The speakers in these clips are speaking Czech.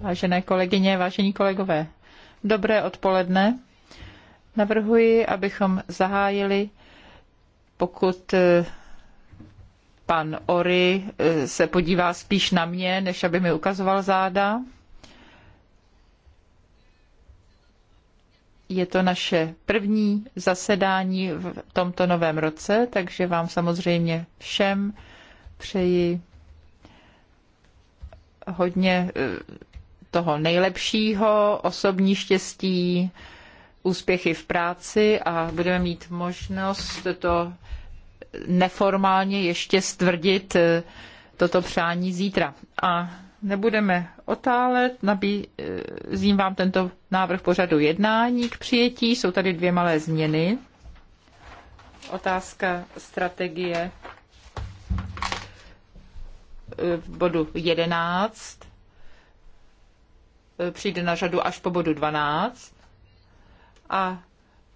Vážené kolegyně, vážení kolegové, dobré odpoledne. Navrhuji, abychom zahájili, pokud eh, pan Ory eh, se podívá spíš na mě, než aby mi ukazoval záda. Je to naše první zasedání v tomto novém roce, takže vám samozřejmě všem přeji hodně eh, toho nejlepšího, osobní štěstí, úspěchy v práci a budeme mít možnost to neformálně ještě stvrdit eh, toto přání zítra. A nebudeme otálet, nabízím eh, vám tento návrh pořadu jednání k přijetí. Jsou tady dvě malé změny. Otázka strategie v bodu 11, e, přijde na řadu až po bodu 12 a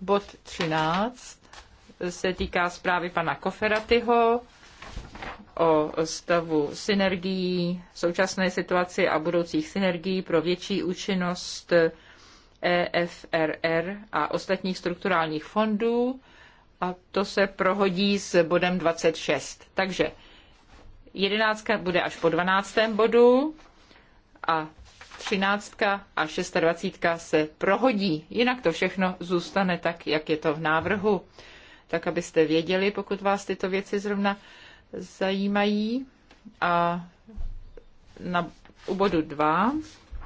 bod 13 se týká zprávy pana Koferatyho o stavu synergií, současné situaci a budoucích synergií pro větší účinnost EFRR a ostatních strukturálních fondů a to se prohodí s bodem 26. Takže jedenáctka bude až po dvanáctém bodu a třináctka a šestadvacítka se prohodí. Jinak to všechno zůstane tak, jak je to v návrhu. Tak, abyste věděli, pokud vás tyto věci zrovna zajímají. A na, u bodu dva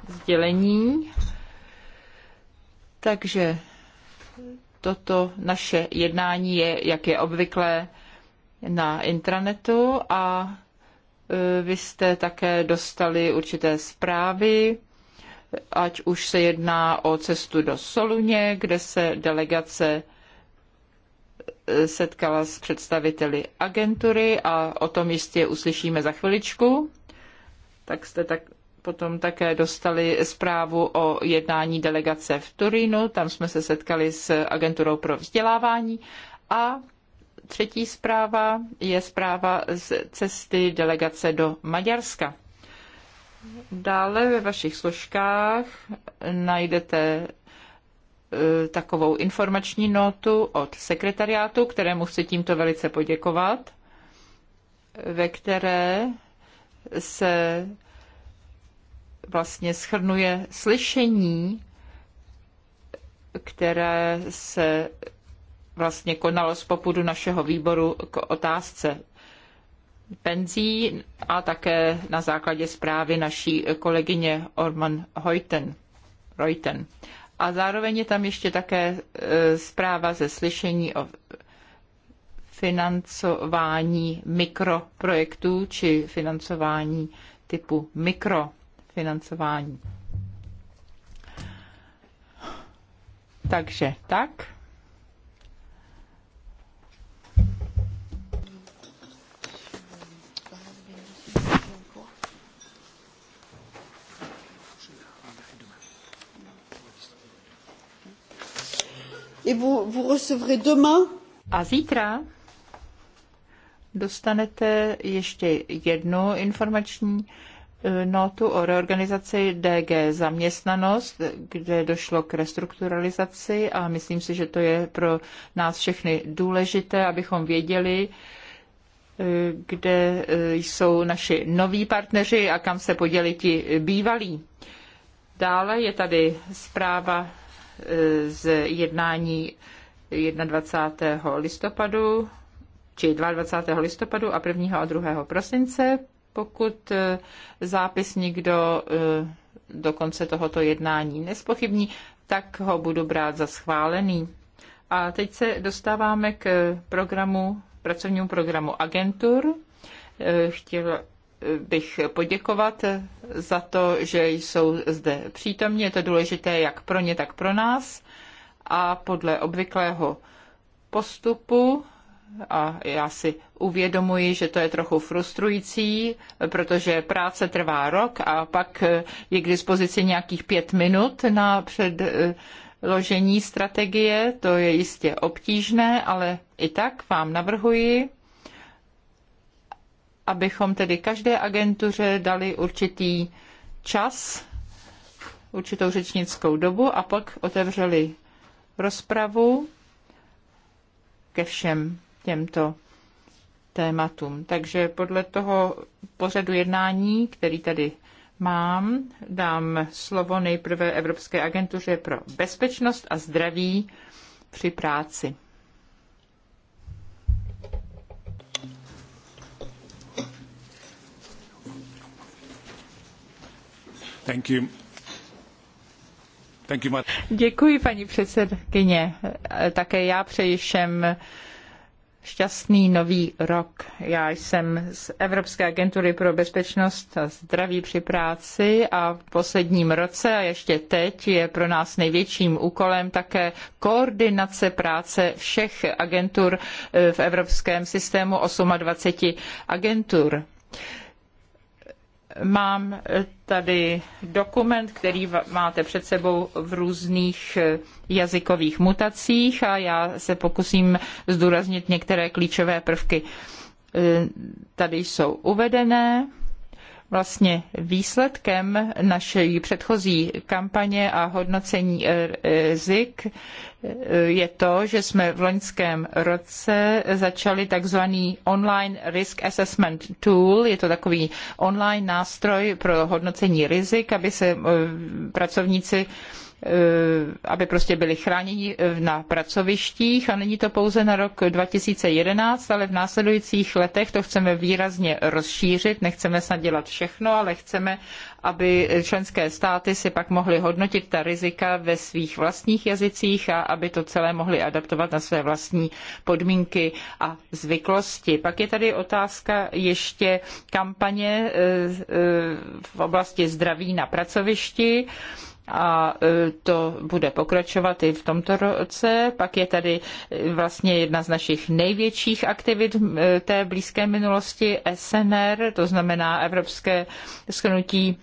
sdělení. Takže toto naše jednání je, jak je obvyklé, na intranetu a vy jste také dostali určité zprávy, ať už se jedná o cestu do Soluně, kde se delegace eh, setkala s představiteli agentury a o tom jistě uslyšíme za chviličku. Tak jste tak potom také dostali zprávu o jednání delegace v Turínu, tam jsme se setkali s agenturou pro vzdělávání a Třetí zpráva je zpráva z cesty delegace do Maďarska. Dále ve vašich složkách najdete e, takovou informační notu od sekretariátu, kterému chci tímto velice poděkovat, ve které se vlastně schrnuje slyšení, které se vlastně konalo z popudu našeho výboru k otázce penzí a také na základě zprávy naší kolegyně Orman Hojten. Reuten. A zároveň je tam ještě také e, zpráva ze slyšení o financování mikroprojektů či financování typu mikrofinancování. Takže tak. et vous, vous recevrez demain. A zítra dostanete ještě jednu informační eh, notu o reorganizaci DG zaměstnanost, kde došlo k restrukturalizaci a myslím si, že to je pro nás všechny důležité, abychom věděli, eh, kde eh, jsou naši noví partneři a kam se poděli ti bývalí. Dále je tady zpráva z jednání 21. listopadu, či 22. listopadu a 1. a 2. prosince, pokud e, zápis nikdo e, do konce tohoto jednání nespochybní, tak ho budu brát za schválený. A teď se dostáváme k programu, pracovnímu programu agentur. E, chtěl bych poděkovat za to, že jsou zde přítomní. Je to důležité jak pro ně, tak pro nás. A podle obvyklého postupu a já si uvědomuji, že to je trochu frustrující, protože práce trvá rok a pak je k dispozici nějakých pět minut na předložení strategie. To je jistě obtížné, ale i tak vám navrhuji, abychom tedy každé agentuře dali určitý čas, určitou řečnickou dobu a pak otevřeli rozpravu ke všem těmto tématům. Takže podle toho pořadu jednání, který tady mám, dám slovo nejprve Evropské agentuře pro bezpečnost a zdraví při práci. Děkuji, paní předsedkyně. Také já přeji všem šťastný nový rok. Já jsem z Evropské agentury pro bezpečnost a zdraví při práci a v posledním roce a ještě teď je pro nás největším úkolem také koordinace práce všech agentur v evropském systému 28 agentur. Mám tady dokument, který máte před sebou v různých eh, jazykových mutacích a já se pokusím zdůraznit některé klíčové prvky. Eh, tady jsou uvedené vlastně výsledkem naší předchozí kampaně a hodnocení eh, rizik eh, je to, že jsme v loňském roce začali takzvaný online risk assessment tool. Je to takový online nástroj pro hodnocení rizik, aby se eh, pracovníci Eh, aby prostě byli chráněni na pracovištích a není to pouze na rok 2011, ale v následujících letech to chceme výrazně rozšířit, nechceme snad dělat všechno, ale chceme, aby členské státy si pak mohly hodnotit ta rizika ve svých vlastních jazycích a aby to celé mohly adaptovat na své vlastní podmínky a zvyklosti. Pak je tady otázka ještě kampaně eh, eh, v oblasti zdraví na pracovišti a e, to bude pokračovat i v tomto roce. Pak je tady e, vlastně jedna z našich největších aktivit e, té blízké minulosti SNR, to znamená Evropské schrnutí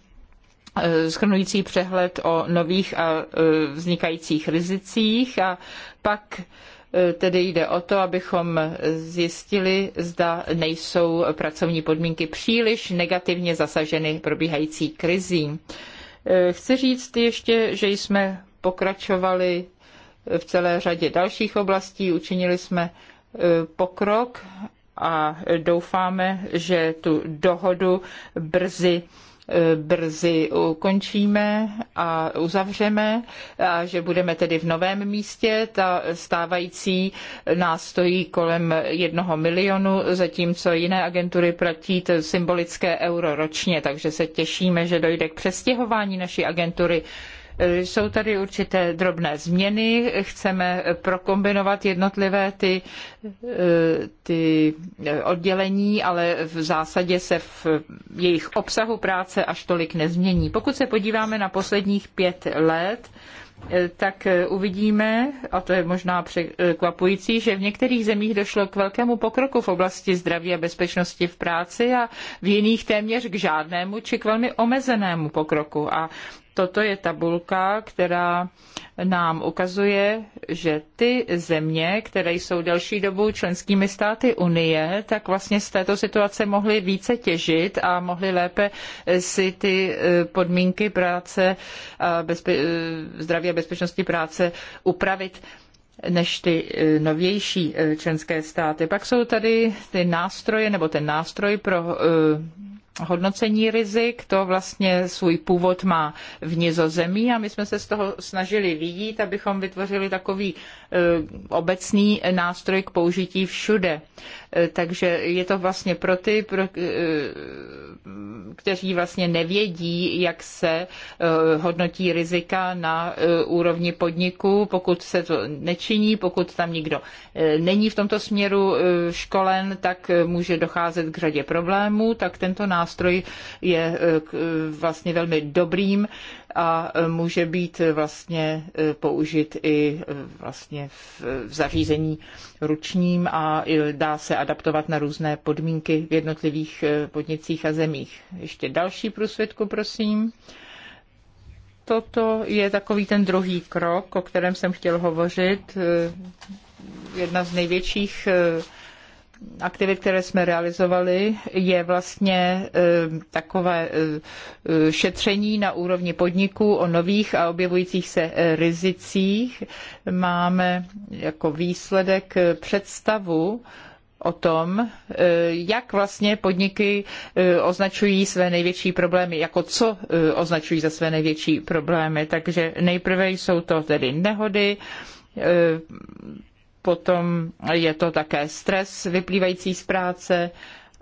schrnující přehled o nových a vznikajících rizicích a pak tedy jde o to, abychom zjistili, zda nejsou pracovní podmínky příliš negativně zasaženy probíhající krizí. Eh, chci říct ještě, že jsme pokračovali v celé řadě dalších oblastí, učinili jsme eh, pokrok a doufáme, že tu dohodu brzy Eh, brzy ukončíme a uzavřeme a že budeme tedy v novém místě. Ta stávající nás stojí kolem jednoho milionu, zatímco jiné agentury platí symbolické euro ročně, takže se těšíme, že dojde k přestěhování naší agentury jsou tady určité drobné změny, chceme prokombinovat jednotlivé ty, ty oddělení, ale v zásadě se v jejich obsahu práce až tolik nezmění. Pokud se podíváme na posledních pět let, tak uvidíme, a to je možná překvapující, že v některých zemích došlo k velkému pokroku v oblasti zdraví a bezpečnosti v práci a v jiných téměř k žádnému či k velmi omezenému pokroku. A Toto je tabulka, která nám ukazuje, že ty země, které jsou delší dobu členskými státy Unie, tak vlastně z této situace mohly více těžit a mohly lépe si ty eh, podmínky práce, bezpe- eh, zdraví a bezpečnosti práce upravit než ty eh, novější členské státy. Pak jsou tady ty nástroje nebo ten nástroj pro hodnocení rizik, to vlastně svůj původ má v nizozemí a my jsme se z toho snažili vidět, abychom vytvořili takový e, obecný nástroj k použití všude. E, takže je to vlastně pro ty, pro, e, kteří vlastně nevědí, jak se hodnotí rizika na úrovni podniku, pokud se to nečiní, pokud tam nikdo není v tomto směru školen, tak může docházet k řadě problémů, tak tento nástroj nástroj je eh, vlastně velmi dobrým a eh, může být eh, vlastně použit i vlastně v zařízení ručním a dá se adaptovat na různé podmínky v jednotlivých podnicích a zemích. Ještě další průsvědku, prosím toto je takový ten druhý krok, o kterém jsem chtěl hovořit. Jedna z největších aktivit, které jsme realizovali, je vlastně e, takové e, e, šetření na úrovni podniků o nových a objevujících se rizicích. Máme jako výsledek představu, o tom, jak vlastně podniky označují své největší problémy, jako co označují za své největší problémy. Takže nejprve jsou to tedy nehody, potom je to také stres vyplývající z práce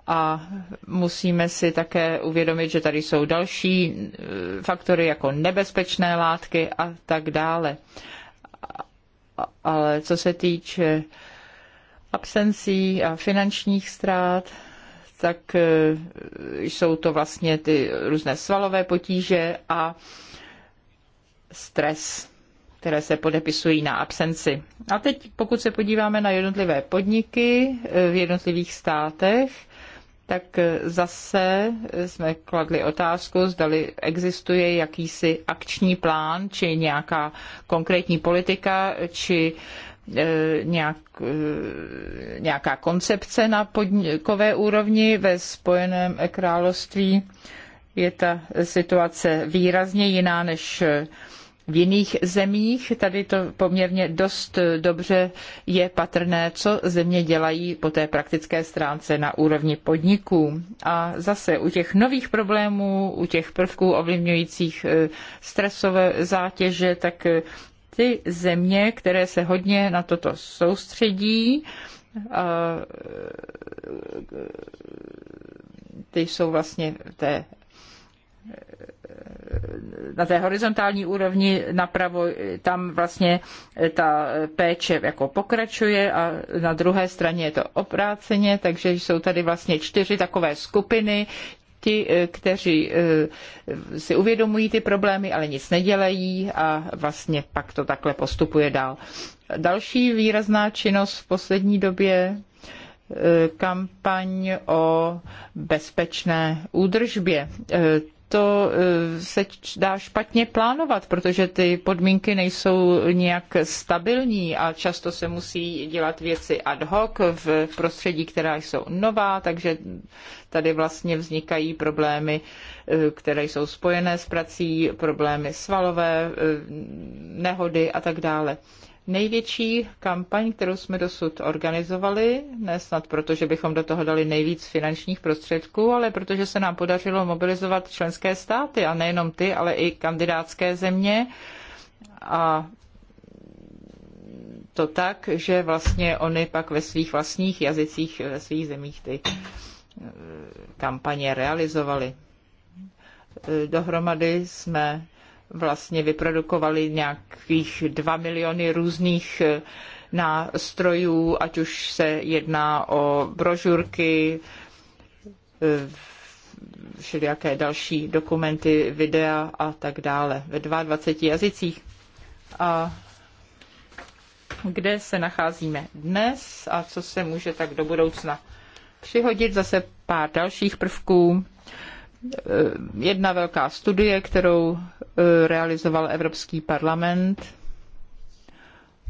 a musíme si také uvědomit, že tady jsou další eh, faktory jako nebezpečné látky a tak dále. Ale co se týče absencí a finančních ztrát, tak eh, jsou to vlastně ty různé svalové potíže a stres které se podepisují na absenci. A teď, pokud se podíváme na jednotlivé podniky eh, v jednotlivých státech, tak eh, zase eh, jsme kladli otázku, zdali existuje jakýsi akční plán, či nějaká konkrétní politika, či nějak, nějaká koncepce na podnikové úrovni ve Spojeném království je ta situace výrazně jiná než v jiných zemích. Tady to poměrně dost dobře je patrné, co země dělají po té praktické stránce na úrovni podniků. A zase u těch nových problémů, u těch prvků ovlivňujících eh, stresové zátěže, tak eh, ty země, které se hodně na toto soustředí, eh, ty jsou vlastně v té na té horizontální úrovni napravo, tam vlastně ta péče jako pokračuje a na druhé straně je to obráceně, takže jsou tady vlastně čtyři takové skupiny, ti, kteří eh, si uvědomují ty problémy, ale nic nedělají a vlastně pak to takhle postupuje dál. Další výrazná činnost v poslední době eh, kampaň o bezpečné údržbě. Eh, to eh, se dá špatně plánovat, protože ty podmínky nejsou nějak stabilní a často se musí dělat věci ad hoc v prostředí, která jsou nová, takže tady vlastně vznikají problémy, eh, které jsou spojené s prací, problémy svalové, eh, nehody a tak dále největší kampaň, kterou jsme dosud organizovali, ne snad proto, že bychom do toho dali nejvíc finančních prostředků, ale protože se nám podařilo mobilizovat členské státy a nejenom ty, ale i kandidátské země a to tak, že vlastně oni pak ve svých vlastních jazycích, ve svých zemích ty eh, kampaně realizovali. Eh, dohromady jsme vlastně vyprodukovali nějakých 2 miliony různých eh, nástrojů, ať už se jedná o brožurky, eh, všelijaké další dokumenty, videa a tak dále ve 22 jazycích. A kde se nacházíme dnes a co se může tak do budoucna přihodit. Zase pár dalších prvků Eh, jedna velká studie, kterou eh, realizoval Evropský parlament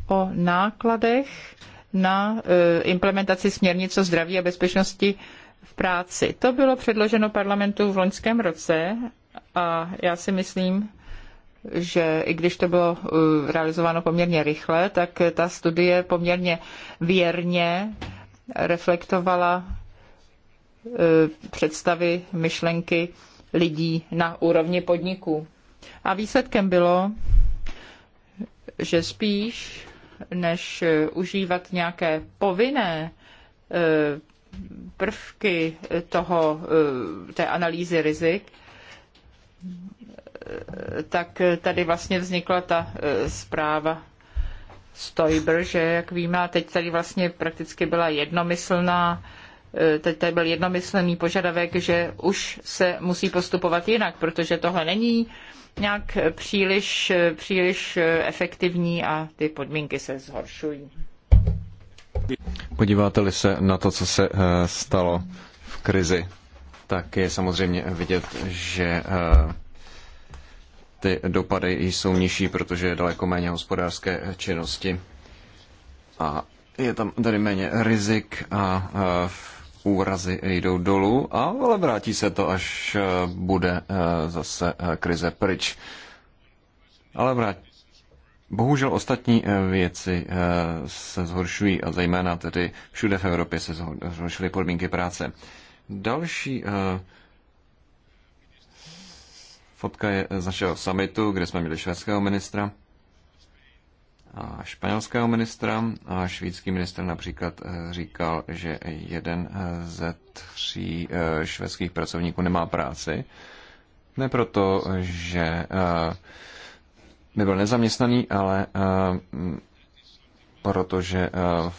o nákladech na eh, implementaci směrnice o zdraví a bezpečnosti v práci. To bylo předloženo parlamentu v loňském roce a já si myslím, že i když to bylo realizováno poměrně rychle, tak ta studie poměrně věrně reflektovala Eh, představy, myšlenky lidí na úrovni podniků. A výsledkem bylo, že spíš než eh, užívat nějaké povinné eh, prvky toho, té analýzy rizik, tak tady vlastně vznikla ta zpráva Stoiber, že jak víme, a teď tady vlastně prakticky byla jednomyslná Eh, teď tady byl jednomyslný požadavek, že už se musí postupovat jinak, protože tohle není nějak příliš, příliš efektivní a ty podmínky se zhoršují. Podíváte-li se na to, co se eh, stalo v krizi, tak je samozřejmě vidět, že eh, ty dopady jsou nižší, protože je daleko méně hospodářské činnosti a je tam tady méně rizik a v úrazy jdou dolů, ale vrátí se to, až eh, bude eh, zase eh, krize pryč. Ale vrát... Bohužel ostatní věci se zhoršují a zejména tedy všude v Evropě se zhoršily podmínky práce. Další fotka je z našeho summitu, kde jsme měli švédského ministra a španělského ministra a švédský ministr například eh, říkal, že jeden eh, ze tří eh, švédských pracovníků nemá práci. Ne proto, že nebyl byl nezaměstnaný, ale protože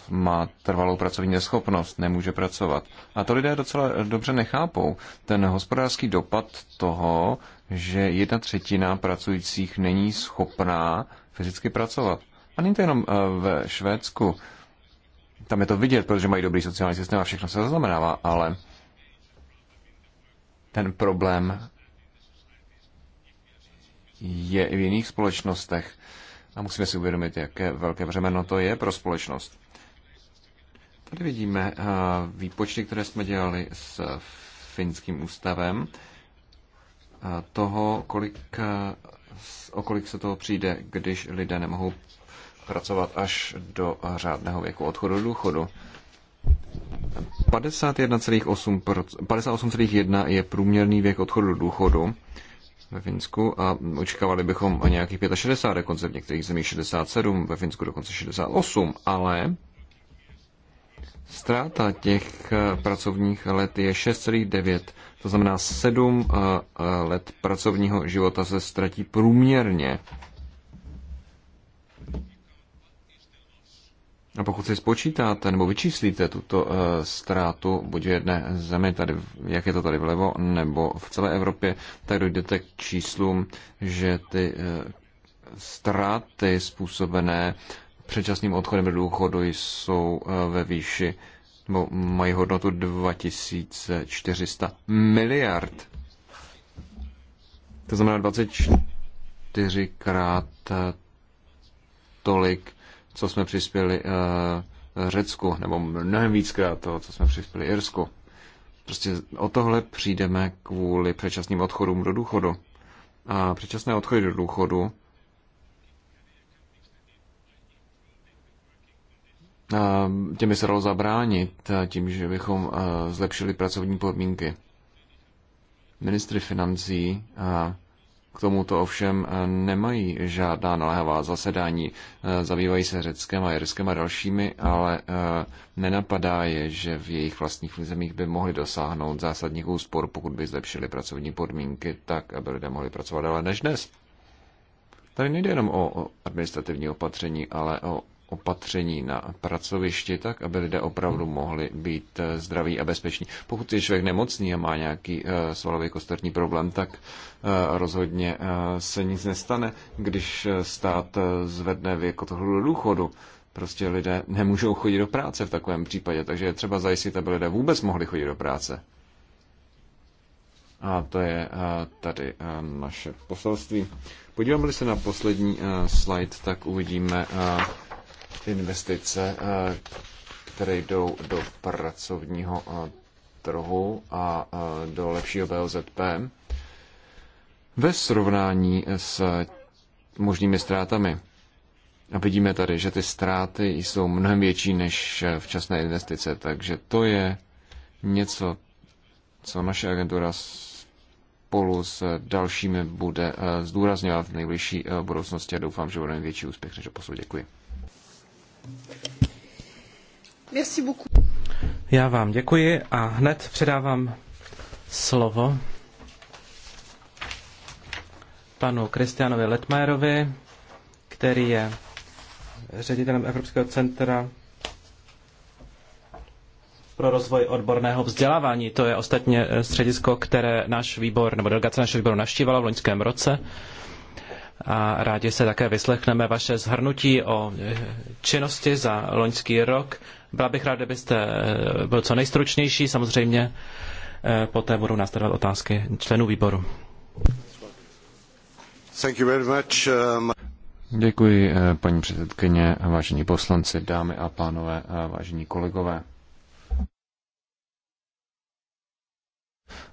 má trvalou pracovní neschopnost, nemůže pracovat. A to lidé docela dobře nechápou. Ten hospodářský dopad toho, že jedna třetina pracujících není schopná fyzicky pracovat. A není to jenom eh, ve Švédsku. Tam je to vidět, protože mají dobrý sociální systém a všechno se zaznamenává, ale ten problém je i v jiných společnostech. A musíme si uvědomit, jaké velké břemeno to je pro společnost. Tady vidíme eh, výpočty, které jsme dělali s finským ústavem, eh, toho, kolik, o kolik se toho přijde, když lidé nemohou pracovat až do řádného věku odchodu do důchodu. 58,1 je průměrný věk odchodu do důchodu ve Finsku a očekávali bychom o nějakých 65, dokonce v některých zemích 67, ve Finsku dokonce 68, ale ztráta těch eh, pracovních let je 6,9, to znamená 7 eh, eh, let pracovního života se ztratí průměrně A pokud si spočítáte nebo vyčíslíte tuto e, ztrátu buď v jedné zemi, tady, jak je to tady vlevo, nebo v celé Evropě, tak dojdete k číslům, že ty e, ztráty způsobené předčasným odchodem do důchodu jsou e, ve výši nebo mají hodnotu 2400 miliard. To znamená 24krát tolik co jsme přispěli eh, Řecku, nebo mnohem víckrát toho, co jsme přispěli Irsku. Prostě o tohle přijdeme kvůli předčasným odchodům do důchodu. A předčasné odchody do důchodu těmi se dalo zabránit tím, že bychom eh, zlepšili pracovní podmínky. Ministry financí a k tomuto ovšem eh, nemají žádná naléhavá zasedání. Eh, zabývají se řeckém a jerském a dalšími, ale eh, nenapadá je, že v jejich vlastních zemích by mohli dosáhnout zásadních úspor, pokud by zlepšili pracovní podmínky tak, aby lidé mohli pracovat déle než dnes. Tady nejde jenom o administrativní opatření, ale o opatření na pracovišti, tak aby lidé opravdu mohli být eh, zdraví a bezpeční. Pokud je člověk nemocný a má nějaký eh, svalový kosterní problém, tak eh, rozhodně se nic nestane, když stát zvedne věk odchodu do důchodu. Prostě lidé nemůžou chodit do práce v takovém případě, takže je třeba zajistit, aby lidé vůbec mohli chodit do práce. A to je tady naše poselství. Podíváme-li se na poslední slide, tak uvidíme investice, eh, které jdou do pracovního eh, trhu a eh, do lepšího BOZP ve srovnání s možnými ztrátami. A vidíme tady, že ty ztráty jsou mnohem větší než včasné investice, takže to je něco, co naše agentura spolu s dalšími bude zdůrazňovat v nejbližší budoucnosti a doufám, že budeme větší úspěch než posud. Děkuji. Merci beaucoup. Já vám děkuji a hned předávám slovo panu Kristianovi Letmajerovi, který je ředitelem Evropského centra pro rozvoj odborného vzdělávání. To je ostatně středisko, které náš výbor, nebo delegace našeho výboru navštívala v loňském roce a rádi se také vyslechneme vaše zhrnutí o činnosti za loňský rok. Byla bych rád, kdybyste eh, byl co nejstručnější, samozřejmě eh, poté budou následovat otázky členů výboru. Thank you very much. Eh, Děkuji, paní předsedkyně, vážení poslanci, dámy a pánové, vážení kolegové.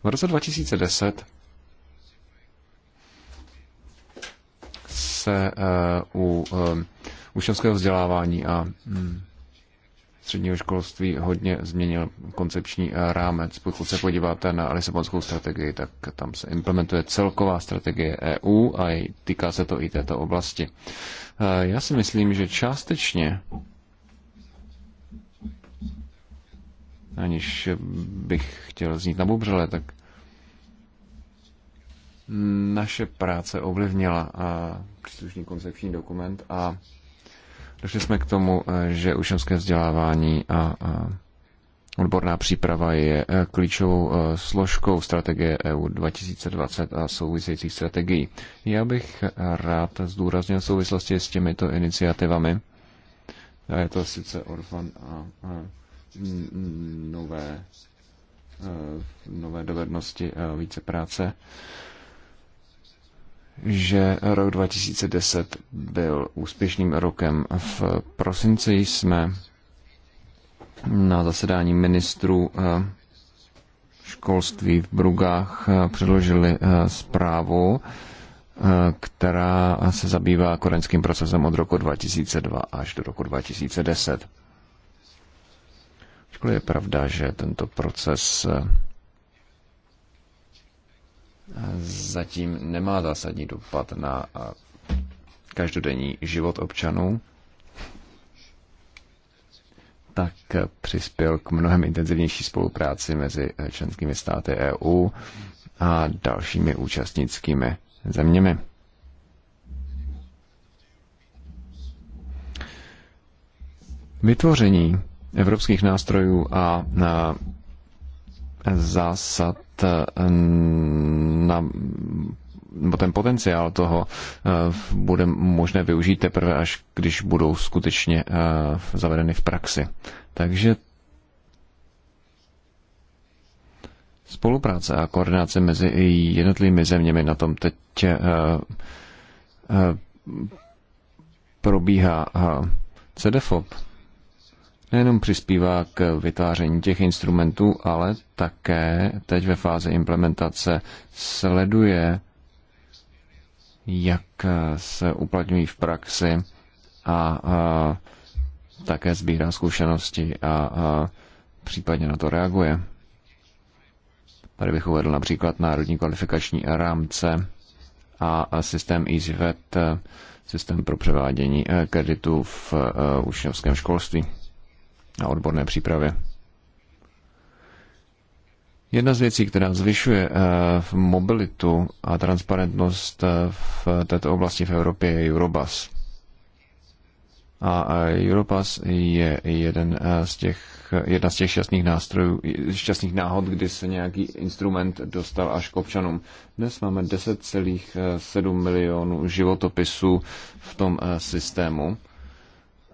V roce 2010 kombinace eh, u eh, učňovského vzdělávání a hm, středního školství hodně změnil koncepční eh, rámec. Pokud se podíváte na Lisabonskou strategii, tak tam se implementuje celková strategie EU a týká se to i této oblasti. Já si myslím, že částečně aniž bych chtěl znít na bubřele, tak naše práce ovlivnila příslušný koncepční dokument a došli jsme k tomu, e, že učňovské vzdělávání a odborná příprava je e, klíčovou e, složkou strategie EU 2020 a souvisejících strategií. Já bych rád zdůraznil souvislosti s těmito iniciativami. A je to sice Orfan a, a nové, nové dovednosti a více práce že rok 2010 byl úspěšným rokem. V prosinci jsme na zasedání ministrů eh, školství v Brugách eh, předložili eh, zprávu, která se zabývá korenským procesem od roku 2002 až do roku 2010. Školy je pravda, že tento proces zatím nemá zásadní dopad na každodenní život občanů, tak přispěl k mnohem intenzivnější spolupráci mezi e, členskými státy EU a dalšími účastnickými zeměmi. Vytvoření evropských nástrojů a zásad eh, na ten potenciál toho eh, bude možné využít teprve, až když budou skutečně eh, zavedeny v praxi. Takže spolupráce a koordinace mezi jednotlivými zeměmi na tom teď probíhá CDFOP nejenom přispívá k vytváření těch instrumentů, ale také teď ve fázi implementace sleduje, jak se uplatňují v praxi a, a také sbírá zkušenosti a, a případně na to reaguje. Tady bych uvedl například národní kvalifikační rámce a systém EasyVet, systém pro převádění eh, kreditů v eh, učňovském školství a odborné přípravě. Jedna z věcí, která zvyšuje eh, mobilitu a transparentnost eh, v této oblasti v Evropě, je Eurobus. A Europass je jeden eh, z těch, jedna z těch šťastných nástrojů, šťastných náhod, kdy se nějaký instrument dostal až k občanům. Dnes máme 10,7 milionů životopisů v tom systému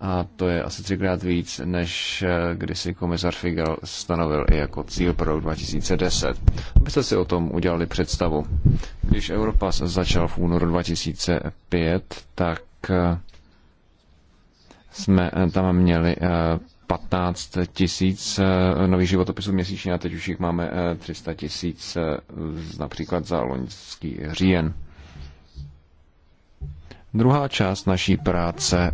a to je asi třikrát víc, než eh, kdysi komisar Figel stanovil i jako cíl pro rok 2010. Abyste si o tom udělali představu. Když Europa začal v únoru 2005, tak eh, jsme eh, tam měli 15 tisíc nových životopisů měsíčně a teď už jich máme 300 tisíc například za loňský říjen. Druhá část naší práce, eh,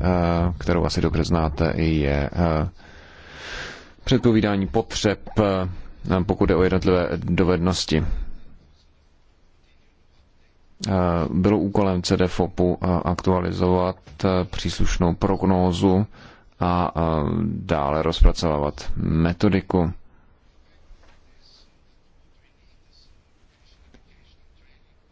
kterou asi dobře znáte, je eh, předpovídání potřeb, eh, pokud je o jednotlivé dovednosti. Bylo úkolem CDFOPu aktualizovat příslušnou prognózu a dále rozpracovávat metodiku.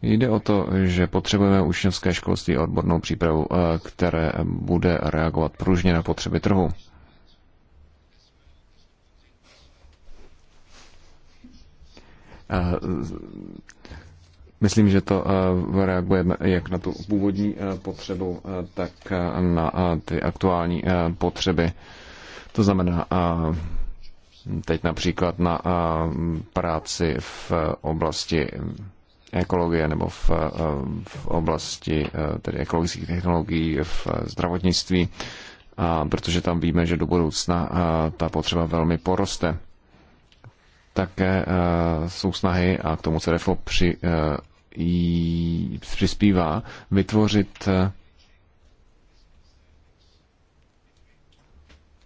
Jde o to, že potřebujeme učňovské školství a odbornou přípravu, eh, které bude reagovat pružně na potřeby trhu. Eh, myslím, že to eh, reaguje jak na tu původní potřebu, tak na ty aktuální potřeby. To znamená teď například na práci v oblasti ekologie nebo v, eh, v oblasti eh, tedy ekologických technologií v zdravotnictví, a protože tam víme, že do budoucna eh, ta potřeba velmi poroste. Také jsou snahy, a k tomu CDFO při, přispívá, vytvořit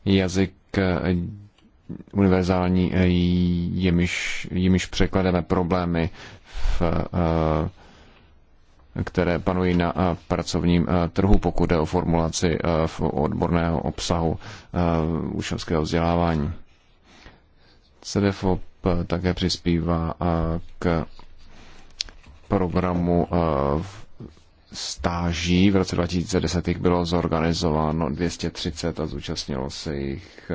jazyk univerzální, jimiž, jimiž překlademe problémy v, eh, které panují na eh, pracovním eh, trhu, pokud jde o formulaci v odborného obsahu učňovského vzdělávání. CDFOP také přispívá k programu stáží. V roce 2010 jich bylo zorganizováno 230 a zúčastnilo se jich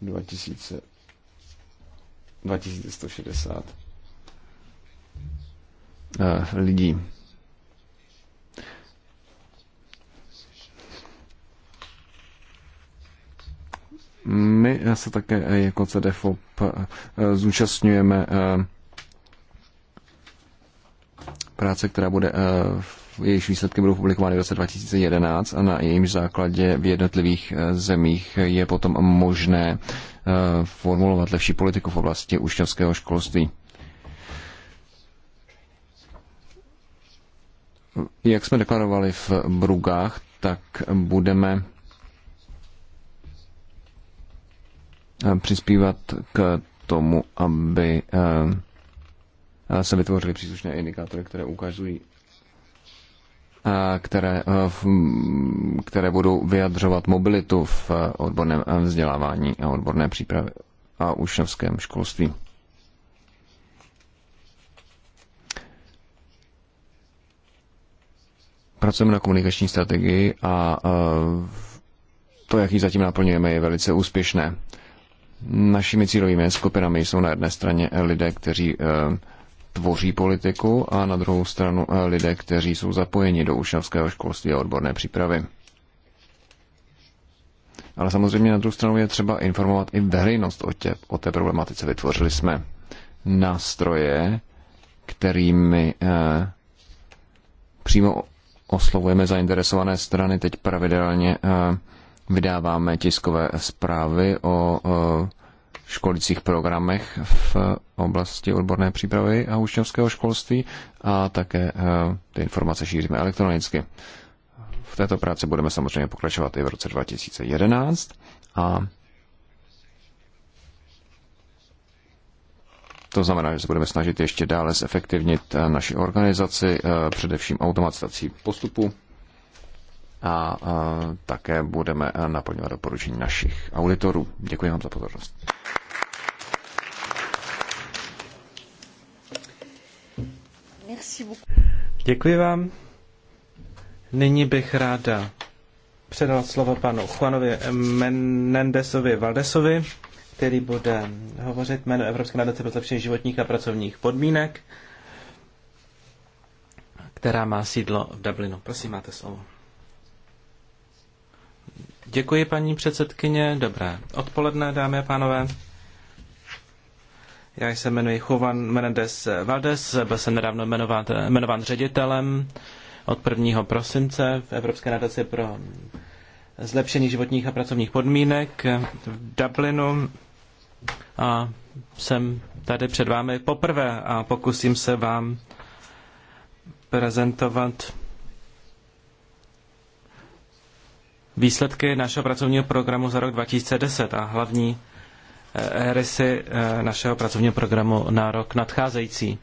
2000, 2160. Eh, lidí. My se také eh, jako CDFOP eh, zúčastňujeme práce, která bude jejíž výsledky budou publikovány v roce 2011 a na jejímž základě v jednotlivých zemích je potom možné formulovat lepší politiku v oblasti učňovského školství. jak jsme deklarovali v Brugách, tak budeme přispívat k tomu, aby eh, se vytvořily příslušné indikátory, které ukazují, eh, které, eh, které budou vyjadřovat mobilitu v odborném vzdělávání a odborné přípravě a učňovském školství. pracujeme na komunikační strategii a to, jak ji zatím naplňujeme, je velice úspěšné. Našimi cílovými skupinami jsou na jedné straně lidé, kteří e, tvoří politiku a na druhou stranu e, lidé, kteří jsou zapojeni do ušavského školství a odborné přípravy. Ale samozřejmě na druhou stranu je třeba informovat i veřejnost o, tě, o té problematice. Vytvořili jsme nástroje, kterými eh, přímo oslovujeme zainteresované strany, teď pravidelně eh, vydáváme tiskové zprávy o eh, školicích programech v oblasti odborné přípravy a učňovského školství a také eh, ty informace šíříme elektronicky. V této práci budeme samozřejmě pokračovat i v roce 2011 a To znamená, že se budeme snažit ještě dále zefektivnit eh, naši organizaci, eh, především automatizací postupu a eh, také budeme naplňovat doporučení našich auditorů. Děkuji vám za pozornost. Děkuji vám. Nyní bych ráda předal slovo panu Juanovi Menendesovi Valdesovi který bude hovořit jméno Evropské nadace pro zlepšení životních a pracovních podmínek, která má sídlo v Dublinu. Prosím, máte slovo. Děkuji, paní předsedkyně. Dobré odpoledne, dámy a pánové. Já se jmenuji Juan Menendez Valdes, byl jsem nedávno jmenován, jmenován ředitelem od 1. prosince v Evropské nadaci pro zlepšení životních a pracovních podmínek v Dublinu a jsem tady před vámi poprvé a pokusím se vám prezentovat výsledky našeho pracovního programu za rok 2010 a hlavní eh, rysy eh, našeho pracovního programu na rok nadcházející.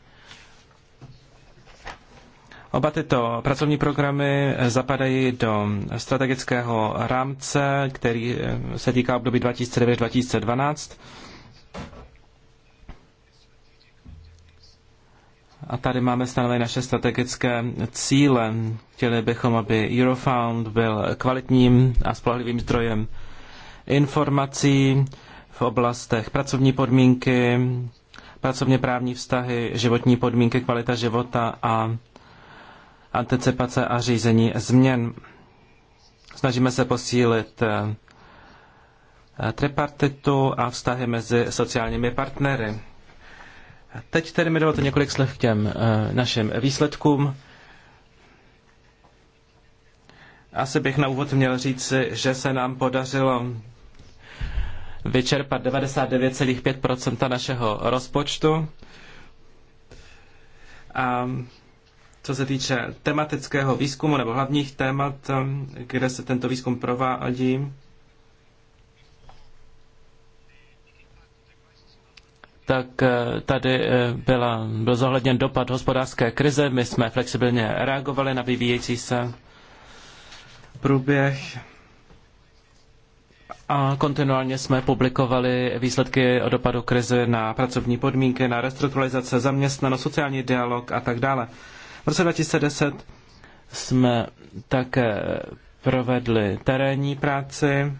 Oba tyto pracovní programy eh, zapadají do strategického rámce, který se týká období 2009-2012 A tady máme stanovené naše strategické cíle. Chtěli bychom, aby Eurofound byl kvalitním a spolehlivým zdrojem informací v oblastech pracovní podmínky, pracovně právní vztahy, životní podmínky, kvalita života a anticipace a řízení změn. Snažíme se posílit eh, tripartitu a vztahy mezi sociálními partnery. Teď tedy mi dovolte několik slov k těm eh, našim výsledkům. Asi bych na úvod měl říct, že se nám podařilo vyčerpat 99,5 našeho rozpočtu. A co se týče tematického výzkumu nebo hlavních témat, eh, kde se tento výzkum provádí, tak eh, tady eh, byla, byl zohledněn dopad hospodářské krize. My jsme flexibilně reagovali na vyvíjející se průběh a kontinuálně jsme publikovali výsledky o dopadu krize na pracovní podmínky, na restrukturalizace zaměstnanost, sociální dialog a tak dále. V roce 2010 jsme také provedli terénní práci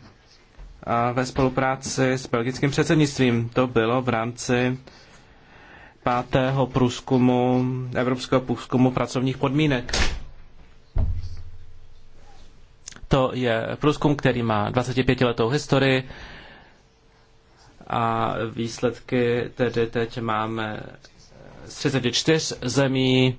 a ve spolupráci s belgickým předsednictvím. To bylo v rámci pátého průzkumu, evropského průzkumu pracovních podmínek. To je průzkum, který má 25-letou historii a výsledky tedy teď máme z 34 zemí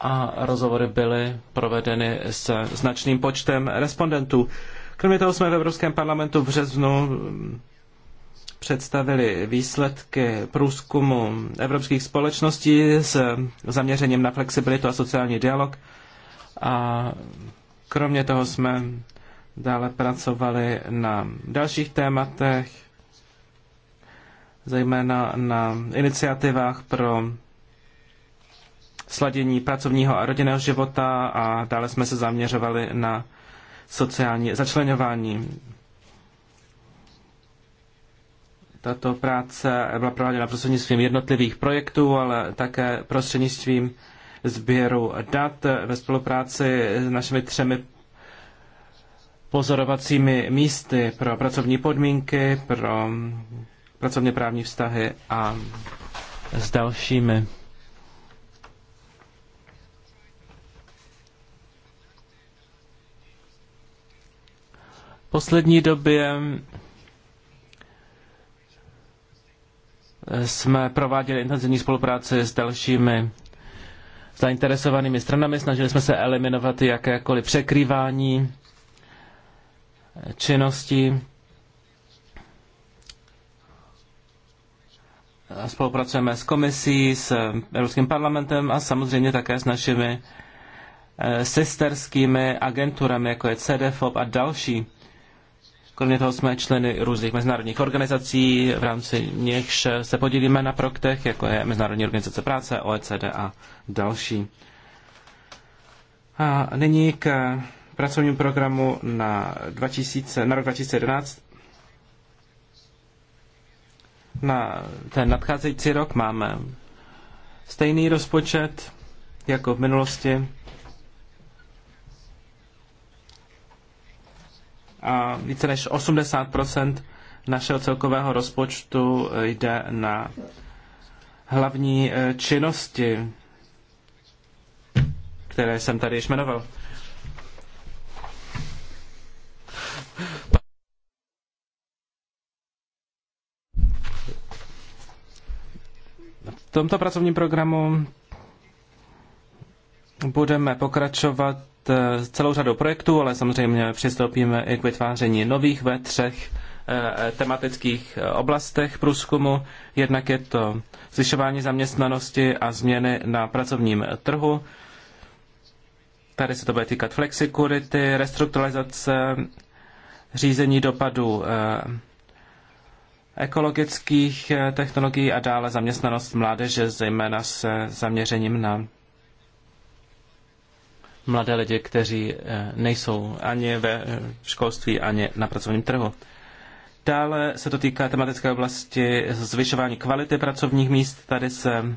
a rozhovory byly provedeny se značným počtem respondentů. Kromě toho jsme v Evropském parlamentu v březnu mm, představili výsledky průzkumu evropských společností s zaměřením na flexibilitu a sociální dialog. A kromě toho jsme dále pracovali na dalších tématech, zejména na iniciativách pro sladění pracovního a rodinného života a dále jsme se zaměřovali na sociální začlenování. Tato práce byla prováděna prostřednictvím jednotlivých projektů, ale také prostřednictvím sběru dat ve spolupráci s našimi třemi pozorovacími místy pro pracovní podmínky, pro pracovně právní vztahy a s dalšími. poslední době eh, jsme prováděli intenzivní spolupráci s dalšími zainteresovanými stranami, snažili jsme se eliminovat jakékoliv překrývání činnosti Spolupracujeme s komisí, s Evropským parlamentem a samozřejmě také s našimi eh, sesterskými agenturami, jako je CDFOP a další. Kromě toho jsme členy různých mezinárodních organizací, v rámci nichž se podílíme na projektech, jako je Mezinárodní organizace práce, OECD a další. A nyní k pracovnímu programu na, 2000, na rok 2011. Na ten nadcházející rok máme stejný rozpočet jako v minulosti. a více než 80 našeho celkového rozpočtu jde na hlavní eh, činnosti, které jsem tady již jmenoval. V tomto pracovním programu budeme pokračovat Eh, celou řadu projektů, ale samozřejmě přistoupíme i k vytváření nových ve třech eh, tematických eh, oblastech průzkumu. Jednak je to zvyšování zaměstnanosti a změny na pracovním trhu. Tady se to bude týkat flexikurity, restrukturalizace, řízení dopadů ekologických technologií a dále zaměstnanost mládeže, zejména se zaměřením na mladé lidi, kteří eh, nejsou ani ve školství, ani na pracovním trhu. Dále se to týká tematické oblasti zvyšování kvality pracovních míst. Tady se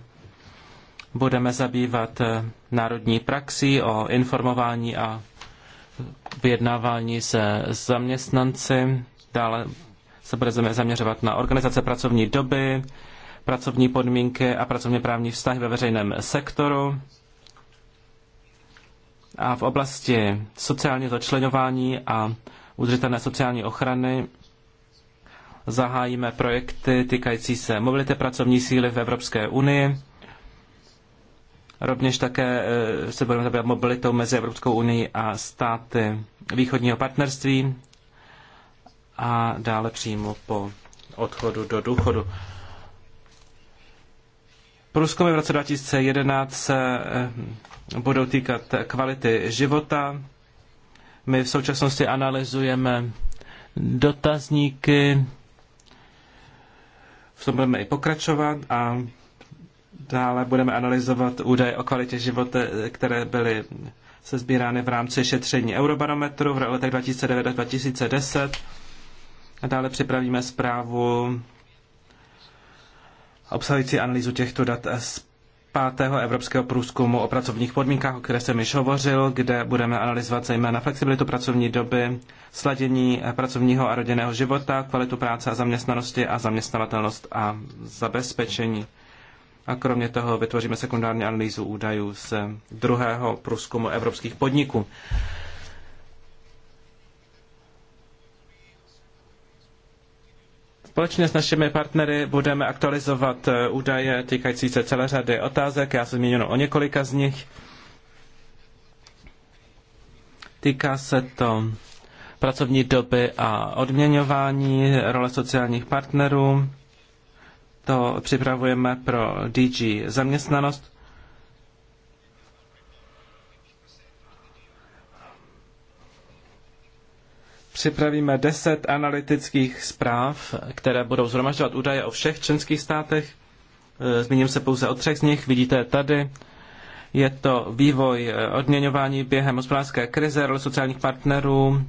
budeme zabývat eh, národní praxí o informování a vyjednávání se zaměstnanci. Dále se budeme zaměřovat na organizace pracovní doby, pracovní podmínky a pracovně právní vztahy ve veřejném sektoru. A v oblasti sociálního začlenování a udržitelné sociální ochrany zahájíme projekty týkající se mobility pracovní síly v Evropské unii. Rovněž také eh, se budeme zabývat mobilitou mezi Evropskou unii a státy východního partnerství a dále přímo po odchodu do důchodu. Průzkumy v roce 2011 se eh, budou týkat kvality života. My v současnosti analyzujeme dotazníky, v tom budeme i pokračovat a dále budeme analyzovat údaje o kvalitě života, které byly se sbírány v rámci šetření Eurobarometru v letech 2009 a 2010. A dále připravíme zprávu obsahující analýzu těchto dat z pátého evropského průzkumu o pracovních podmínkách, o které jsem již hovořil, kde budeme analyzovat zejména flexibilitu pracovní doby, sladění pracovního a rodinného života, kvalitu práce a zaměstnanosti a zaměstnavatelnost a zabezpečení. A kromě toho vytvoříme sekundární analýzu údajů z druhého průzkumu evropských podniků. Společně s našimi partnery budeme aktualizovat eh, údaje týkající se celé řady otázek. Já jsem zmíněno o několika z nich. Týká se to pracovní doby a odměňování, role sociálních partnerů. To připravujeme pro DG zaměstnanost. připravíme deset analytických zpráv, které budou zhromažďovat údaje o všech členských státech. E, zmíním se pouze o třech z nich, vidíte tady. Je to vývoj e, odměňování během hospodářské krize, role sociálních partnerů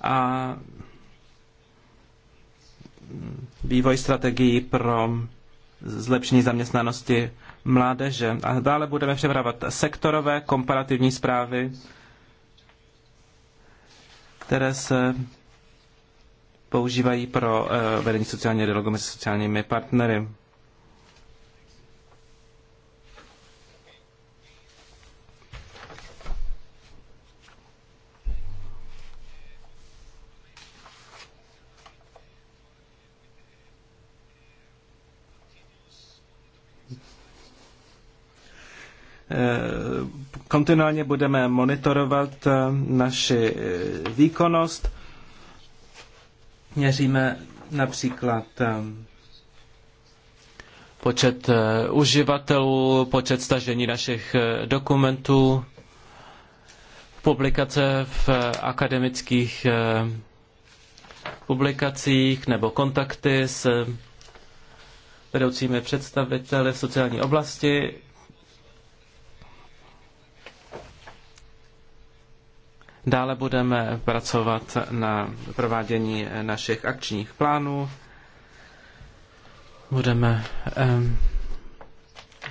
a vývoj strategií pro zlepšení zaměstnanosti mládeže. A dále budeme přebrávat sektorové komparativní zprávy které se používají pro eh, vedení sociálního dialogu mezi sociálními partnery. Eh, kontinuálně budeme monitorovat eh, naši eh, výkonnost. Měříme například eh, počet uživatelů, počet stažení našich dokumentů, publikace v akademických publikacích nebo kontakty s vedoucími představiteli v sociální oblasti. Dále budeme pracovat na provádění našich akčních plánů. Budeme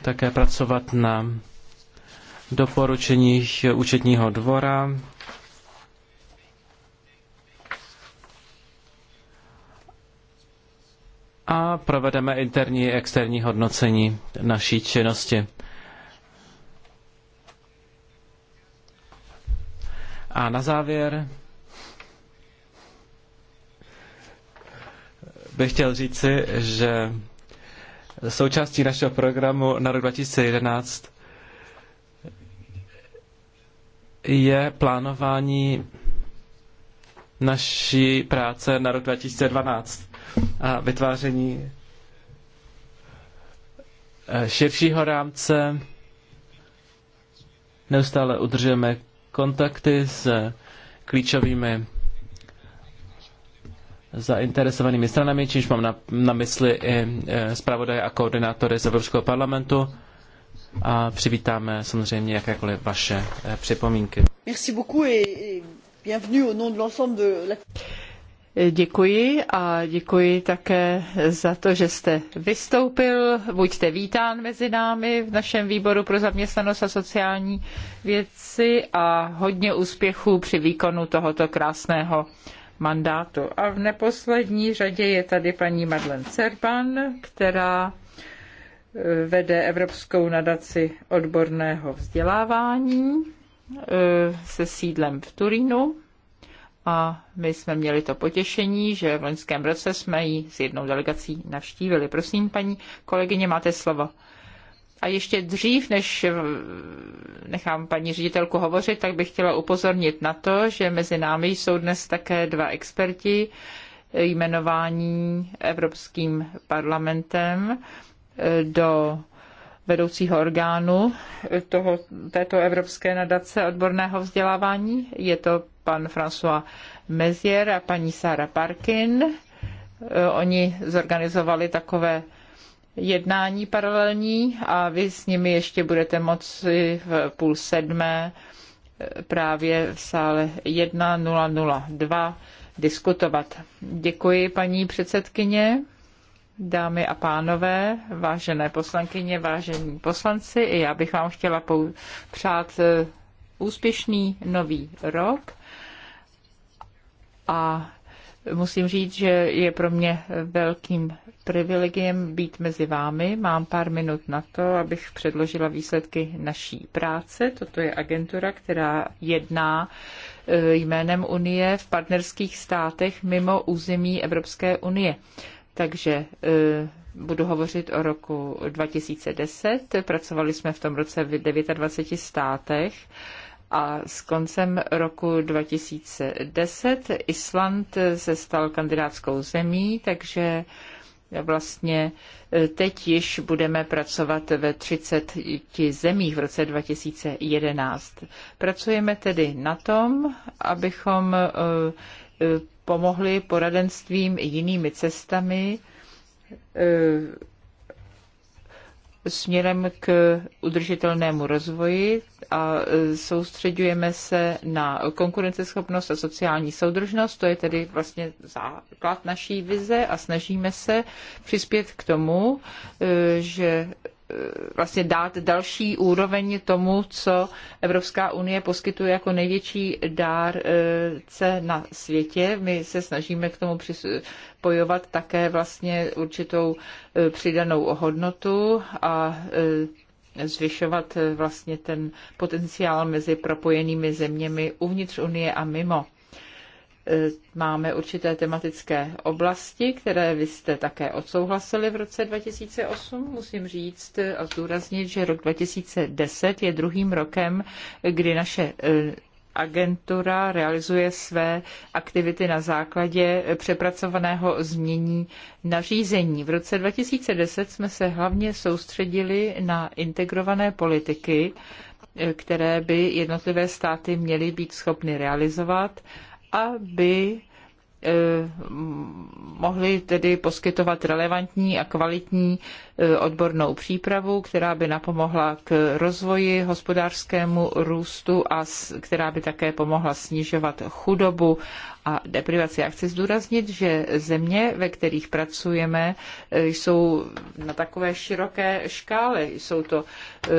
také pracovat na doporučeních účetního dvora. A provedeme interní a externí hodnocení naší činnosti. A na závěr bych chtěl říci, že součástí našeho programu na rok 2011 je plánování naší práce na rok 2012 a vytváření eh, širšího rámce. Neustále udržujeme kontakty s klíčovými zainteresovanými stranami, čímž mám na, na mysli i e, zpravodaje a koordinátory z Evropského parlamentu a přivítáme samozřejmě jakékoliv vaše e, připomínky. Merci beaucoup et bienvenue au nom de l'ensemble de la... Děkuji a děkuji také za to, že jste vystoupil. Buďte vítán mezi námi v našem výboru pro zaměstnanost a sociální věci a hodně úspěchů při výkonu tohoto krásného mandátu. A v neposlední řadě je tady paní Madlen Cerban, která eh, vede Evropskou nadaci odborného vzdělávání eh, se sídlem v Turínu a my jsme měli to potěšení, že v loňském roce jsme ji s jednou delegací navštívili. Prosím, paní kolegyně, máte slovo. A ještě dřív, než nechám paní ředitelku hovořit, tak bych chtěla upozornit na to, že mezi námi jsou dnes také dva experti jmenování Evropským parlamentem do vedoucího orgánu toho, této Evropské nadace odborného vzdělávání. Je to pan François Mezier a paní Sara Parkin. E, oni zorganizovali takové jednání paralelní a vy s nimi ještě budete moci v půl sedmé e, právě v sále 1002 diskutovat. Děkuji, paní předsedkyně. Dámy a pánové, vážené poslankyně, vážení poslanci, i já bych vám chtěla přát eh, úspěšný nový rok a musím říct, že je pro mě velkým privilegiem být mezi vámi. Mám pár minut na to, abych předložila výsledky naší práce. Toto je agentura, která jedná eh, jménem Unie v partnerských státech mimo území Evropské unie. Takže e, budu hovořit o roku 2010. Pracovali jsme v tom roce v 29 státech a s koncem roku 2010 Island se stal kandidátskou zemí, takže vlastně e, teď již budeme pracovat ve 30 zemích v roce 2011. Pracujeme tedy na tom, abychom e, pomohli poradenstvím i jinými cestami e, směrem k udržitelnému rozvoji a e, soustředujeme se na konkurenceschopnost a sociální soudržnost. To je tedy vlastně základ naší vize a snažíme se přispět k tomu, e, že vlastně dát další úroveň tomu, co Evropská unie poskytuje jako největší dárce na světě. My se snažíme k tomu připojovat také vlastně určitou eh, přidanou hodnotu a eh, zvyšovat eh, vlastně ten potenciál mezi propojenými zeměmi uvnitř Unie a mimo. E, máme určité tematické oblasti, které vy jste také odsouhlasili v roce 2008. Musím říct a zdůraznit, že rok 2010 je druhým rokem, kdy naše e, agentura realizuje své aktivity na základě přepracovaného změní nařízení. V roce 2010 jsme se hlavně soustředili na integrované politiky, e, které by jednotlivé státy měly být schopny realizovat aby eh, mohli tedy poskytovat relevantní a kvalitní eh, odbornou přípravu, která by napomohla k rozvoji hospodářskému růstu a která by také pomohla snižovat chudobu a deprivaci. Já chci zdůraznit, že země, ve kterých pracujeme, eh, jsou na takové široké škále. Jsou to eh,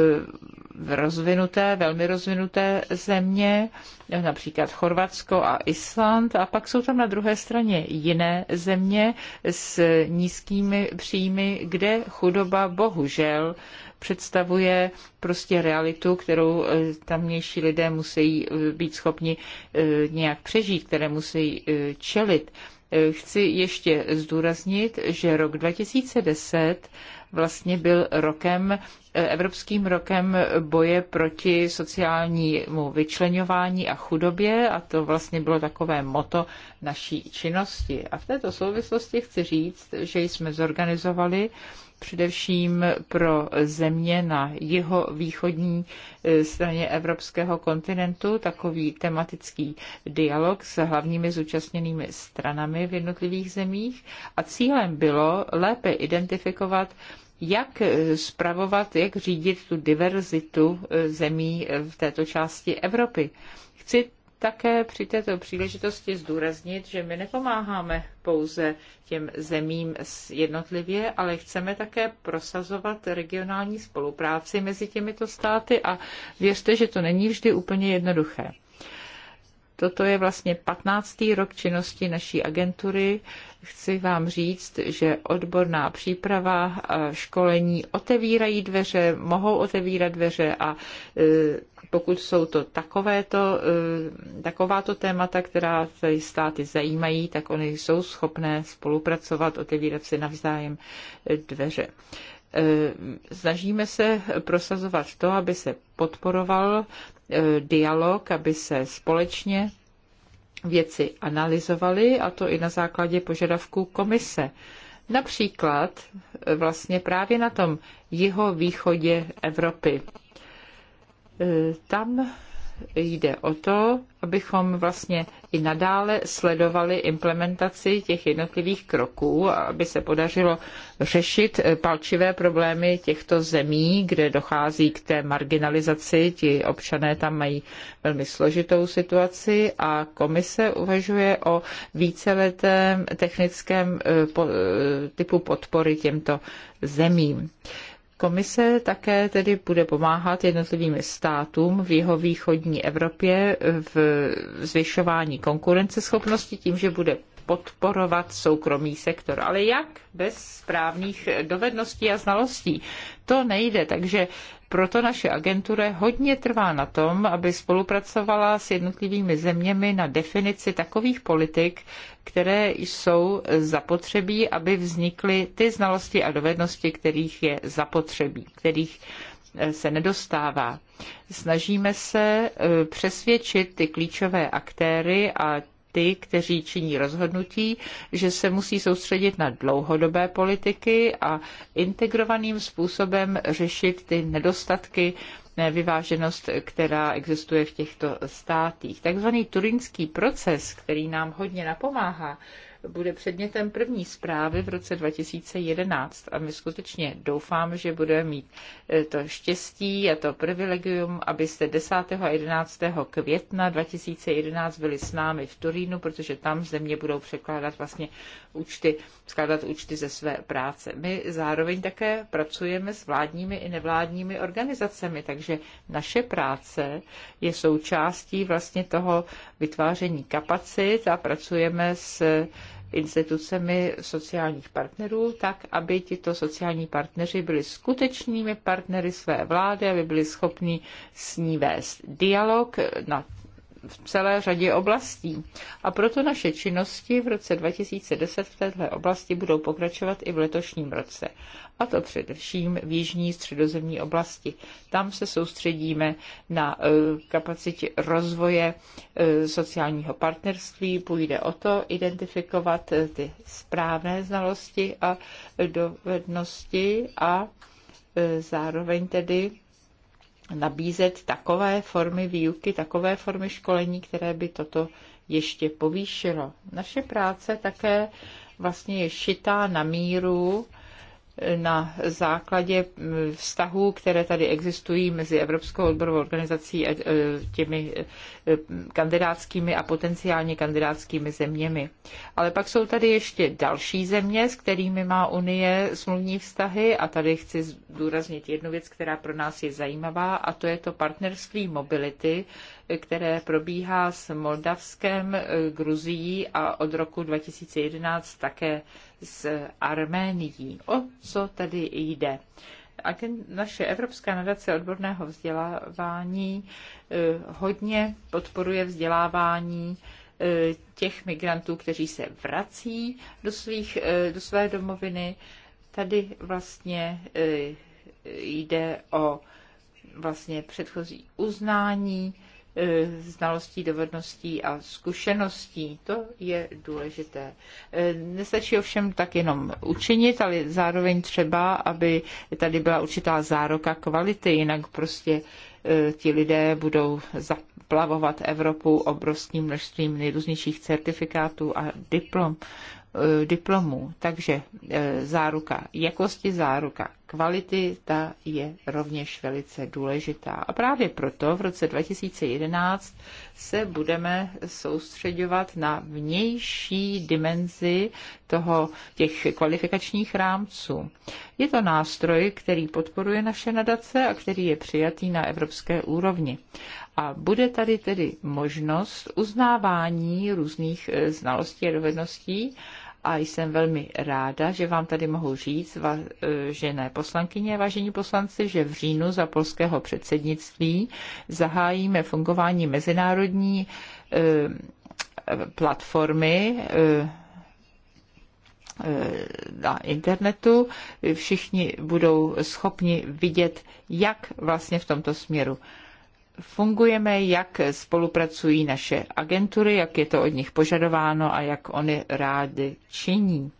rozvinuté, velmi rozvinuté země, eh, například Chorvatsko a Island, a pak jsou tam na druhé straně jiné země s nízkými příjmy, kde chudoba bohužel představuje prostě realitu, kterou eh, tamnější lidé musí eh, být schopni eh, nějak přežít, které musí čelit. Chci ještě zdůraznit, že rok 2010 vlastně byl rokem, Evropským rokem boje proti sociálnímu vyčlenování a chudobě a to vlastně bylo takové moto naší činnosti. A v této souvislosti chci říct, že jsme zorganizovali především pro země na jeho východní e, straně evropského kontinentu takový tematický dialog s hlavními zúčastněnými stranami v jednotlivých zemích a cílem bylo lépe identifikovat jak e, spravovat, jak řídit tu diverzitu e, zemí v této části Evropy. Chci také při této příležitosti zdůraznit, že my nepomáháme pouze těm zemím jednotlivě, ale chceme také prosazovat regionální spolupráci mezi těmito státy a věřte, že to není vždy úplně jednoduché. Toto je vlastně 15. rok činnosti naší agentury chci vám říct, že odborná příprava a školení otevírají dveře, mohou otevírat dveře a e, pokud jsou to takovéto, e, takováto témata, která tady státy zajímají, tak oni jsou schopné spolupracovat, otevírat si navzájem dveře. E, snažíme se prosazovat to, aby se podporoval dialog, aby se společně věci analyzovali, a to i na základě požadavků komise. Například e, vlastně právě na tom jihovýchodě Evropy. E, tam jde o to, abychom vlastně i nadále sledovali implementaci těch jednotlivých kroků, aby se podařilo řešit eh, palčivé problémy těchto zemí, kde dochází k té marginalizaci. Ti občané tam mají velmi složitou situaci a komise uvažuje o víceletém technickém eh, eh, typu podpory těmto zemím. Komise také tedy bude pomáhat jednotlivým státům v jeho východní Evropě v zvyšování konkurenceschopnosti tím, že bude podporovat soukromý sektor. Ale jak bez správných dovedností a znalostí? To nejde, takže proto naše agentura hodně trvá na tom, aby spolupracovala s jednotlivými zeměmi na definici takových politik, které jsou zapotřebí, aby vznikly ty znalosti a dovednosti, kterých je zapotřebí, kterých eh, se nedostává. Snažíme se eh, přesvědčit ty klíčové aktéry a ty, kteří činí rozhodnutí, že se musí soustředit na dlouhodobé politiky a integrovaným způsobem řešit ty nedostatky nevyváženost, která existuje v těchto státech. Takzvaný turinský proces, který nám hodně napomáhá, bude předmětem první zprávy v roce 2011 a my skutečně doufáme, že budeme mít e, to štěstí a to privilegium, abyste 10. a 11. května 2011 byli s námi v Turínu, protože tam země budou překládat vlastně účty, skládat účty ze své práce. My zároveň také pracujeme s vládními i nevládními organizacemi, takže naše práce je součástí vlastně toho vytváření kapacit a pracujeme s institucemi sociálních partnerů, tak aby tito sociální partneři byli skutečnými partnery své vlády, aby byli schopni s ní vést dialog na v celé řadě oblastí. A proto naše činnosti v roce 2010 v této oblasti budou pokračovat i v letošním roce. A to především v jižní středozemní oblasti. Tam se soustředíme na e, kapacitě rozvoje e, sociálního partnerství. Půjde o to identifikovat e, ty správné znalosti a dovednosti a zároveň tedy nabízet takové formy výuky, takové formy školení, které by toto ještě povýšilo. Naše práce také vlastně je šitá na míru na základě vztahů, které tady existují mezi Evropskou odborovou organizací a e, těmi e, kandidátskými a potenciálně kandidátskými zeměmi. Ale pak jsou tady ještě další země, s kterými má Unie smluvní vztahy a tady chci zdůraznit jednu věc, která pro nás je zajímavá a to je to partnerství mobility které probíhá s Moldavskem, eh, Gruzií a od roku 2011 také s Arménií. O co tedy jde? naše Evropská nadace odborného vzdělávání eh, hodně podporuje vzdělávání eh, těch migrantů, kteří se vrací do, svých, do své domoviny. Tady vlastně jde o vlastně předchozí uznání E, znalostí, dovedností a zkušeností. To je důležité. E, nestačí ovšem tak jenom učinit, ale zároveň třeba, aby tady byla určitá zároka kvality, jinak prostě e, ti lidé budou zaplavovat Evropu obrovským množstvím nejrůznějších certifikátů a diplom Eh, diplomů. Takže eh, záruka jakosti, záruka kvality, ta je rovněž velice důležitá. A právě proto v roce 2011 se budeme soustředovat na vnější dimenzi toho, těch kvalifikačních rámců. Je to nástroj, který podporuje naše nadace a který je přijatý na evropské úrovni. A bude tady tedy možnost uznávání různých eh, znalostí a dovedností a jsem velmi ráda, že vám tady mohu říct, vážené eh, poslankyně, vážení poslanci, že v říjnu za polského předsednictví zahájíme fungování mezinárodní eh, platformy na internetu. Všichni budou schopni vidět, jak vlastně v tomto směru fungujeme, jak spolupracují naše agentury, jak je to od nich požadováno a jak oni rádi činí.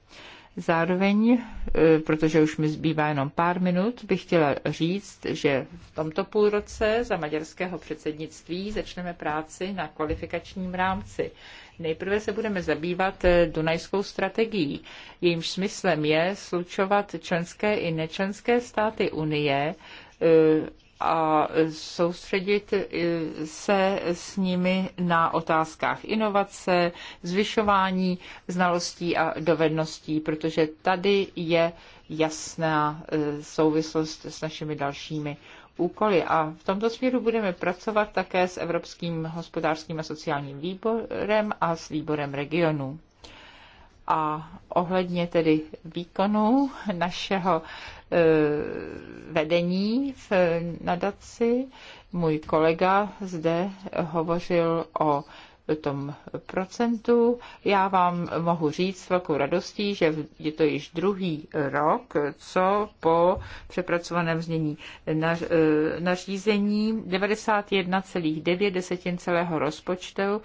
Zároveň, e, protože už mi zbývá jenom pár minut, bych chtěla říct, že v tomto půlroce za maďarského předsednictví začneme práci na kvalifikačním rámci. Nejprve se budeme zabývat e, Dunajskou strategií. Jejímž smyslem je slučovat členské i nečlenské státy Unie e, a soustředit eh, se s nimi na otázkách inovace, zvyšování znalostí a dovedností, protože tady je jasná eh, souvislost s našimi dalšími úkoly. A v tomto směru budeme pracovat také s Evropským hospodářským a sociálním výborem a s výborem regionů a ohledně tedy výkonu našeho e, vedení v nadaci. Můj kolega zde hovořil o tom procentu. Já vám mohu říct s velkou radostí, že je to již druhý rok, co po přepracovaném znění e, nařízení 91,9 desetin celého rozpočtu e,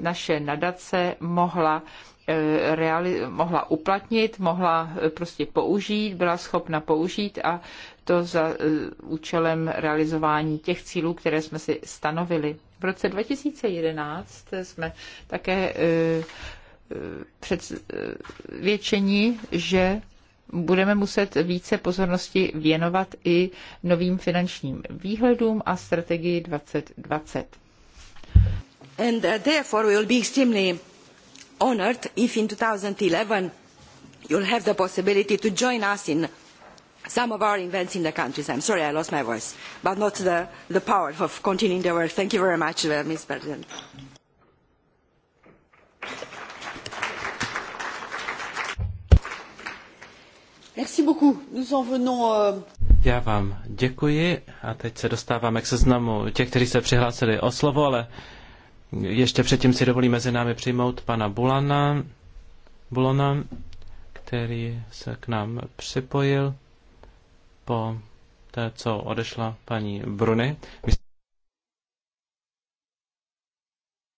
naše nadace mohla Eh, reali- mohla uplatnit, mohla eh, prostě použít, byla schopna použít a to za eh, účelem realizování těch cílů, které jsme si stanovili. V roce 2011 jsme také předvědčeni, že budeme muset více pozornosti věnovat i novým finančním výhledům a strategii 2020. And uh, therefore will be extremely honoured if in two thousand and eleven you will have the possibility to join us in some of our events in the countries. I'm sorry I lost my voice, but not the, the power of continuing the work. Thank you very much, uh, Ms. President. Merci beaucoup. Nous en venons, uh... Já vám děkuji a teď se dostáváme k seznamu těch, kteří se přihlásili o slovo, ale ještě předtím si dovolí mezi námi přijmout pana Bulana, Bulona, který se k nám připojil po té, co odešla paní Bruny.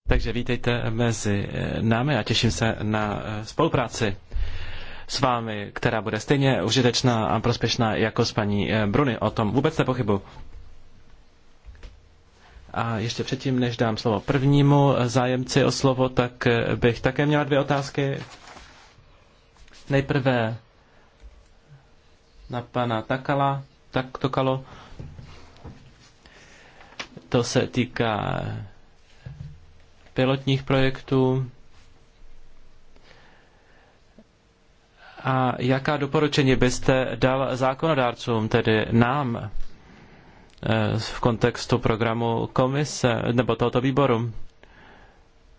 Takže vítejte mezi námi a těším se na spolupráci s vámi, která bude stejně užitečná a prospěšná jako s paní Bruny. O tom vůbec nepochybuji. A ještě předtím, než dám slovo prvnímu zájemci o slovo, tak bych také měla dvě otázky. Nejprve na pana Takala, tak Tokalo. To se týká pilotních projektů. A jaká doporučení byste dal zákonodárcům, tedy nám, v kontextu programu komise nebo tohoto výboru.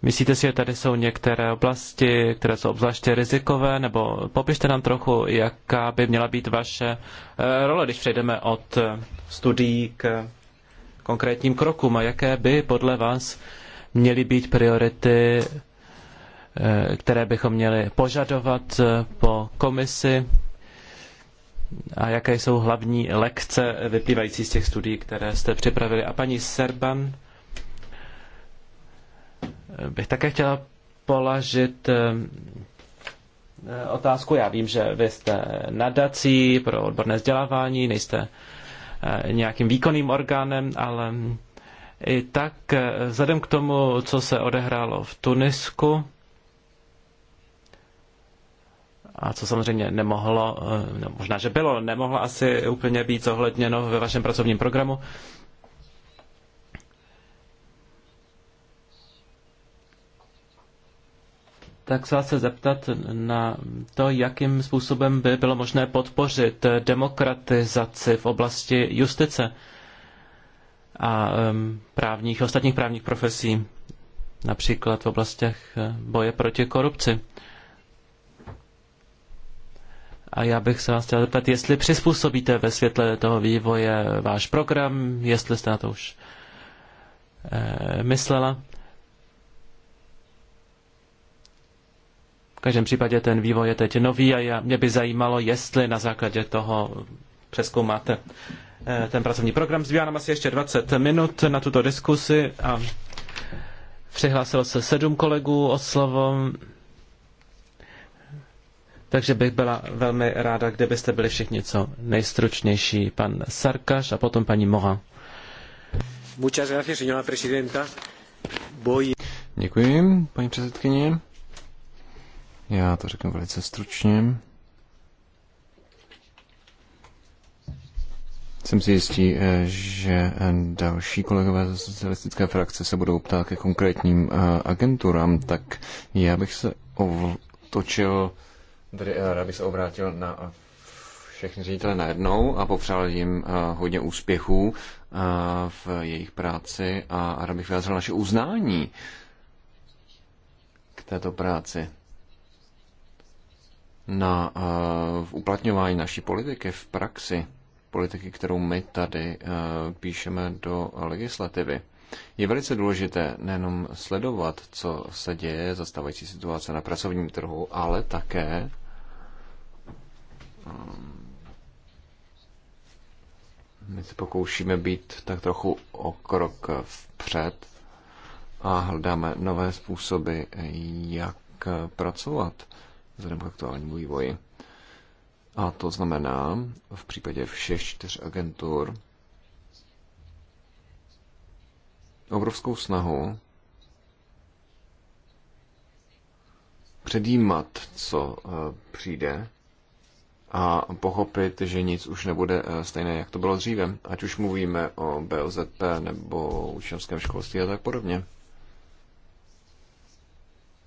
Myslíte si, že tady jsou některé oblasti, které jsou obzvláště rizikové, nebo popište nám trochu, jaká by měla být vaše eh, role, když přejdeme od eh, studií k konkrétním krokům a jaké by podle vás měly být priority, eh, které bychom měli požadovat po komisi a jaké jsou hlavní lekce vyplývající z těch studií, které jste připravili. A paní Serban bych také chtěla položit eh, otázku. Já vím, že vy jste nadací pro odborné vzdělávání, nejste eh, nějakým výkonným orgánem, ale i tak eh, vzhledem k tomu, co se odehrálo v Tunisku, a co samozřejmě nemohlo, eh, no, možná, že bylo, nemohlo asi úplně být zohledněno ve vašem pracovním programu. tak se vás chci zeptat na to, jakým způsobem by bylo možné podpořit demokratizaci v oblasti justice a právních, ostatních právních profesí, například v oblastech eh, boje proti korupci. A já bych se vás chtěl zeptat, jestli přizpůsobíte ve světle toho vývoje váš program, jestli jste na to už e, myslela. V každém případě ten vývoj je teď nový a já, mě by zajímalo, jestli na základě toho přeskoumáte e, eh, ten pracovní program. Zbývá nám asi ještě 20 minut na tuto diskusi a přihlásilo se sedm kolegů o slovo. Takže bych byla velmi ráda, kdybyste byli všichni co nejstručnější. Pan Sarkaš a potom paní Moha. Muchas gracias, señora presidenta. Voy... Děkuji, paní předsedkyně. Já to řeknu velice stručně. Jsem si jistý, eh, že eh, další kolegové ze socialistické frakce se budou ptát ke konkrétním eh, agenturám, tak já bych se otočil Tady rád bych se obrátil na všechny ředitele najednou a popřál jim eh, hodně úspěchů eh, v jejich práci a rád bych vyjádřil naše uznání k této práci na uh, uplatňování naší politiky v praxi, politiky, kterou my tady píšeme do legislativy. Je velice důležité nejenom sledovat, co se děje za stávající situace na pracovním trhu, ale také Um, my se pokoušíme být tak trochu o krok vpřed a hledáme nové způsoby, jak pracovat vzhledem k aktuálnímu vývoji. A to znamená, v případě všech čtyř agentur, obrovskou snahu předjímat, co eh, přijde a pochopit, že nic už nebude eh, stejné, jak to bylo dříve, ať už mluvíme o BOZP nebo o učňovském školství a tak podobně.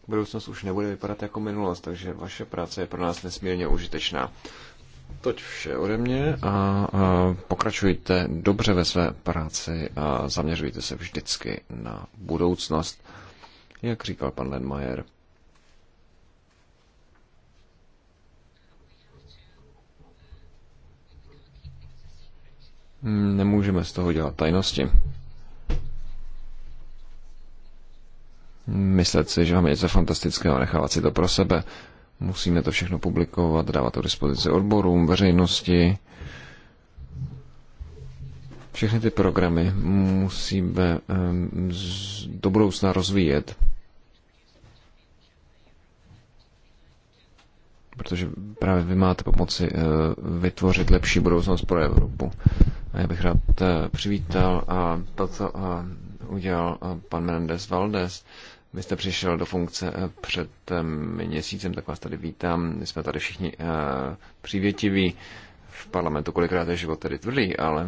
Budoucnost už nebude vypadat jako minulost, takže vaše práce je pro nás nesmírně užitečná. Toť vše ode mě a, a pokračujte dobře ve své práci a zaměřujte se vždycky na budoucnost, jak říkal pan Lenmajer. Nemůžeme z toho dělat tajnosti. Myslet si, že máme něco fantastického, nechávat si to pro sebe. Musíme to všechno publikovat, dávat to dispozici odborům, veřejnosti. Všechny ty programy musíme do budoucna rozvíjet protože právě vy máte pomoci eh, vytvořit lepší budoucnost pro Evropu. A já bych rád eh, přivítal a to, co eh, udělal pan Menendez Valdez. Vy jste přišel do funkce před měsícem, tak vás tady vítám. My jsme tady všichni přívětiví. V parlamentu kolikrát je život tedy tvrdý, ale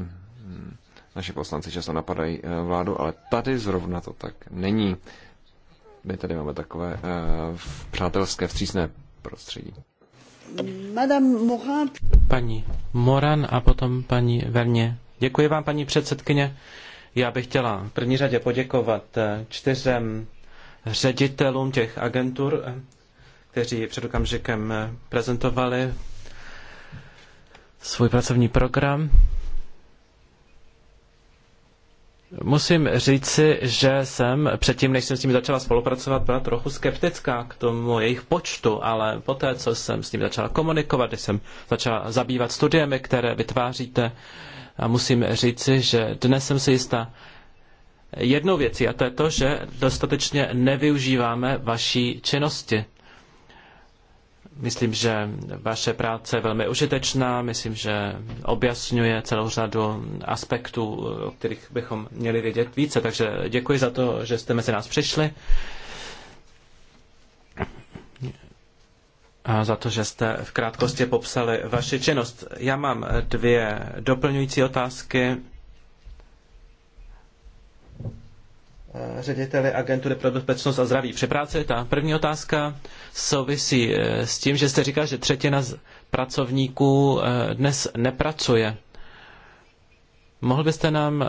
hm, naše poslanci často napadají vládu, ale tady zrovna to tak není. My tady máme takové přátelské, vstřícné prostředí. Paní Moran a potom paní Verně. Děkuji vám, paní předsedkyně. Já bych chtěla v první řadě poděkovat eh, čtyřem ředitelům těch agentur, eh, kteří před okamžikem eh, prezentovali svůj pracovní program. Musím říci, že jsem předtím, než jsem s nimi začala spolupracovat, byla trochu skeptická k tomu jejich počtu, ale poté, co jsem s nimi začala komunikovat, když jsem začala zabývat studiemi, které vytváříte, a musím říci, že dnes jsem si jistá jednou věcí, a to je to, že dostatečně nevyužíváme vaší činnosti. Myslím, že vaše práce je velmi užitečná, myslím, že objasňuje celou řadu aspektů, o kterých bychom měli vědět více, takže děkuji za to, že jste mezi nás přišli a za to, že jste v krátkosti popsali vaši činnost. Já mám dvě doplňující otázky. Eh, řediteli agentury pro bezpečnost a zdraví při práci. Ta první otázka souvisí eh, s tím, že jste říkal, že třetina z pracovníků eh, dnes nepracuje. Mohl byste nám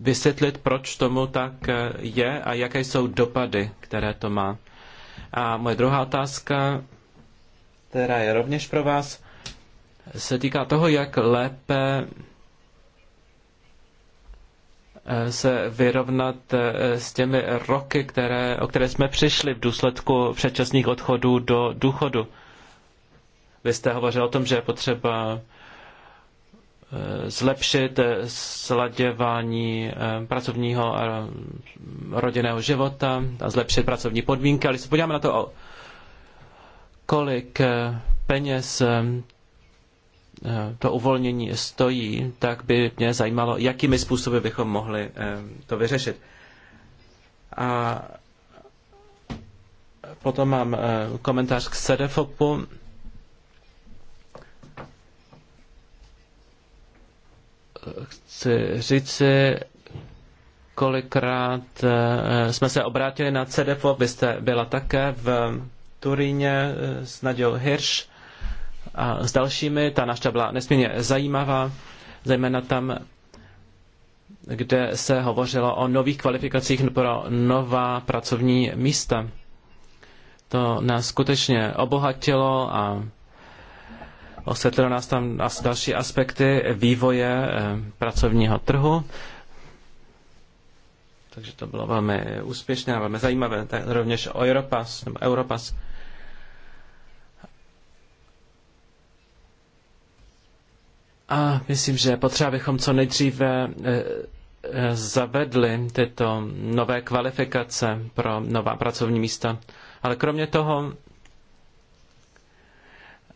vysvětlit, proč tomu tak je a jaké jsou dopady, které to má? A moje druhá otázka, která je rovněž pro vás, se týká toho, jak lépe se vyrovnat eh, s těmi roky, které, o které jsme přišli v důsledku předčasných odchodů do důchodu. Vy jste hovořil o tom, že je potřeba eh, zlepšit eh, sladěvání pracovního a rodinného života a zlepšit pracovní podmínky. Ale když se podíváme na to, kolik peněz Eh, to uvolnění stojí, tak by mě zajímalo, jakými způsoby bychom mohli eh, to vyřešit. A potom mám eh, komentář k Sedefopu. Chci říci, kolikrát jsme se obrátili na CDFO, vy jste byla také v Turíně s Nadějou Hirsch a s dalšími. Ta návštěva byla nesmírně zajímavá, zejména tam, kde se hovořilo o nových kvalifikacích pro nová pracovní místa. To nás skutečně obohatilo a osvětlilo nás tam další aspekty vývoje eh, pracovního trhu. Takže to bylo velmi úspěšné a velmi zajímavé. Tak rovněž Europas, nebo Europas, A myslím, že potřeba bychom co nejdříve eh, eh, zavedli tyto nové kvalifikace pro nová pracovní místa. Ale kromě toho,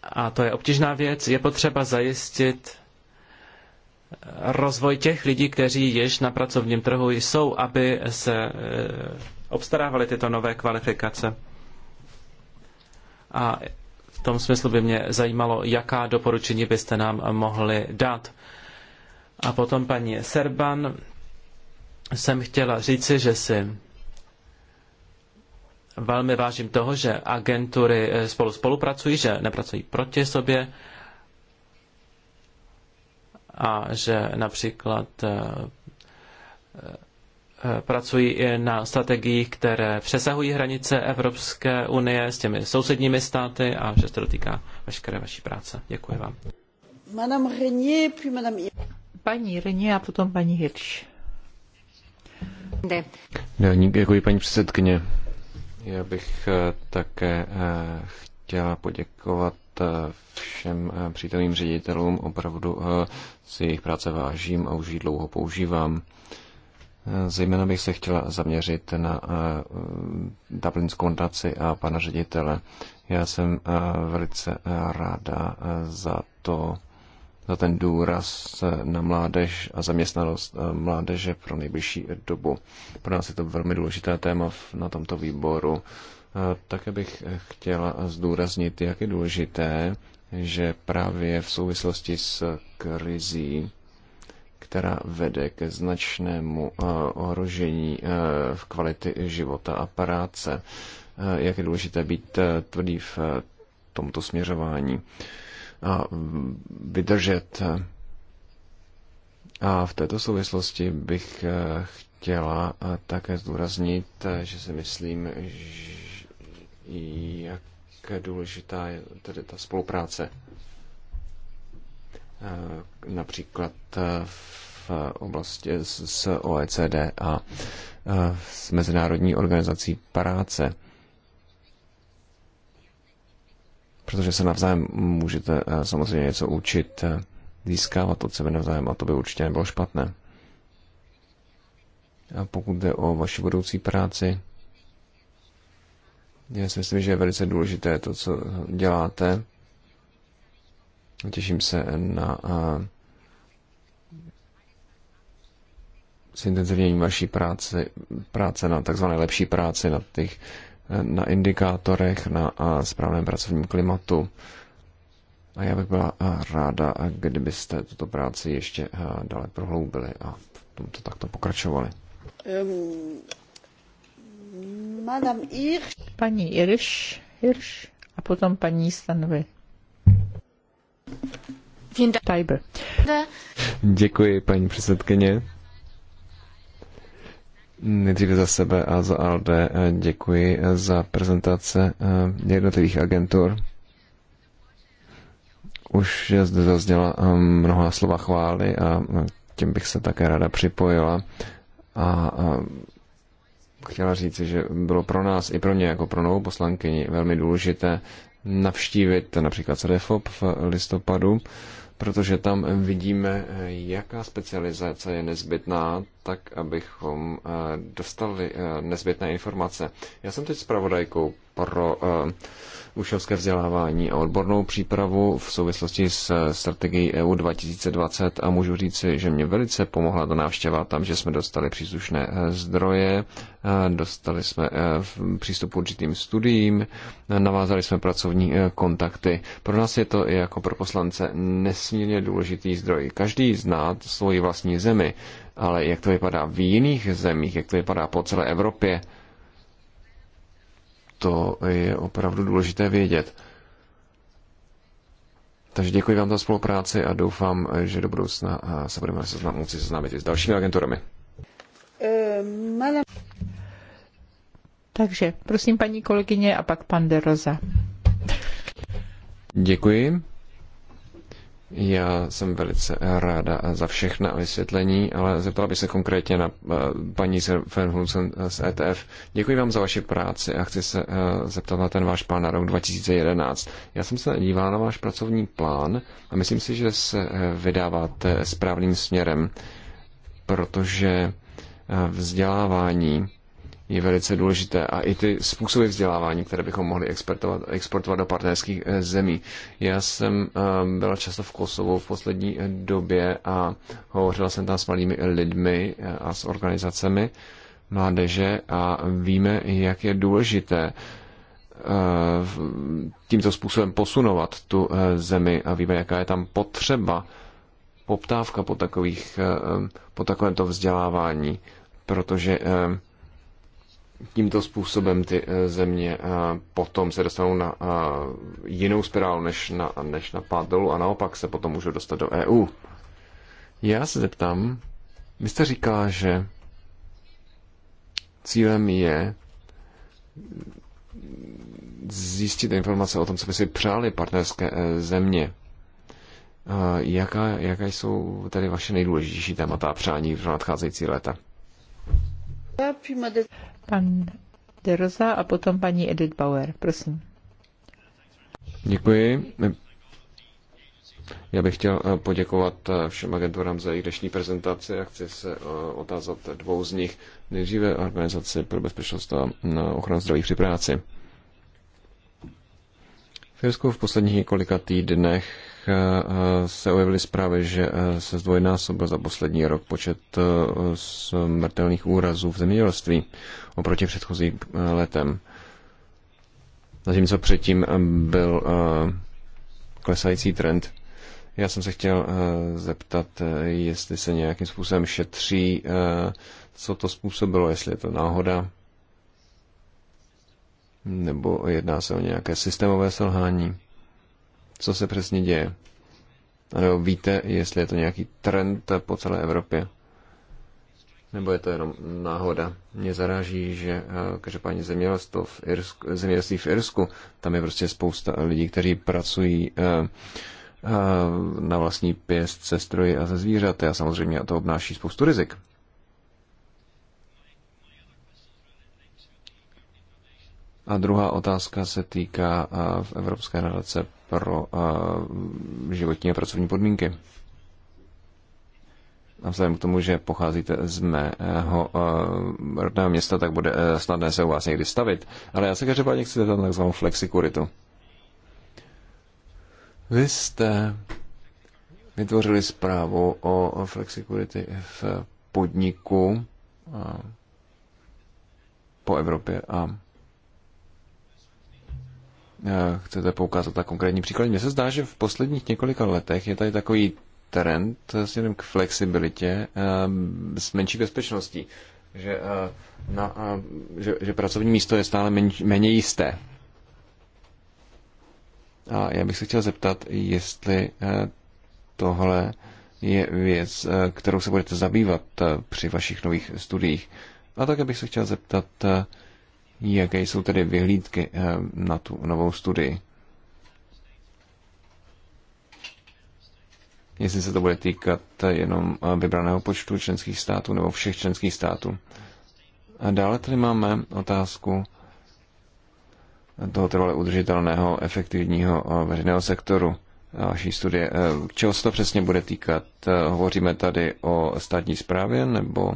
a to je obtížná věc, je potřeba zajistit rozvoj těch lidí, kteří již na pracovním trhu jsou, aby se eh, obstarávaly tyto nové kvalifikace. A v tom smyslu by mě zajímalo, jaká doporučení byste nám mohli dát. A potom paní Serban jsem chtěla říci, že si velmi vážím toho, že agentury eh, spolu spolupracují, že nepracují proti sobě a že například eh, Eh, pracují i na strategiích, které přesahují hranice Evropské unie s těmi sousedními státy a že se to dotýká veškeré vaší práce. Děkuji vám. Paní Renier a potom paní Hirsch. Děkuji, paní předsedkyně. Já bych eh, také eh, chtěla poděkovat všem přítelným ředitelům. Opravdu si jejich práce vážím a už ji dlouho používám. Zejména bych se chtěla zaměřit na Dublinskou eh, nadaci a pana ředitele. Já jsem eh, velice eh, ráda za to, za ten důraz na mládež a zaměstnanost mládeže pro nejbližší dobu. Pro nás je to velmi důležité téma na tomto výboru. Také bych chtěla zdůraznit, jak je důležité, že právě v souvislosti s krizí která vede ke značnému eh, ohrožení eh, v kvality života a práce. Eh, jak je důležité být tvrdý v tomto směřování a vydržet. A v této souvislosti bych chtěla také zdůraznit, že si myslím, že jak důležitá je tedy ta spolupráce například v oblasti s OECD a s Mezinárodní organizací práce. Protože se navzájem můžete eh, samozřejmě něco učit, eh, získávat od sebe navzájem a to by určitě nebylo špatné. A pokud jde o vaši budoucí práci, já si myslím, že je velice důležité to, co děláte. Těším se na eh, zintenzivnění vaší práce, práce na takzvané lepší práci, na těch na indikátorech, na správném pracovním klimatu. A já bych byla ráda, kdybyste tuto práci ještě dále prohloubili a v tomto takto pokračovali. Um, Irš. Paní Irš, Irš a potom paní Stanovi. Děkuji, paní předsedkyně. Nejdříve za sebe a za Alde eh, děkuji eh, za prezentace eh, jednotlivých agentur. Už zde zazněla mnoha slova chvály a tím bych se také ráda připojila. A chtěla říct, že bylo pro nás i pro mě jako pro novou poslankyni velmi důležité navštívit například CDFOP v listopadu, protože tam vidíme, jaká specializace je nezbytná tak abychom eh, dostali eh, nezbytné informace. Já jsem teď zpravodajkou pro eh, učňovské vzdělávání a odbornou přípravu v souvislosti s strategií EU 2020 a můžu říci, že mě velice pomohla ta návštěva tam, že jsme dostali příslušné zdroje, dostali jsme přístup určitým studiím, navázali jsme pracovní kontakty. Pro nás je to i jako pro poslance nesmírně důležitý zdroj. Každý zná svoji vlastní zemi ale jak to vypadá v jiných zemích, jak to vypadá po celé Evropě, to je opravdu důležité vědět. Takže děkuji vám za spolupráci a doufám, že do budoucna eh, se budeme seznam, moci seznámit i s dalšími agenturami. Takže prosím paní kolegyně a pak pan De Rosa. Děkuji. Já jsem velice ráda za všechna vysvětlení, ale zeptala bych se konkrétně na eh, paní Fernhulsen z ETF. Děkuji vám za vaši práci a chci se eh, zeptat na ten váš plán na rok 2011. Já jsem se díval na váš pracovní plán a myslím si, že se eh, vydáváte správným směrem, protože vzdělávání je velice důležité. A i ty způsoby vzdělávání, které bychom mohli exportovat, exportovat do partnerských eh, zemí. Já jsem eh, byla často v Kosovu v poslední eh, době a hovořila jsem tam s malými lidmi a s organizacemi mládeže a víme, jak je důležité tímto způsobem posunovat tu zemi a víme, jaká je tam potřeba, poptávka po, takových, po takovémto vzdělávání, protože tímto způsobem ty eh, země eh, potom se dostanou na eh, jinou spirálu než na, než na pát dolů a naopak se potom můžou dostat do EU. Já se zeptám, vy jste říkala, že cílem je zjistit informace o tom, co by si přáli partnerské země. Jaká, jaká jsou tedy vaše nejdůležitější témata a přání pro nadcházející léta? Pan De Rosa a potom paní Edith Bauer. Prosím. Děkuji. Já bych chtěl eh, poděkovat eh, všem agenturám za jejich dnešní prezentaci a chci se eh, otázat dvou z nich. Nejdříve Organizaci pro bezpečnost a mm, ochranu zdraví při práci. V Irsku v posledních několika týdnech Eh, se objevily zprávy, že eh, se zdvojnásobil za poslední rok počet eh, smrtelných úrazů v zemědělství oproti předchozím letem. Zatímco předtím byl klesající trend. Já jsem se chtěl zeptat, jestli se nějakým způsobem šetří, co to způsobilo, jestli je to náhoda, nebo jedná se o nějaké systémové selhání co se přesně děje? Nebo víte, jestli je to nějaký trend po celé Evropě? Nebo je to jenom náhoda? Mě zaráží, že eh, každopádně zemědělství v, Irsku, zemědělství v Irsku, tam je prostě spousta lidí, kteří pracují eh, eh, na vlastní pěst se stroji a ze zvířaty a samozřejmě to obnáší spoustu rizik. A druhá otázka se týká v Evropské nadace pro životní a pracovní podmínky. A vzhledem k tomu, že pocházíte z mého rodného města, tak bude e, snadné se u vás někdy stavit. Ale já se každopádně chci zeptat na takzvanou flexikuritu. Vy jste vytvořili zprávu o, flexikurity v podniku po Evropě a Eh, chcete poukázat na konkrétní příklad. Mně se zdá, že v posledních několika letech je tady takový trend eh, směrem k flexibilitě eh, s menší bezpečností. Že, na, že, že pracovní místo je stále men, méně jisté. A já bych se chtěl zeptat, jestli tohle je věc, kterou se budete zabývat při vašich nových studiích. A také bych se chtěl zeptat, Jaké jsou tedy vyhlídky eh, na tu novou studii? Jestli se to bude týkat jenom eh, vybraného počtu členských států nebo všech členských států. A dále tady máme otázku toho trvale udržitelného, efektivního eh, veřejného sektoru vaší studie. Čeho se to přesně bude týkat? Hovoříme tady o státní správě nebo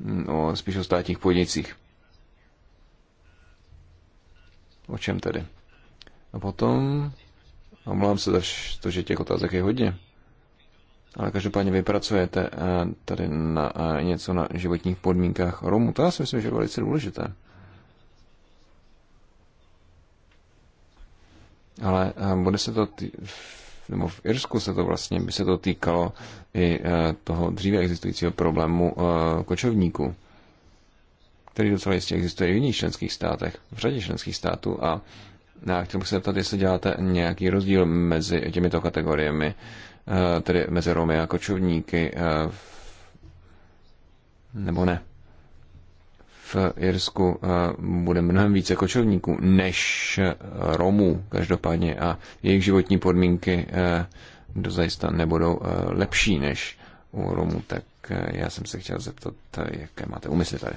Mm, o, spíš o státních podnicích. O čem tedy? A potom, mluvám se za to, že těch otázek je hodně, ale každopádně vypracujete eh, tady na eh, něco na životních podmínkách Romů. To já si myslím, že je velice důležité. Ale eh, bude se to tý nebo v Irsku se to vlastně by se to týkalo i eh, toho dříve existujícího problému eh, kočovníků, který docela jistě existuje i v jiných členských státech, v řadě členských států a já chtěl bych se zeptat, jestli děláte nějaký rozdíl mezi těmito kategoriemi, eh, tedy mezi Romy a kočovníky, nebo ne v Irsku eh, bude mnohem více kočovníků než eh, Romů každopádně a jejich životní podmínky eh, dozajista nebudou lepší než u Romů, tak já jsem se chtěl zeptat, jaké máte úmysly tady.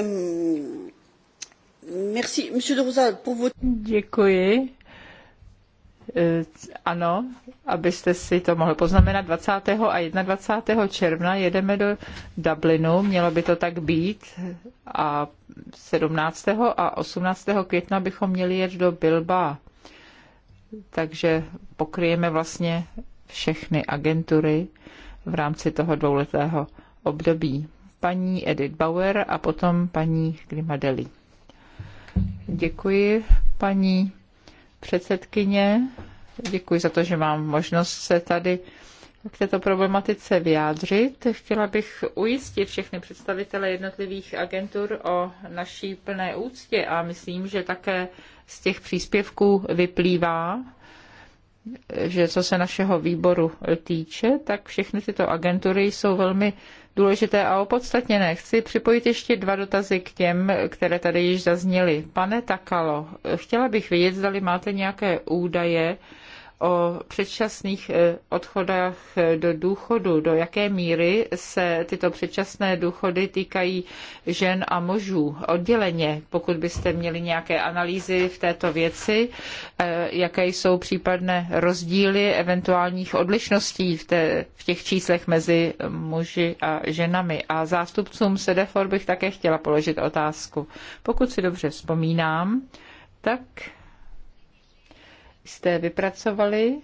Um, merci, monsieur de pour votre... Děkuji Eh, ano, abyste si to mohl poznamenat, 20. a 21. června jedeme do Dublinu, mělo by to tak být, a 17. a 18. května bychom měli jet do Bilba. Takže pokryjeme vlastně všechny agentury v rámci toho dvouletého období. Paní Edith Bauer a potom paní Grimadelli. Děkuji, paní předsedkyně. Děkuji za to, že mám možnost se tady k této problematice vyjádřit. Chtěla bych ujistit všechny představitele jednotlivých agentur o naší plné úctě a myslím, že také z těch příspěvků vyplývá, že co se našeho výboru týče, tak všechny tyto agentury jsou velmi důležité a opodstatněné. Chci připojit ještě dva dotazy k těm, které tady již zazněly. Pane Takalo, chtěla bych vědět, zdali máte nějaké údaje, o předčasných eh, odchodách eh, do důchodu, do jaké míry se tyto předčasné důchody týkají žen a mužů odděleně, pokud byste měli nějaké analýzy v této věci, eh, jaké jsou případné rozdíly eventuálních odlišností v, té, v těch číslech mezi muži a ženami. A zástupcům Sedefor bych také chtěla položit otázku. Pokud si dobře vzpomínám, tak jste vypracovali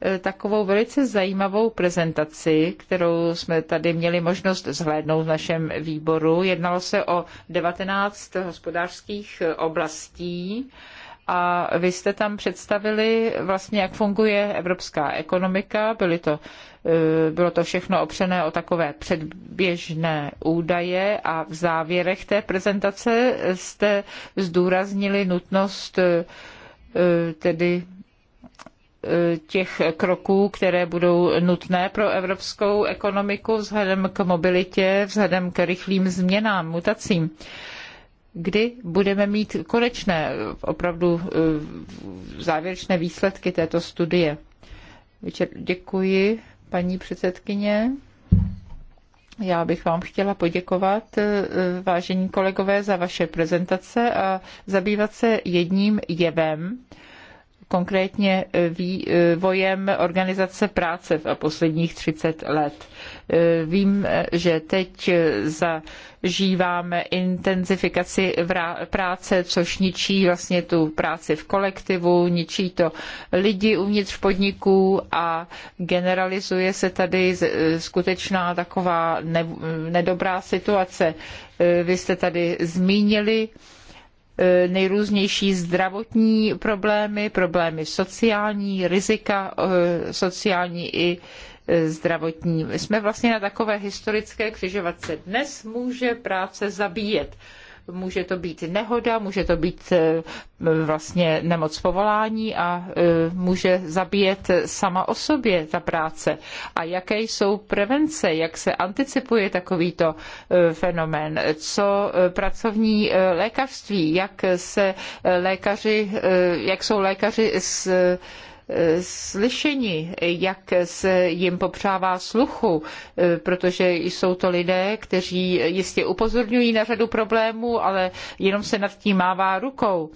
eh, takovou velice zajímavou prezentaci, kterou jsme tady měli možnost zhlédnout v našem výboru. Jednalo se o 19 hospodářských eh, oblastí a vy jste tam představili vlastně, jak funguje evropská ekonomika. Byly to, eh, bylo to všechno opřené o takové předběžné údaje a v závěrech té prezentace jste zdůraznili nutnost E, tedy e, těch kroků, které budou nutné pro evropskou ekonomiku vzhledem k mobilitě, vzhledem k rychlým změnám, mutacím. Kdy budeme mít konečné, opravdu e, závěrečné výsledky této studie? Děkuji, paní předsedkyně. Já bych vám chtěla poděkovat, eh, vážení kolegové, za vaše prezentace a zabývat se jedním jevem, konkrétně eh, vývojem eh, organizace práce v posledních 30 let. Eh, vím, eh, že teď eh, zažíváme intenzifikaci práce, což ničí vlastně tu práci v kolektivu, ničí to lidi uvnitř podniků a generalizuje se tady skutečná taková nedobrá situace. Vy jste tady zmínili, nejrůznější zdravotní problémy, problémy sociální, rizika sociální i zdravotní. Jsme vlastně na takové historické křižovatce. Dnes může práce zabíjet. Může to být nehoda, může to být eh, vlastně nemoc povolání a eh, může zabíjet sama o sobě ta práce. A jaké jsou prevence, jak se anticipuje takovýto eh, fenomén, co pracovní lékařství, jak se lékaři, jak jsou lékaři s slyšeni, jak se jim popřává sluchu, eh, protože jsou to lidé, kteří jistě upozorňují na řadu problémů, ale jenom se nad tím mává rukou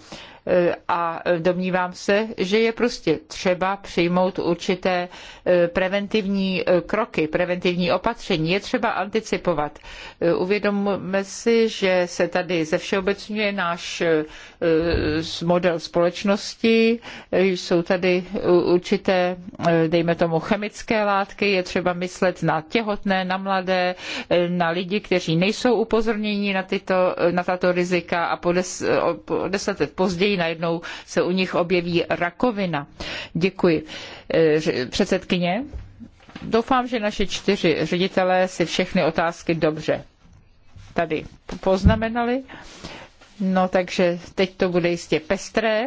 a domnívám se, že je prostě třeba přijmout určité e, preventivní e, kroky, preventivní opatření. Je třeba anticipovat. E, uvědomme si, že se tady zevšeobecňuje náš model společnosti, jsou tady určité, dejme tomu, chemické látky, je třeba myslet na těhotné, na mladé, na lidi, kteří nejsou upozorněni na, tyto, na tato rizika a po, deset let později odcházejí, najednou se u nich objeví rakovina. Děkuji. Eh, předsedkyně, doufám, že naše čtyři ředitelé si všechny otázky dobře tady poznamenali. No takže teď to bude jistě pestré.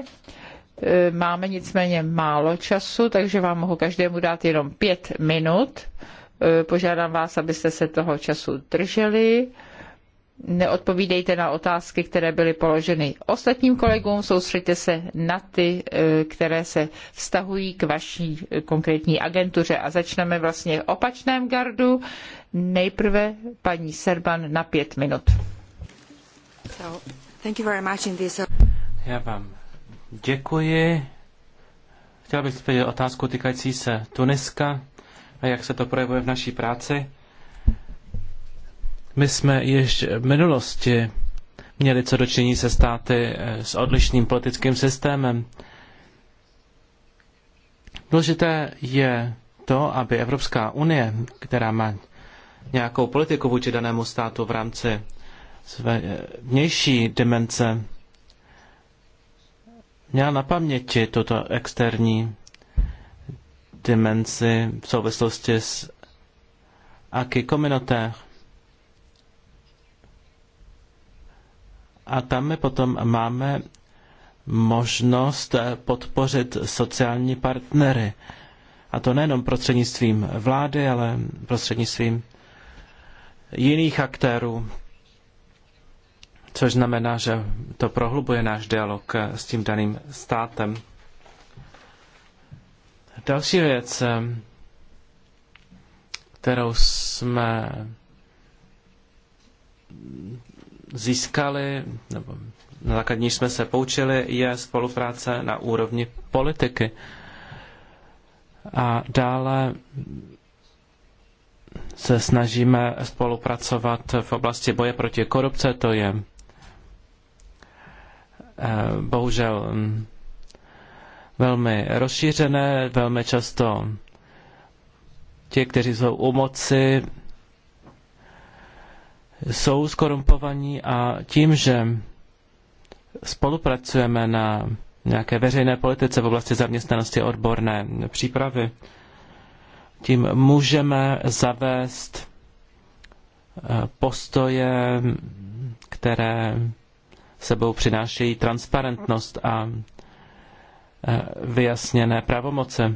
Eh, máme nicméně málo času, takže vám mohu každému dát jenom pět minut. Eh, požádám vás, abyste se toho času drželi neodpovídejte na otázky, které byly položeny ostatním kolegům, soustřeďte se na ty, eh, které se vztahují k vaší eh, konkrétní agentuře a začneme vlastně v opačném gardu. Nejprve paní Serban na pět minut. Já vám děkuji. Chtěl bych otázku týkající se Tuniska a jak se to projevuje v naší práci. My jsme již v minulosti měli co dočinění se státy eh, s odlišným politickým systémem. Důležité je to, aby Evropská unie, která má nějakou politiku vůči danému státu v rámci své eh, vnější dimenze, měla na paměti tuto externí dimenzi v souvislosti s aky kominotech. A tam my potom máme možnost eh, podpořit sociální partnery. A to nejenom prostřednictvím vlády, ale prostřednictvím jiných aktérů, což znamená, že to prohlubuje náš dialog eh, s tím daným státem. Další věc, eh, kterou jsme získali, nebo na základní jsme se poučili, je spolupráce na úrovni politiky. A dále se snažíme spolupracovat v oblasti boje proti korupce, to je eh, bohužel mm, velmi rozšířené, velmi často ti, kteří jsou u moci, jsou skorumpovaní a tím, že spolupracujeme na nějaké veřejné politice v oblasti zaměstnanosti odborné přípravy, tím můžeme zavést eh, postoje, které sebou přinášejí transparentnost a eh, vyjasněné pravomoce.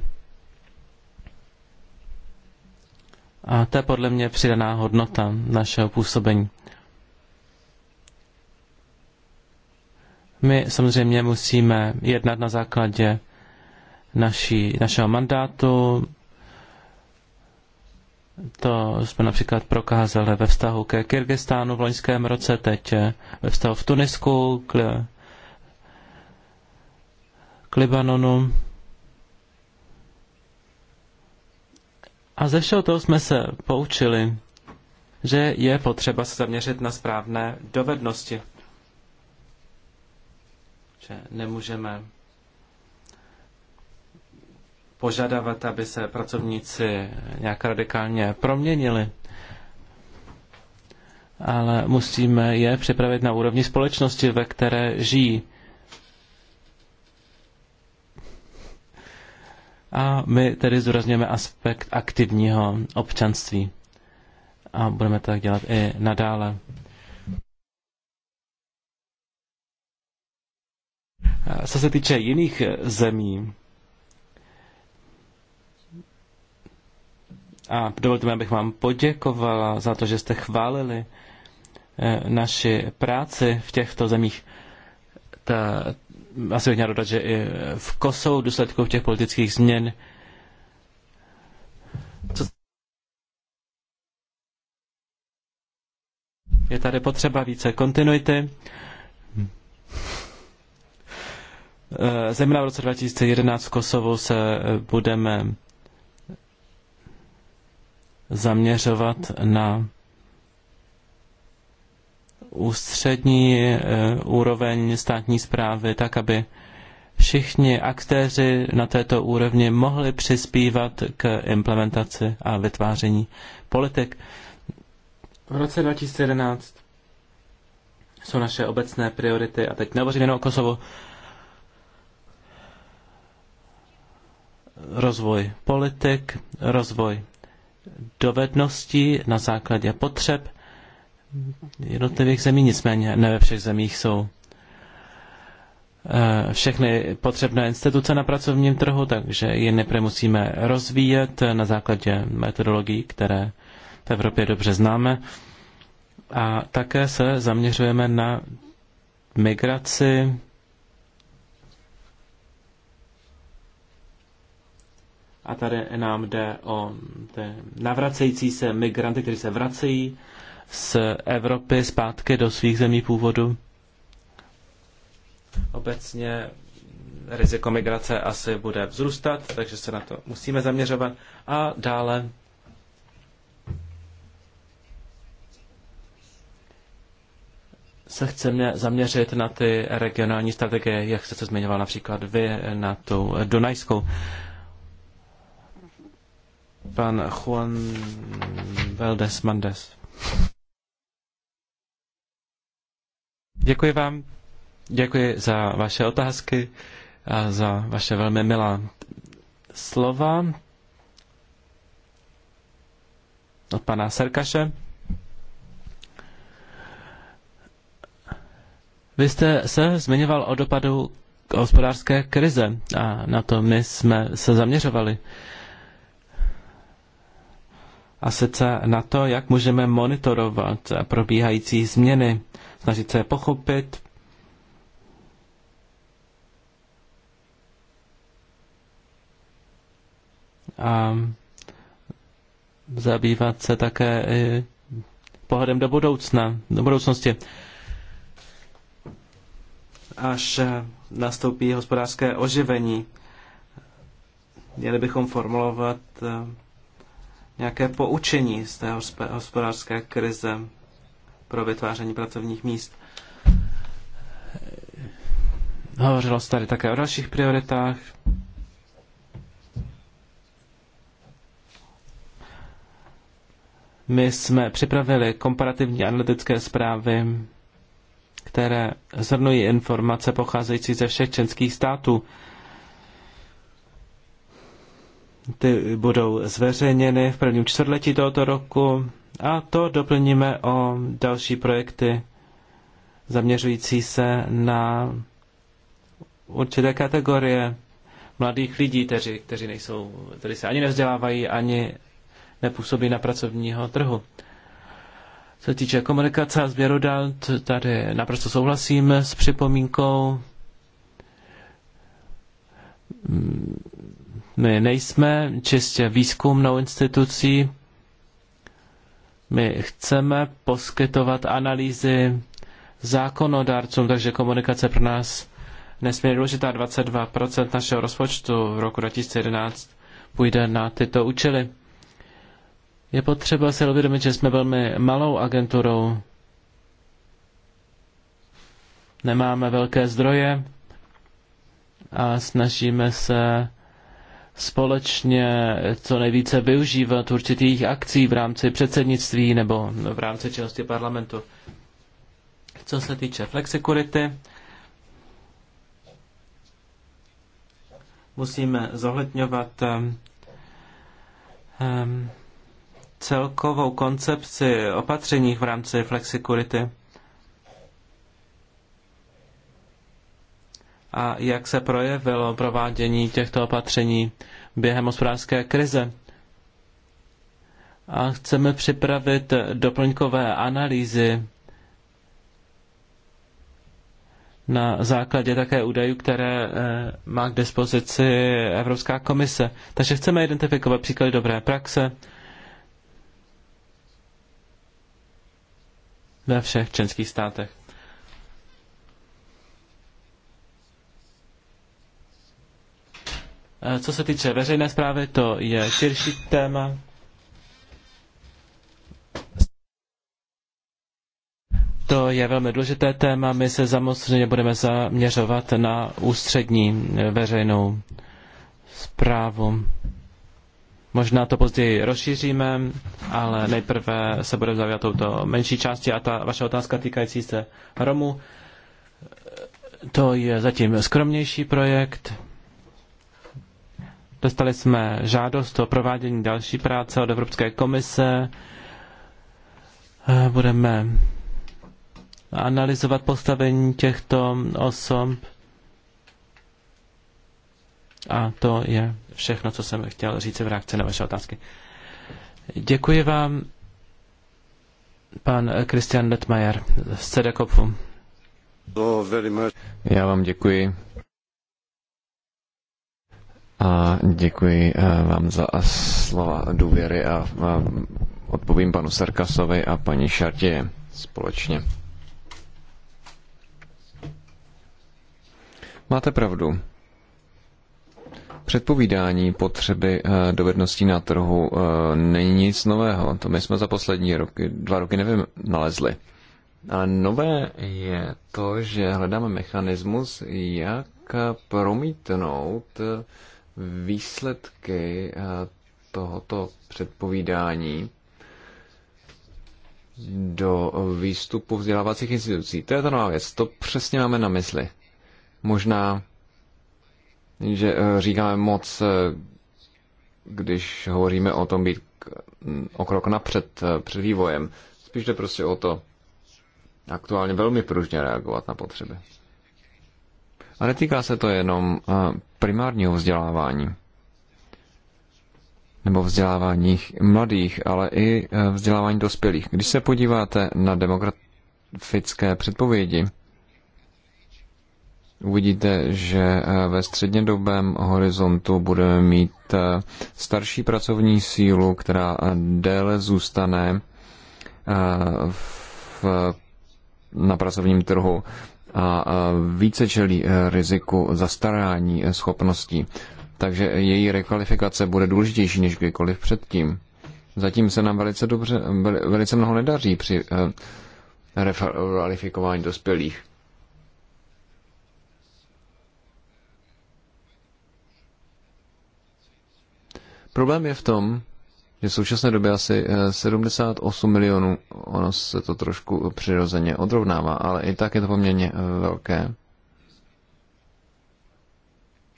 A to je podle mě přidaná hodnota našeho působení. My samozřejmě musíme jednat na základě naší, našeho mandátu. To jsme například prokázali ve vztahu ke Kyrgyzstánu v loňském roce, teď ve vztahu v Tunisku, k, k Libanonu. A ze všeho toho jsme se poučili, že je potřeba se zaměřit na správné dovednosti. Že nemůžeme požadovat, aby se pracovníci nějak radikálně proměnili, ale musíme je připravit na úrovni společnosti, ve které žijí. A my tedy zdůrazňujeme aspekt aktivního občanství. A budeme to tak dělat i nadále. Co se týče jiných zemí, a dovolte mi, abych vám poděkovala za to, že jste chválili eh, naši práci v těchto zemích. Ta, asi bych měl dodat, že i v Kosovu důsledku těch politických změn co je tady potřeba více kontinuity. Eh, zejména v roce 2011 v Kosovu se eh, budeme zaměřovat na ústřední eh, úroveň státní zprávy, tak aby všichni aktéři na této úrovni mohli přispívat k implementaci a vytváření politik. V roce 2011 jsou naše obecné priority, a teď nehovořím jenom o Kosovu, rozvoj politik, rozvoj dovedností na základě potřeb jednotlivých zemí, nicméně ne ve všech zemích jsou eh, všechny potřebné instituce na pracovním trhu, takže je nejprve musíme rozvíjet na základě metodologií, které v Evropě dobře známe. A také se zaměřujeme na migraci a tady nám jde o navracející se migranty, kteří se vracejí z Evropy zpátky do svých zemí původu? Obecně riziko migrace asi bude vzrůstat, takže se na to musíme zaměřovat. A dále se chceme zaměřit na ty regionální strategie, jak jste se zmiňoval například vy, na tu Dunajskou. Pan Juan Veldes Mandes. Děkuji vám, děkuji za vaše otázky a za vaše velmi milá slova od pana Serkaše. Vy jste se zmiňoval o dopadu hospodářské krize a na to my jsme se zaměřovali. A sice na to, jak můžeme monitorovat probíhající změny snažit se je pochopit. A zabývat se také i pohledem do budoucna, do budoucnosti. Až nastoupí hospodářské oživení, měli bychom formulovat eh, nějaké poučení z té hospodářské krize pro vytváření pracovních míst. Hovořilo se tady také o dalších prioritách. My jsme připravili komparativní analytické zprávy, které zhrnují informace pocházející ze všech členských států. Ty budou zveřejněny v prvním čtvrtletí tohoto roku. A to doplníme o další projekty zaměřující se na určité kategorie mladých lidí, kteří, kteří, nejsou, kteří se ani nevzdělávají, ani nepůsobí na pracovního trhu. Co se týče komunikace a sběru dat, tady naprosto souhlasím s připomínkou. My nejsme čistě výzkumnou institucí, my chceme poskytovat analýzy zákonodárcům, takže komunikace pro nás nesmírně důležitá. 22% našeho rozpočtu v roku 2011 půjde na tyto účely. Je potřeba si uvědomit, že jsme velmi malou agenturou. Nemáme velké zdroje a snažíme se společně co nejvíce využívat určitých akcí v rámci předsednictví nebo no, v rámci činnosti parlamentu. Co se týče flexikurity, musíme zohledňovat ehm, ehm, celkovou koncepci opatření v rámci flexikurity. a jak se projevilo provádění těchto opatření během hospodářské krize. A chceme připravit doplňkové analýzy na základě také údajů, které eh, má k dispozici Evropská komise. Takže chceme identifikovat příklady dobré praxe ve všech členských státech. Eh, co se týče veřejné zprávy, to je širší téma. To je velmi důležité téma. My se samozřejmě budeme zaměřovat na ústřední eh, veřejnou zprávu. Možná to později rozšíříme, ale nejprve se budeme zavět touto menší části a ta vaše otázka týkající se Romu. Eh, to je zatím skromnější projekt. Dostali jsme žádost o provádění další práce od Evropské komise. Eh, budeme analyzovat postavení těchto osob. A to je všechno, co jsem chtěl říct v reakci na vaše otázky. Děkuji vám, pan Christian Letmajer z CDKOPu. Já vám děkuji. A děkuji eh, vám za slova důvěry a odpovím panu Serkasovi a paní Šartě společně. Máte pravdu. Předpovídání potřeby eh, dovedností na trhu eh, není nic nového. To my jsme za poslední roky, dva roky nevím, nalezli. Ale nové je to, že hledáme mechanismus, jak promítnout výsledky eh, tohoto předpovídání do výstupu vzdělávacích institucí. To je ta nová věc. To přesně máme na mysli. Možná, že eh, říkáme moc, eh, když hovoříme o tom být mm, o krok napřed před vývojem. Spíš jde prostě o to aktuálně velmi pružně reagovat na potřeby. A netýká se to jenom eh, primárního vzdělávání nebo vzdělávání mladých, ale i eh, vzdělávání dospělých. Když se podíváte na demografické předpovědi, uvidíte, že eh, ve střednědobém horizontu budeme mít starší pracovní sílu, která déle zůstane v, na pracovním trhu a více čelí e, riziku zastarání e, schopností. Takže její rekvalifikace bude důležitější než kdykoliv předtím. Zatím se nám velice, dobře, velice mnoho nedaří při e, rekvalifikování dospělých. Problém je v tom, že v současné době asi 78 eh, milionů, ono se to trošku přirozeně odrovnává, ale i tak je to poměrně eh, velké.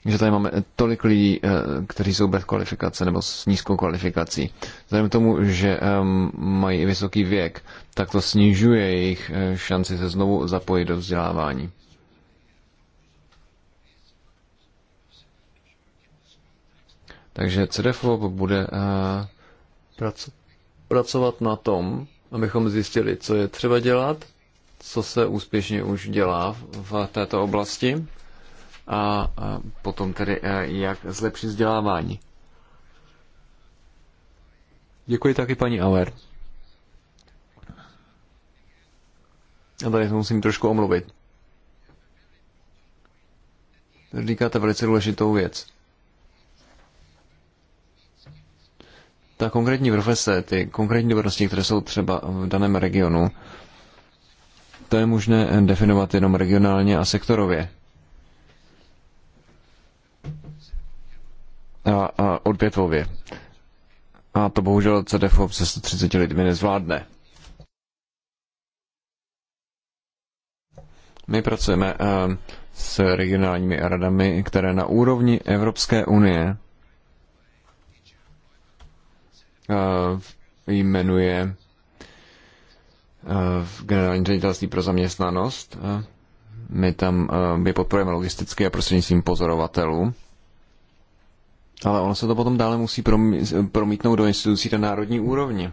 Že tady máme tolik lidí, eh, kteří jsou bez kvalifikace nebo s nízkou kvalifikací. Vzhledem k tomu, že ehm, mají vysoký věk, tak to snižuje jejich šanci se znovu zapojit do vzdělávání. Takže CDFOB bude pracovat na tom, abychom zjistili, co je třeba dělat, co se úspěšně už dělá v této oblasti a potom tedy, eh, jak zlepšit vzdělávání. Děkuji taky paní Auer. A tady se musím trošku omluvit. Říkáte velice důležitou věc. ta konkrétní profese, ty konkrétní dovednosti, které jsou třeba v daném regionu, to je možné definovat jenom regionálně a sektorově. A, a odvětvově. A to bohužel CDFOP se 130 lidmi nezvládne. My pracujeme eh, s regionálními radami, které na úrovni Evropské unie Eh, jmenuje v eh, generální ředitelství pro zaměstnanost. Eh, my tam my podporujeme logisticky a prostřednictvím pozorovatelů. Ale ono se to potom dále musí promítnout do institucí na národní úrovni.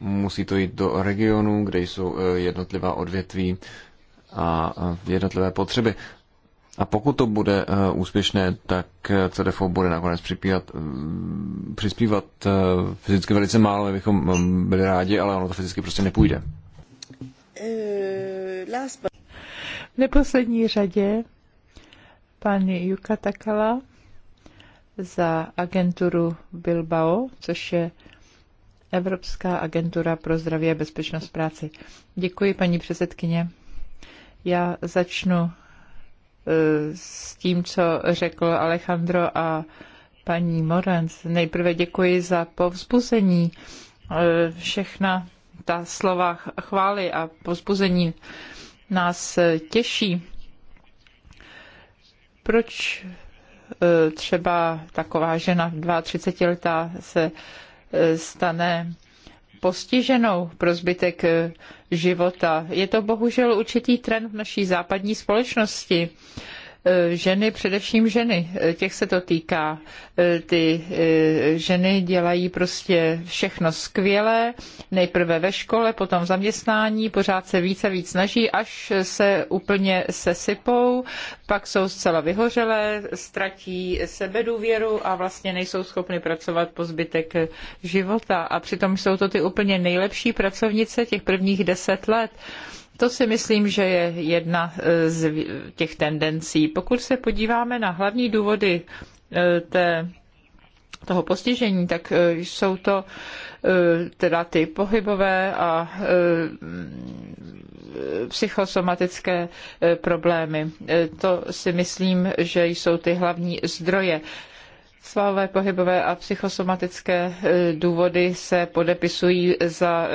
Musí to jít do regionu, kde jsou jednotlivá odvětví a jednotlivé potřeby. A pokud to bude eh, úspěšné, tak eh, CDFO bude nakonec připívat, mm, přispívat eh, fyzicky velice málo, bychom mm, byli rádi, ale ono to fyzicky prostě nepůjde. V neposlední řadě pan Juka Takala za agenturu Bilbao, což je Evropská agentura pro zdraví a bezpečnost práci. Děkuji, paní předsedkyně. Já začnu Eh, s tím, co řekl Alejandro a paní Morenc. Nejprve děkuji za povzbuzení eh, všechna ta slova chvály a povzbuzení nás eh, těší. Proč třeba taková žena 32 letá se stane postiženou pro zbytek eh, života. Je to bohužel určitý trend v naší západní společnosti. Eh, ženy, především ženy, eh, těch se to týká. Eh, ty ženy dělají prostě všechno skvěle, nejprve ve škole, potom v zaměstnání, pořád se více a víc snaží, až se úplně sesypou, pak jsou zcela vyhořelé, ztratí sebedůvěru a vlastně nejsou schopny pracovat po zbytek života. A přitom jsou to ty úplně nejlepší pracovnice těch prvních deset let to si myslím, že je jedna e, z těch tendencí. Pokud se podíváme na hlavní důvody e, té toho postižení, tak e, jsou to teda ty pohybové a psychosomatické problémy. To si myslím, že jsou ty hlavní zdroje. Svalové pohybové a psychosomatické e, důvody se podepisují za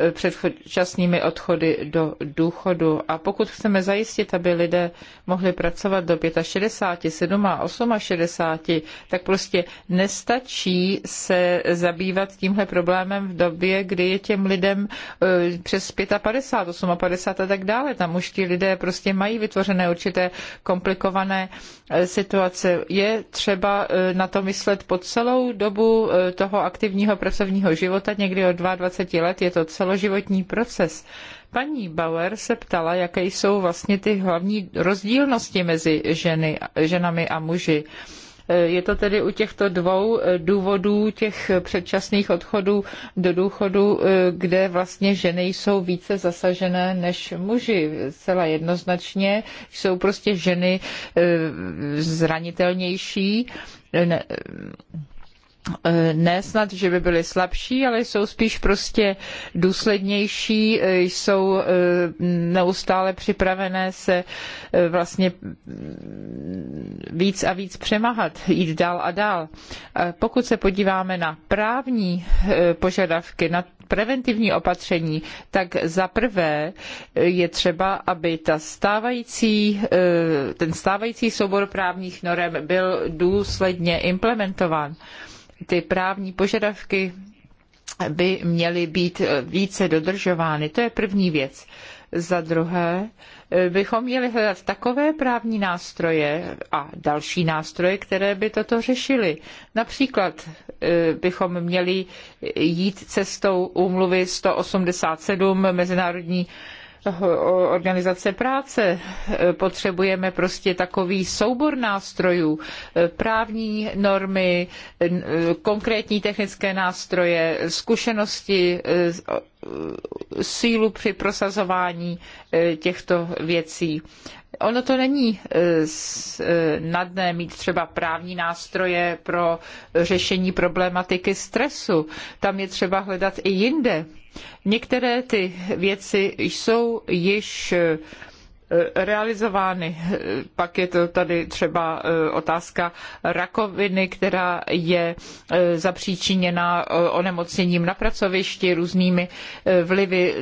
e, předčasnými odchody do důchodu. A pokud chceme zajistit, aby lidé mohli pracovat do 65, 7 a 68, tak prostě nestačí se zabývat tímhle problémem v době, kdy je těm lidem e, přes 55, 58 a tak dále. Tam už ti lidé prostě mají vytvořené určité komplikované situace. Je třeba na to myslet po celou dobu e, toho aktivního pracovního života, někdy od 22 let, je to celoživotní proces. Paní Bauer se ptala, jaké jsou vlastně ty hlavní rozdílnosti mezi ženy, ženami a muži. Je to tedy u těchto dvou eh, důvodů těch předčasných odchodů do důchodu, eh, kde vlastně ženy jsou více zasažené než muži. Celá jednoznačně jsou prostě ženy eh, zranitelnější Eh, ne snad, že by byly slabší, ale jsou spíš prostě důslednější, eh, jsou eh, neustále připravené se vlastně mm, víc a víc přemahat, jít dál a dál. Pokud se podíváme na právní požadavky, na preventivní opatření, tak za prvé je třeba, aby ta stávající, ten stávající soubor právních norem byl důsledně implementován ty právní požadavky by měly být více dodržovány. To je první věc. Za druhé, bychom měli hledat takové právní nástroje a další nástroje, které by toto řešily. Například e, bychom měli jít cestou úmluvy 187 Mezinárodní organizace práce. Potřebujeme prostě takový soubor nástrojů, právní normy, konkrétní technické nástroje, zkušenosti, e, sílu při prosazování e, těchto věcí. Ono to není e, snadné mít třeba právní nástroje pro řešení problematiky stresu. Tam je třeba hledat i jinde Některé ty věci jsou již eh, realizovány. Pak je to tady třeba eh, otázka rakoviny, která je eh, zapříčiněna onemocněním na pracovišti, různými vlivy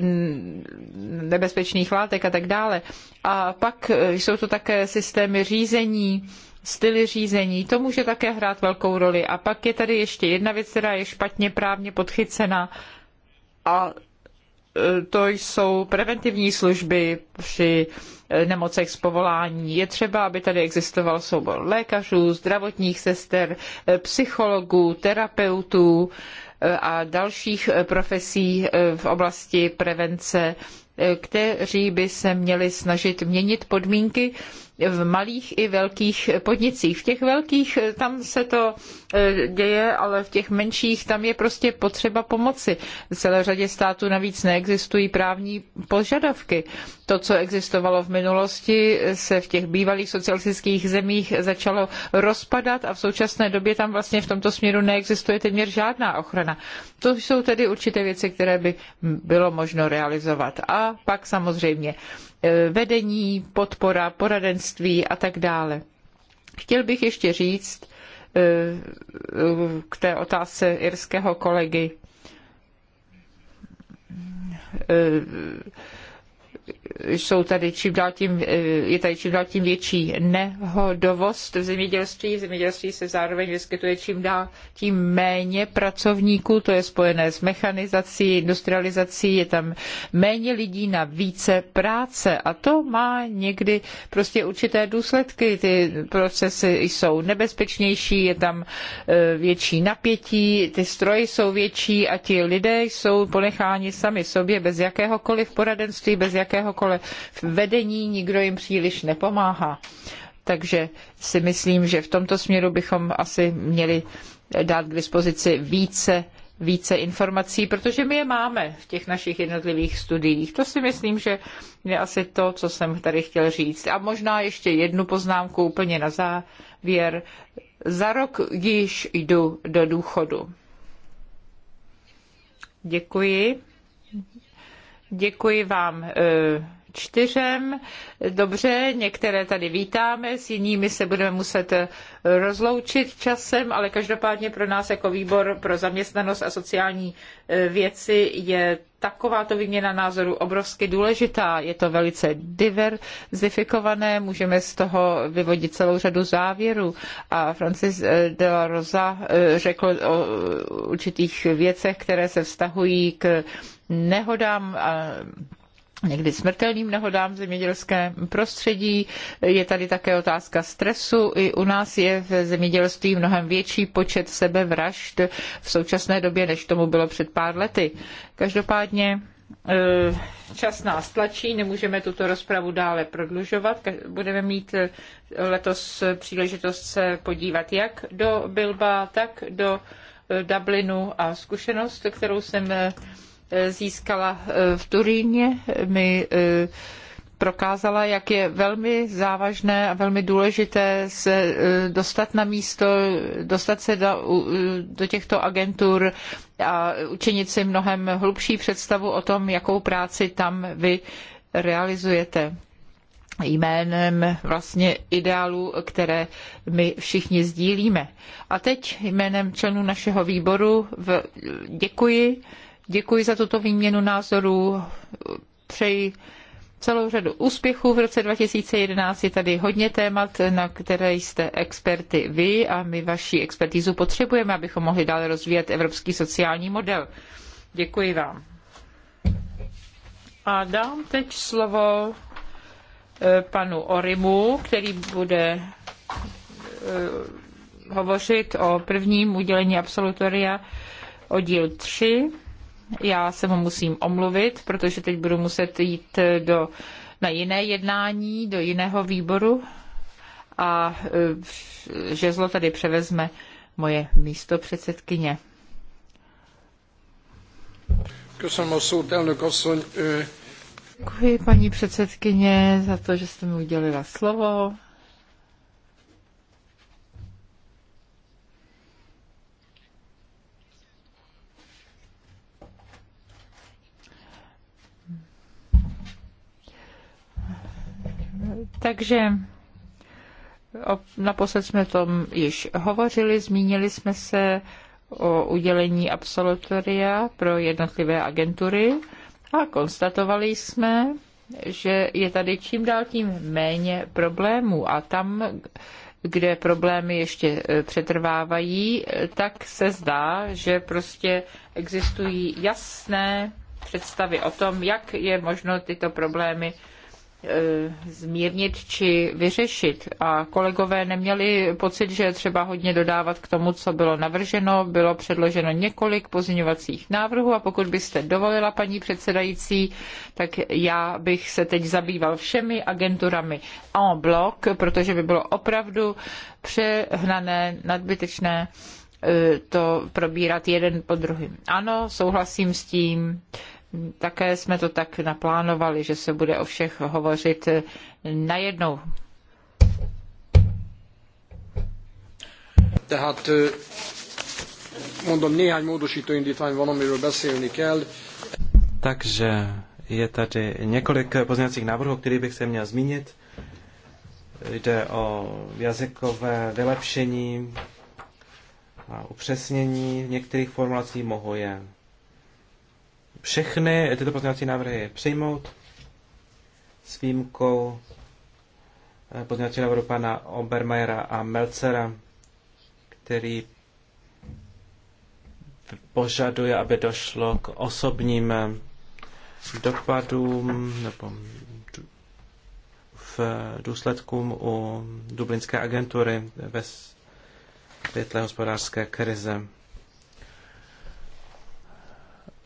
nebezpečných látek a tak dále. A pak jsou to také systémy řízení, styly řízení, to může také hrát velkou roli. A pak je tady ještě jedna věc, která je špatně právně podchycena, a e, to jsou preventivní služby při e, nemocech z povolání. Je třeba, aby tady existoval soubor lékařů, zdravotních sester, e, psychologů, terapeutů a dalších profesí v oblasti prevence, kteří by se měli snažit měnit podmínky v malých i velkých podnicích. V těch velkých eh, tam se to eh, děje, ale v těch menších tam je prostě potřeba pomoci. V celé řadě států navíc neexistují právní požadavky. To, co existovalo v minulosti, se v těch bývalých socialistických zemích začalo rozpadat a v současné době tam vlastně v tomto směru neexistuje téměř žádná ochrana. To jsou tedy určité věci, které by bylo možno realizovat. A pak samozřejmě Eh, vedení, podpora, poradenství a tak dále. Chtěl bych ještě říct eh, k té otázce irského kolegy eh, jsou tady čím dál tím, eh, je tady čím dál tím větší nehodovost v zemědělství. V zemědělství se zároveň vyskytuje čím dál tím méně pracovníků, to je spojené s mechanizací, industrializací, je tam méně lidí na více práce a to má někdy prostě určité důsledky. Ty procesy jsou nebezpečnější, je tam eh, větší napětí, ty stroje jsou větší a ti lidé jsou ponecháni sami sobě bez jakéhokoliv poradenství, bez jakéhokoliv jakémkoliv vedení, nikdo jim příliš nepomáhá. Takže si myslím, že v tomto směru bychom asi měli dát k dispozici více více informací, protože my je máme v těch našich jednotlivých studiích. To si myslím, že je asi to, co jsem tady chtěl říct. A možná ještě jednu poznámku úplně na závěr. Za rok již jdu do důchodu. Děkuji. Děkuji vám eh, čtyřem. Dobře, některé tady vítáme, s jinými se budeme muset eh, rozloučit časem, ale každopádně pro nás jako výbor pro zaměstnanost a sociální eh, věci je takováto výměna názorů obrovsky důležitá. Je to velice diverzifikované, můžeme z toho vyvodit celou řadu závěrů. A Francis de la Rosa řekl o určitých věcech, které se vztahují k nehodám někdy smrtelným nehodám v zemědělském prostředí. Je tady také otázka stresu. I u nás je v zemědělství mnohem větší počet sebevražd v současné době, než tomu bylo před pár lety. Každopádně e, čas nás tlačí, nemůžeme tuto rozpravu dále prodlužovat. Budeme mít e, letos příležitost se podívat jak do Bilba, tak do e, Dublinu a zkušenost, kterou jsem získala eh, v Turíně, mi eh, prokázala, jak je velmi závažné a velmi důležité se eh, dostat na místo, dostat se do, do těchto agentur a učinit si mnohem hlubší představu o tom, jakou práci tam vy realizujete jménem vlastně ideálů, které my všichni sdílíme. A teď jménem členů našeho výboru v, děkuji Děkuji za tuto výměnu názorů. Přeji celou řadu úspěchů v roce 2011. Je tady hodně témat, na které jste experty vy a my vaši expertizu potřebujeme, abychom mohli dále rozvíjet evropský sociální model. Děkuji vám. A dám teď slovo eh, panu Orimu, který bude eh, hovořit o prvním udělení absolutoria oddíl 3 já se mu musím omluvit, protože teď budu muset jít eh, do, na jiné jednání, do jiného výboru a eh, žezlo tady převezme moje místo předsedkyně. Děkuji paní předsedkyně za to, že jste mi udělila slovo. Takže naposled jsme tom již hovořili, zmínili jsme se o udělení absolutoria pro jednotlivé agentury a konstatovali jsme, že je tady čím dál tím méně problémů a tam, kde problémy ještě e, přetrvávají, e, tak se zdá, že prostě existují jasné představy o tom, jak je možno tyto problémy Eh, zmírnit či vyřešit. A kolegové neměli pocit, že je třeba hodně dodávat k tomu, co bylo navrženo. Bylo předloženo několik pozměňovacích návrhů a pokud byste dovolila, paní předsedající, tak já bych se teď zabýval všemi agenturami en bloc, protože by bylo opravdu přehnané, nadbytečné eh, to probírat jeden po druhém. Ano, souhlasím s tím, také jsme to tak naplánovali, že se bude o všech hovořit najednou. Tehát mondom, néhány módosító indítvány van, amiről beszélni kell. Takže je tady několik pozměňovacích návrhů, které bych se měl zmínit. Jde o jazykové vylepšení a upřesnění některých formulací, mohu je všechny tyto pozměňovací návrhy přijmout s výjimkou eh, pozměňovacího návrhu pana Obermajera a Melcera, který požaduje, aby došlo k osobním eh, dopadům nebo v eh, důsledkům u Dublinské agentury ve světle hospodářské krize.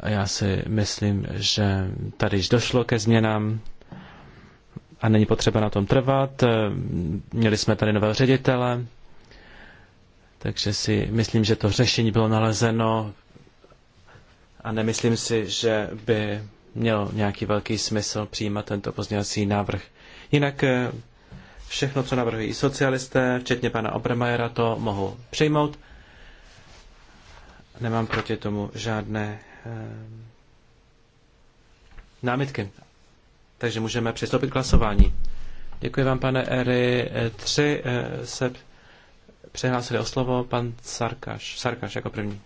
Já si myslím, že tady již došlo ke změnám a není potřeba na tom trvat. Měli jsme tady nového ředitele, takže si myslím, že to řešení bylo nalezeno a nemyslím si, že by měl nějaký velký smysl přijímat tento pozměňovací návrh. Jinak eh, všechno, co navrhují socialisté, včetně pana Obermajera, to mohu přijmout. Nemám proti tomu žádné Ehm, námitky. Takže můžeme přistoupit k hlasování. Děkuji vám, pane Ery. E, tři e, se přihlásili o slovo pan Sarkaš. Sarkaš jako první.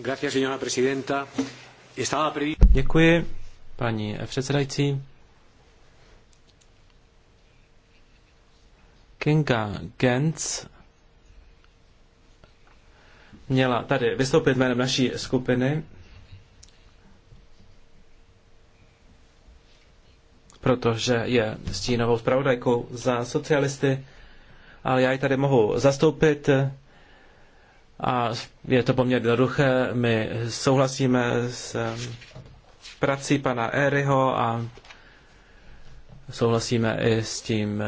Gracias, señora presidenta. Estaba Děkuji, paní předsedající. Kinga Gens měla tady vystoupit jménem naší skupiny, protože je stínovou zpravodajkou za socialisty, ale já ji tady mohu zastoupit a je to poměrně jednoduché. My souhlasíme s prací pana Eryho a souhlasíme i s tím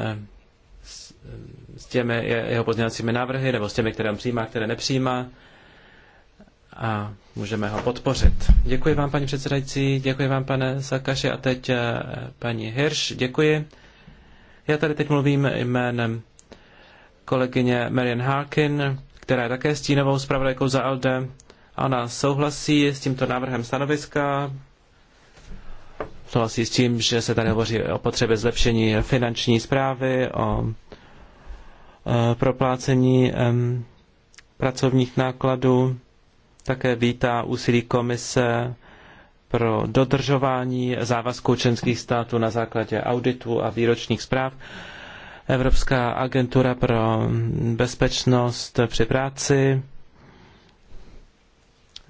s těmi jeho pozměňovacími návrhy, nebo s těmi, které on přijímá, které nepřijímá a můžeme ho podpořit. Děkuji vám, paní předsedající, děkuji vám, pane Sakaši, a teď eh, paní Hirš, děkuji. Já tady teď mluvím jménem kolegyně Marian Harkin, která je také stínovou zpravodajkou za ALDE. Ona souhlasí s tímto návrhem stanoviska, souhlasí s tím, že se tady hovoří o potřebě zlepšení finanční zprávy, o eh, proplácení pracovních nákladů také vítá úsilí komise pro dodržování závazků členských států na základě auditu a výročních zpráv. Evropská agentura pro bezpečnost při práci.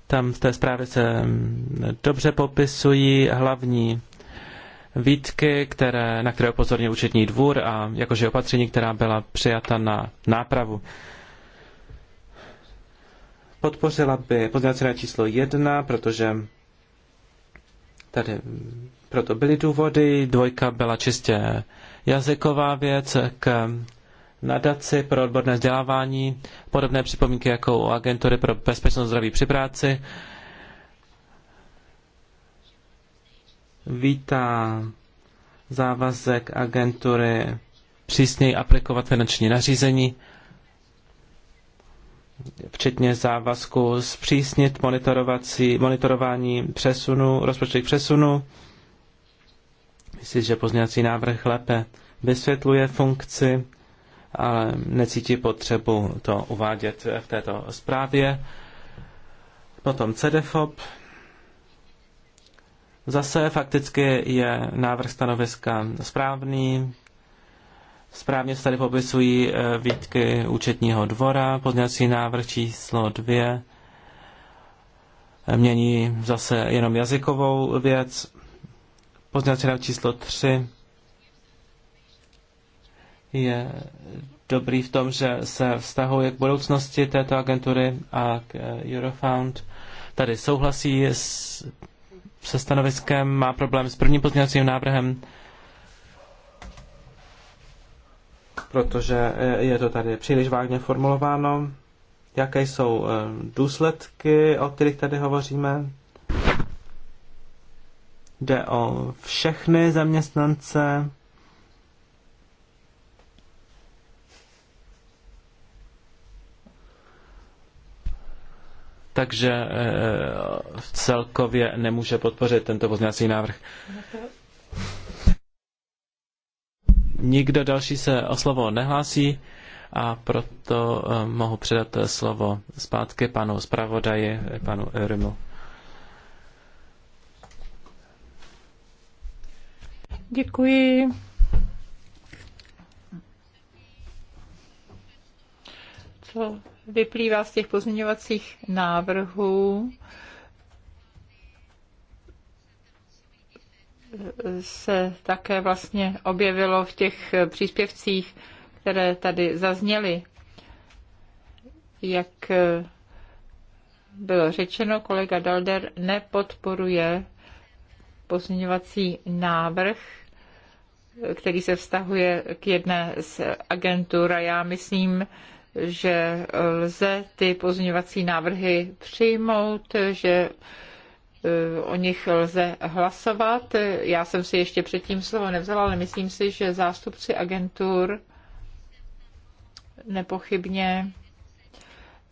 Tam v té zprávě se dobře popisují hlavní výtky, které, na které upozornil účetní dvůr a jakože opatření, která byla přijata na nápravu. Podpořila by pozdělací číslo jedna, protože tady proto byly důvody. Dvojka byla čistě jazyková věc k nadaci pro odborné vzdělávání, podobné připomínky jako u agentury pro bezpečnost zdraví při práci. Vítá závazek agentury přísněji aplikovat finanční nařízení včetně závazku zpřísnit monitorovací, monitorování přesunu, rozpočtových přesunů. Myslím, že pozměňovací návrh lépe vysvětluje funkci, ale necítí potřebu to uvádět v této zprávě. Potom CDFOP. Zase fakticky je návrh stanoviska správný, Správně se tady popisují eh, výtky účetního dvora, pozměňovací návrh číslo dvě. Eh, mění zase jenom jazykovou věc. Pozměňovací návrh číslo tři. je dobrý v tom, že se vztahuje k budoucnosti této agentury a k eh, Eurofound. Tady souhlasí s, se stanoviskem, má problém s prvním pozměňovacím návrhem. protože eh, je to tady příliš vágně formulováno. Jaké jsou eh, důsledky, o kterých tady hovoříme? Jde o všechny zaměstnance, takže eh, celkově nemůže podpořit tento pozměňovací návrh. Nikdo další se o slovo nehlásí a proto eh, mohu předat slovo zpátky panu zpravodaji, panu Rymu. Děkuji. Co vyplývá z těch pozměňovacích návrhů? se také vlastně objevilo v těch příspěvcích, které tady zazněly. Jak eh, bylo řečeno, kolega Dalder nepodporuje pozměňovací návrh, který se vztahuje k jedné z agentur a já myslím, že lze ty pozměňovací návrhy přijmout, že Eh, o nich lze hlasovat. Já jsem si ještě předtím slovo nevzala, ale myslím si, že zástupci agentur nepochybně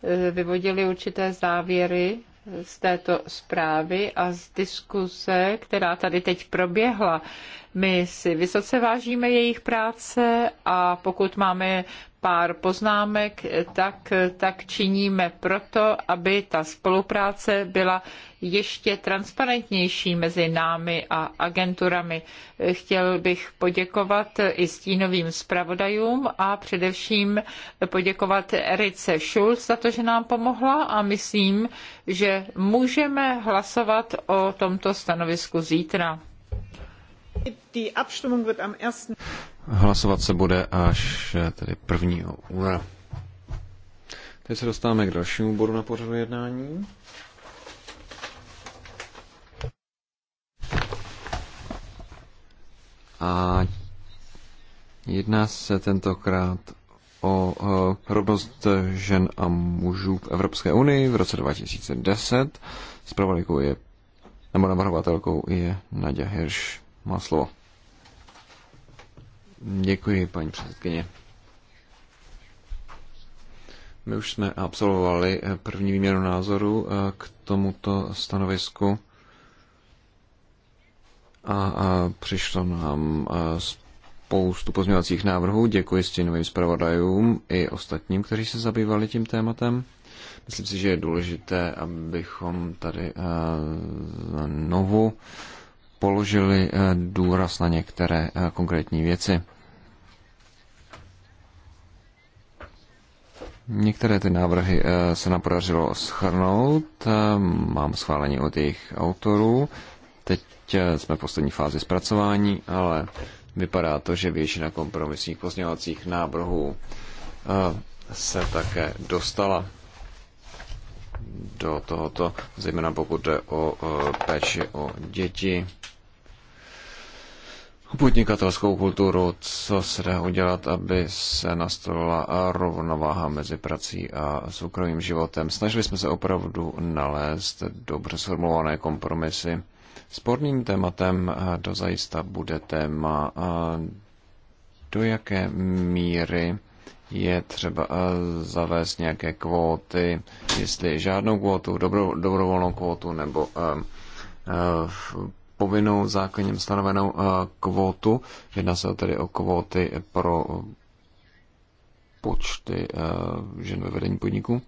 eh, vyvodili určité závěry z této zprávy a z diskuse, která tady teď proběhla. My si vysoce vážíme jejich práce a pokud máme pár poznámek, tak, tak činíme proto, aby ta spolupráce byla ještě transparentnější mezi námi a agenturami. Chtěl bych poděkovat i stínovým zpravodajům a především poděkovat Erice Schulz za to, že nám pomohla a myslím, že můžeme hlasovat o tomto stanovisku zítra. Hlasovat se bude až tedy 1. února. Teď se dostáváme k dalšímu bodu na pořadu jednání. A jedná se tentokrát o rovnost žen a mužů v Evropské unii v roce 2010. Zpravodajkou je, nebo navrhovatelkou je Nadia Hirš. Má slovo. Děkuji, paní předsedkyně. My už jsme absolvovali první výměnu názoru eh, k tomuto stanovisku a, a přišlo nám a spoustu pozměňovacích návrhů. Děkuji stínovým zpravodajům i ostatním, kteří se zabývali tím tématem. Myslím si, že je důležité, abychom tady znovu položili důraz na některé konkrétní věci. Některé ty návrhy se nám podařilo schrnout, mám schválení od jejich autorů. Teď eh, jsme v poslední fázi zpracování, ale vypadá to, že většina kompromisních pozměňovacích návrhů eh, se také dostala do tohoto, zejména pokud jde o eh, péči o děti, podnikatelskou kulturu, co se dá udělat, aby se nastolila rovnováha mezi prací a soukromým životem. Snažili jsme se opravdu nalézt dobře sformulované kompromisy Sporným tématem eh, do zajista bude téma, eh, do jaké míry je třeba eh, zavést nějaké kvóty, jestli žádnou kvótu, dobro, dobrovolnou kvótu nebo povinnou zákonem stanovenou kvótu. Jedná se tedy o kvóty pro počty žen ve vedení podniku.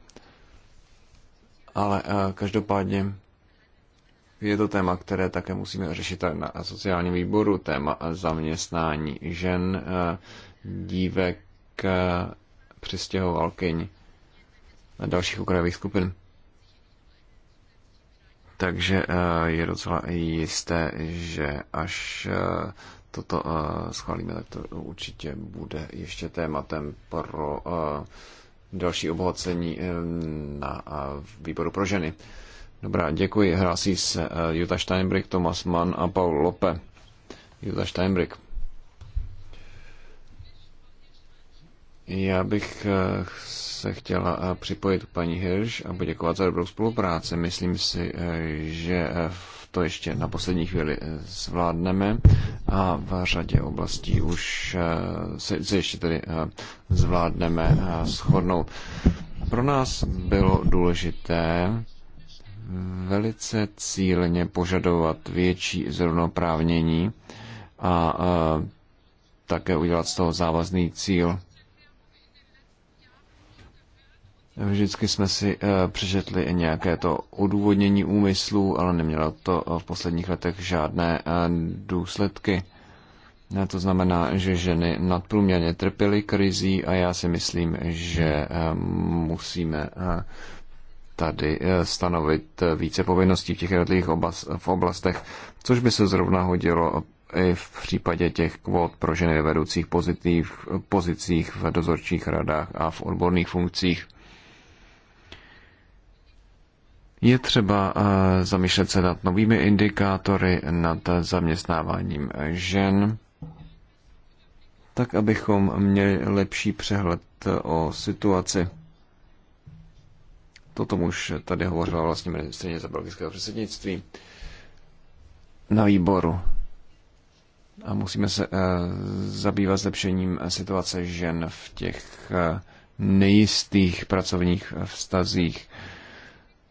Ale každopádně je to téma, které také musíme řešit na sociálním výboru, téma zaměstnání žen, eh, dívek, eh, přistěhovalkyň a dalších okrajových skupin. Takže eh, je docela jisté, že až toto schválíme, tak to určitě bude ještě tématem pro další obohacení na výboru pro ženy. Dobrá, děkuji. Hlásí se eh, Jutta Steinbrick, Thomas Mann a Paul Lope. Jutta Steinbrick. Já bych eh, se chtěla eh, připojit k paní Hirsch a poděkovat za dobrou spolupráci. Myslím si, že to ještě na poslední chvíli zvládneme a v řadě oblastí už se, se ještě tedy zvládneme shodnout. Pro nás bylo důležité velice cíleně požadovat větší zrovnoprávnění a, a také udělat z toho závazný cíl. Vždycky jsme si e, přečetli nějaké to odůvodnění úmyslů, ale nemělo to v posledních letech žádné e, důsledky. E, to znamená, že ženy nadprůměrně trpěly krizí a já si myslím, že musíme tady eh, stanovit eh, více povinností v těch jednotlivých v oblastech, což by se zrovna hodilo i v případě těch kvót pro ženy ve vedoucích pozitiv, pozicích v dozorčích radách a v odborných funkcích. Je třeba eh, zamýšlet se nad novými indikátory, nad zaměstnáváním žen, tak abychom měli lepší přehled o situaci. To tomu už tady hovořila vlastně ministrině za belgického předsednictví na výboru. A musíme se eh, zabývat zlepšením situace žen v těch eh, nejistých pracovních eh, vztazích.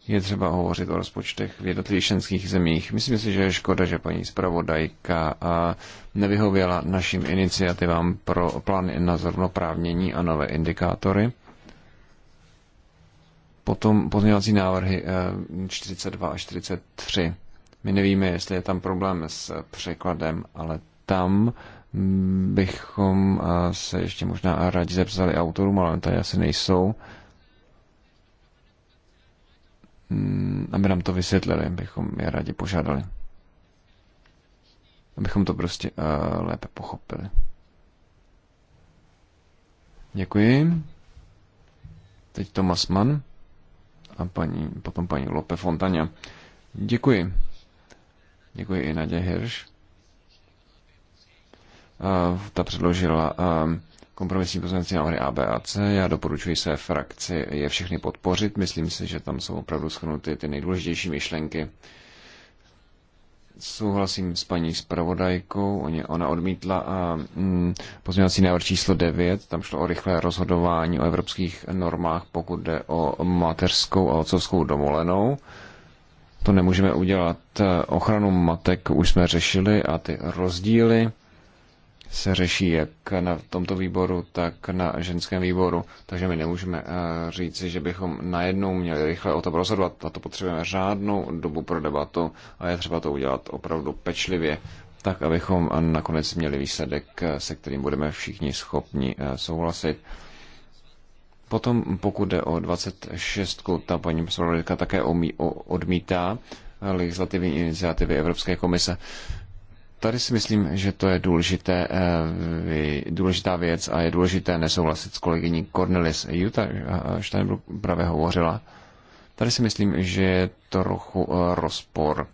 Je třeba hovořit o rozpočtech v jednotlivých členských zemích. Myslím si, že je škoda, že paní zpravodajka nevyhověla našim iniciativám pro plány na zrovnoprávnění a nové indikátory. Potom pozměňovací návrhy 42 eh, a 43. My nevíme, jestli je tam problém s překladem, ale tam bychom eh, se ještě možná rádi zepsali autorům, ale tady asi nejsou. Mm, aby nám to vysvětlili, bychom je rádi požádali. Abychom to prostě eh, lépe pochopili. Děkuji. Teď Thomas Mann a paní, potom paní Lope Fontaně. Děkuji. Děkuji i Nadě Hirš. Ta předložila kompromisní pozornosti návrhy A, B a C. Já doporučuji se frakci je všechny podpořit. Myslím si, že tam jsou opravdu schrnuty ty nejdůležitější myšlenky. Souhlasím s paní zpravodajkou, ona odmítla mm, pozměňovací návrh číslo 9, tam šlo o rychlé rozhodování o evropských normách, pokud jde o mateřskou a otcovskou dovolenou. To nemůžeme udělat. Ochranu matek už jsme řešili a ty rozdíly se řeší jak na tomto výboru, tak na ženském výboru, takže my nemůžeme eh, říci, že bychom najednou měli rychle o tom rozhodovat. A to potřebujeme řádnou dobu pro debatu a je třeba to udělat opravdu pečlivě, tak abychom nakonec měli výsledek, eh, se kterým budeme všichni schopni eh, souhlasit. Potom, pokud jde o 26, ta paní zpravodajka také odmítá legislativní iniciativy Evropské komise tady si myslím, že to je důležité, eh, důležitá věc a je důležité nesouhlasit s kolegyní Cornelis Jutta eh, Steinbrück právě hovořila. Tady si myslím, že je trochu eh, rozpor.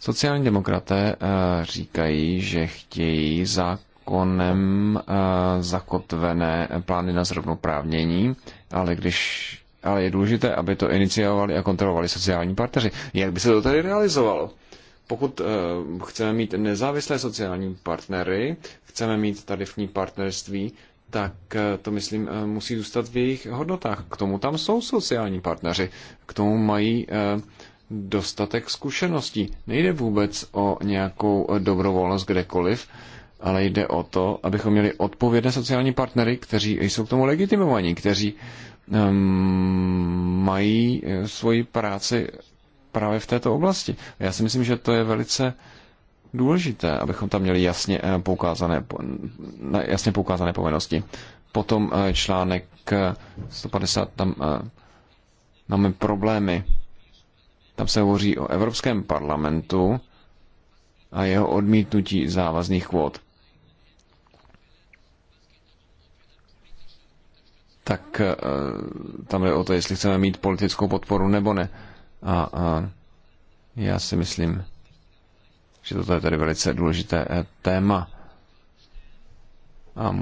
Sociální demokraté říkají, že chtějí zákonem zakotvené plány na zrovnoprávnění, ale když ale je důležité, aby to iniciovali a kontrolovali sociální partneři. Jak by se to tady realizovalo? pokud eh, chceme mít nezávislé sociální partnery, chceme mít tarifní partnerství, tak eh, to, myslím, eh, musí zůstat v jejich hodnotách. K tomu tam jsou sociální partneři, k tomu mají dostatek zkušeností. Nejde vůbec o nějakou dobrovolnost kdekoliv, ale jde o to, abychom měli odpovědné sociální partnery, kteří jsou k tomu legitimovaní, kteří ehm, mají svoji práci právě v této oblasti. Já si myslím, že to je velice důležité, abychom tam měli jasně eh, poukázané, jasně poukázané povinnosti. Potom eh, článek 150, eh, tam máme problémy. Tam se hovoří o Evropském parlamentu a jeho odmítnutí závazných kvót. Tak tam jde o to, jestli chceme mít politickou podporu nebo ne. A, a já si myslím, že toto je tady velice důležité eh, téma. A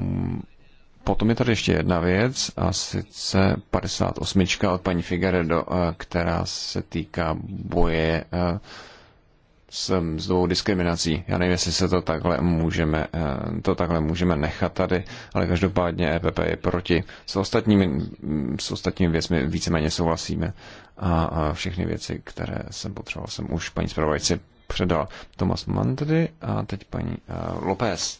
potom je tady ještě jedna věc, a sice 58. od paní Figueredo, eh, která se týká boje eh, s mzdovou diskriminací. Já nevím, jestli se to takhle můžeme, eh, to takhle můžeme nechat tady, ale každopádně EPP je proti. S ostatními, mm, s ostatními věcmi víceméně souhlasíme a, a všechny věci, které jsem potřeboval, jsem už paní zpravodajci předal. Tomas Mandry a teď paní uh, López.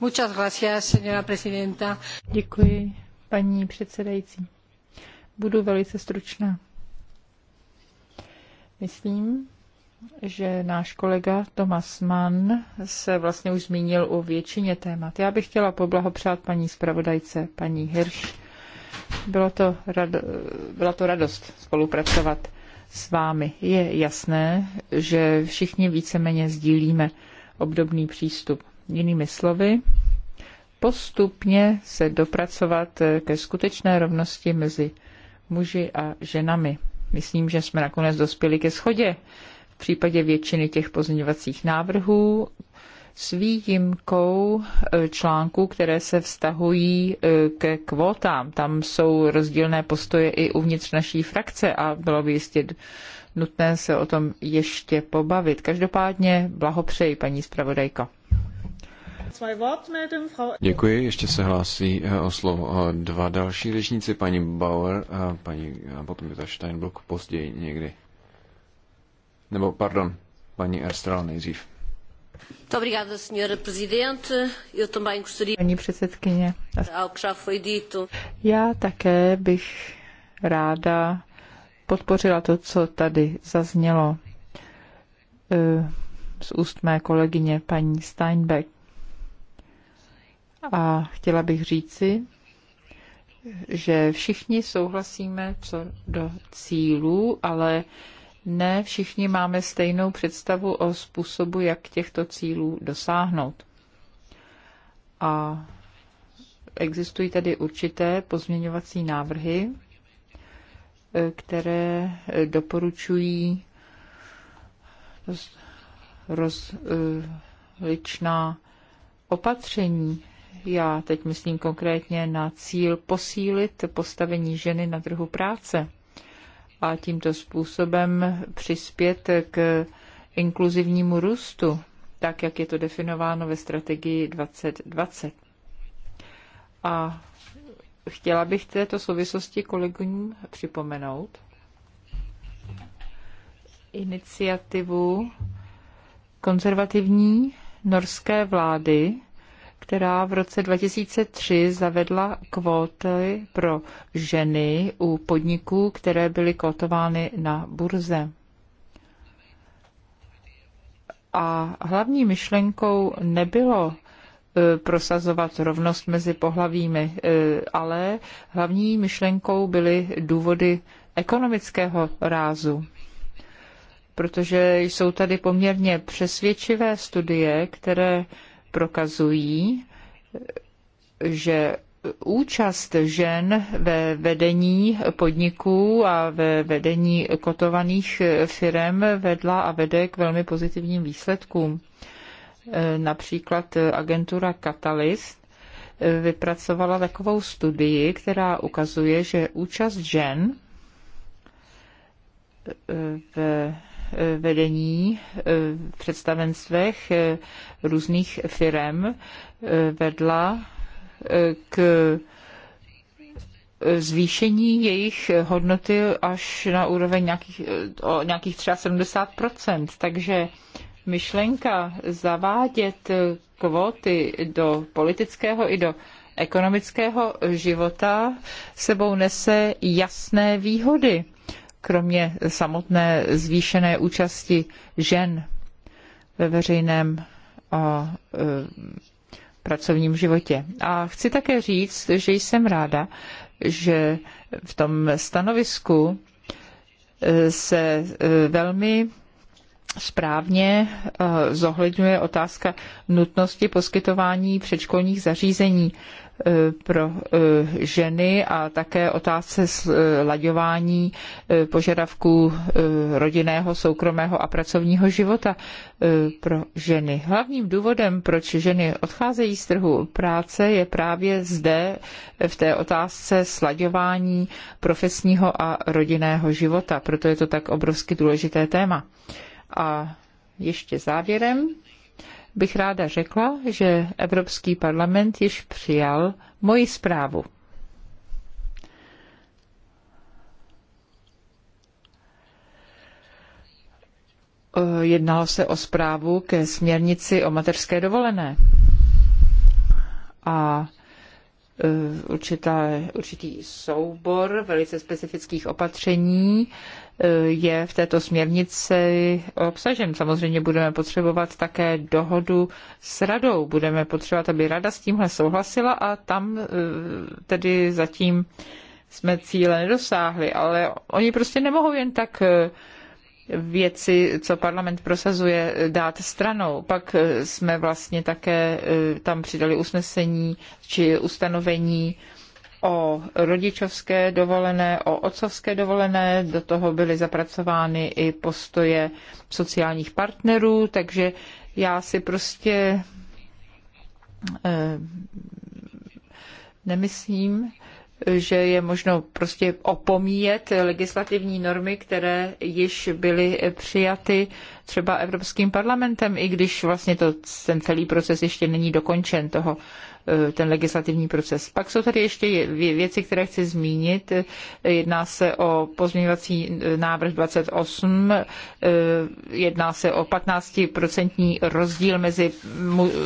Muchas gracias, señora presidenta. Děkuji, paní předsedající. Budu velice stručná. Myslím, že náš kolega Tomas Mann se vlastně už zmínil o většině témat. Já bych chtěla poblahopřát paní zpravodajce, paní Hirš. Bylo to rado, byla to radost spolupracovat s vámi. Je jasné, že všichni víceméně sdílíme obdobný přístup. Jinými slovy, postupně se dopracovat ke skutečné rovnosti mezi muži a ženami. Myslím, že jsme nakonec dospěli ke schodě v případě většiny těch pozměňovacích návrhů s výjimkou e, článků, které se vztahují e, ke kvótám. Tam jsou rozdílné postoje i uvnitř naší frakce a bylo by jistě nutné se o tom ještě pobavit. Každopádně blahopřeji, paní zpravodajko. Děkuji, ještě se hlásí eh, o slovo eh, dva další řečníci, paní Bauer a, paní, a potom je ta Steinblock později někdy. Nebo, pardon, paní Erstral nejdřív. Paní předsedkyně, já také bych ráda podpořila to, co tady zaznělo eh, z úst mé kolegyně paní Steinbeck a chtěla bych říci, že všichni souhlasíme co do cílů, ale ne všichni máme stejnou představu o způsobu, jak těchto cílů dosáhnout. A existují tedy určité pozměňovací návrhy, e, které doporučují e, rozličná opatření já teď myslím konkrétně na cíl posílit postavení ženy na trhu práce a tímto způsobem přispět k inkluzivnímu růstu, tak jak je to definováno ve strategii 2020. A chtěla bych této souvislosti kolegům připomenout iniciativu konzervativní norské vlády která v roce 2003 zavedla kvóty pro ženy u podniků, které byly kotovány na burze. A hlavní myšlenkou nebylo e, prosazovat rovnost mezi pohlavími, e, ale hlavní myšlenkou byly důvody ekonomického rázu protože jsou tady poměrně přesvědčivé studie, které prokazují, že účast žen ve vedení podniků a ve vedení kotovaných firm vedla a vede k velmi pozitivním výsledkům. Například agentura Catalyst vypracovala takovou studii, která ukazuje, že účast žen v vedení v eh, představenstvech eh, různých firm eh, vedla k zvýšení jejich hodnoty až na úroveň nějakých, o nějakých třeba 70 Takže myšlenka zavádět kvóty do politického i do ekonomického života sebou nese jasné výhody kromě samotné zvýšené účasti žen ve veřejném a e, pracovním životě. A chci také říct, že jsem ráda, že v tom stanovisku e, se e, velmi správně eh, zohledňuje otázka nutnosti poskytování předškolních zařízení eh, pro eh, ženy a také otázce slaďování požadavků rodinného, soukromého a pracovního života pro ženy. Hlavním důvodem, proč ženy odcházejí z trhu práce, je právě zde v té otázce slaďování profesního a rodinného života. Proto je to tak obrovsky důležité téma. A ještě závěrem bych ráda řekla, že Evropský parlament již přijal moji zprávu. Eh, jednalo se o zprávu ke směrnici o mateřské dovolené. A eh, určitá, určitý soubor velice specifických opatření je v této směrnici obsažen. Samozřejmě budeme potřebovat také dohodu s radou. Budeme potřebovat, aby rada s tímhle souhlasila a tam e, tedy zatím jsme cíle nedosáhli, ale oni prostě nemohou jen tak e, věci, co parlament prosazuje, dát stranou. Pak e, jsme vlastně také tam přidali usnesení či ustanovení o rodičovské dovolené, o otcovské dovolené, do toho byly zapracovány i postoje sociálních partnerů, takže já si prostě eh, nemyslím, že je možno prostě opomíjet legislativní normy, které již byly přijaty třeba Evropským parlamentem, i když vlastně to, ten celý proces ještě není dokončen toho Eh, ten legislativní proces. Pak jsou tady ještě věci, které chci zmínit. Eh, jedná se o pozměňovací eh, návrh 28, jedná se o 15% rozdíl mezi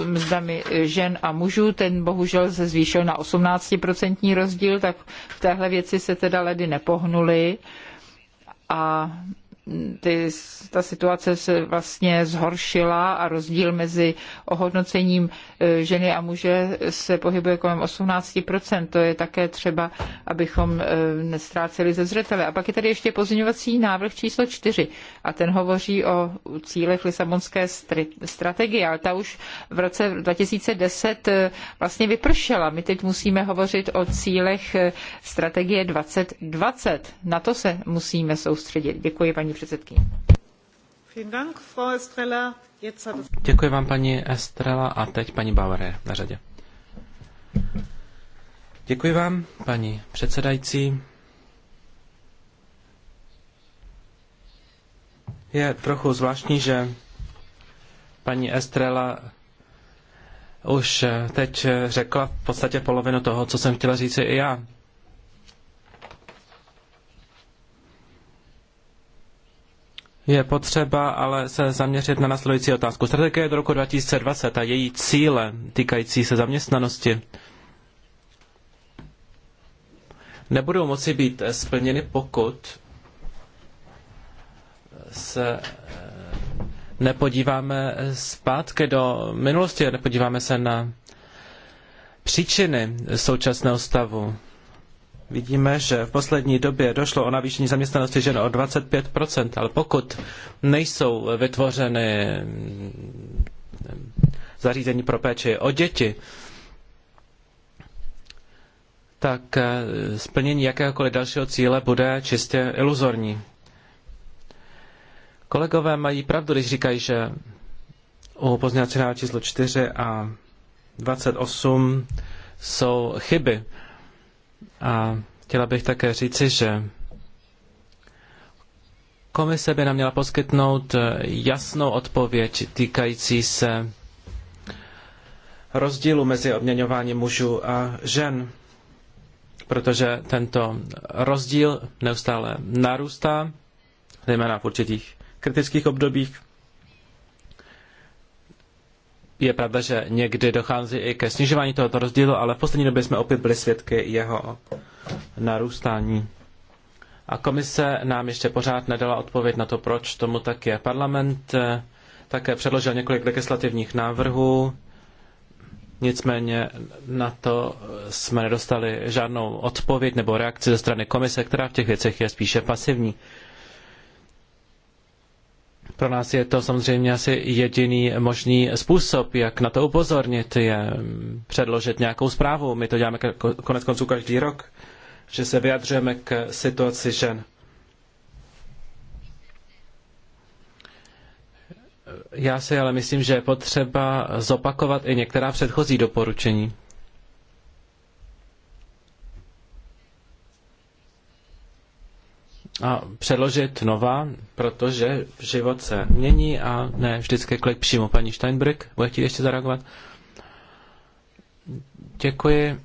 mzdami žen a mužů. Ten bohužel se zvýšil na 18% rozdíl, tak v téhle věci se teda ledy nepohnuly. A ty, ta situace se vlastně zhoršila a rozdíl mezi ohodnocením e, ženy a muže se pohybuje kolem 18%. To je také třeba, abychom e, nestráceli ze zřetele. A pak je tady ještě pozměňovací návrh číslo 4 a ten hovoří o cílech Lisabonské strategie, ale ta už v roce 2010 e, vlastně vypršela. My teď musíme hovořit o cílech strategie 2020. Na to se musíme soustředit. Děkuji, paní paní předsedkyně. Děkuji vám, paní Estrela, a teď paní Bauer je na řadě. Děkuji vám, paní předsedající. Je trochu zvláštní, že paní Estrela už teď řekla v podstatě polovinu toho, co jsem chtěla říct i já. Je potřeba ale se zaměřit na následující otázku. Strategie do roku 2020 a její cíle týkající se zaměstnanosti nebudou moci být splněny, pokud se eh, nepodíváme zpátky do minulosti, nepodíváme se na příčiny současného stavu. Vidíme, že v poslední době došlo o navýšení zaměstnanosti žen o 25%, ale pokud nejsou vytvořeny mm, zařízení pro péči o děti, tak eh, splnění jakéhokoliv dalšího cíle bude čistě iluzorní. Kolegové mají pravdu, když říkají, že u pozměňovacího číslo 4 a 28 jsou chyby. A chtěla bych také říci, že komise by nám měla poskytnout eh, jasnou odpověď týkající se rozdílu mezi odměňováním mužů a žen, protože tento rozdíl neustále narůstá, zejména v určitých kritických obdobích. Je pravda, že někdy dochází i ke snižování tohoto rozdílu, ale v poslední době jsme opět byli svědky jeho narůstání. A komise nám ještě pořád nedala odpověď na to, proč tomu tak je. Parlament eh, také předložil několik legislativních návrhů, nicméně na to eh, jsme nedostali žádnou odpověď nebo reakci ze strany komise, která v těch věcech je spíše pasivní. Pro nás je to samozřejmě asi jediný možný způsob, jak na to upozornit, je předložit nějakou zprávu. My to děláme konec konců každý rok, že se vyjadřujeme k situaci žen. Já si ale myslím, že je potřeba zopakovat i některá předchozí doporučení. a přeložit nová, protože život se mění a ne vždycky klik přímo. Paní Steinbrück, bude chtít ještě zareagovat? Děkuji.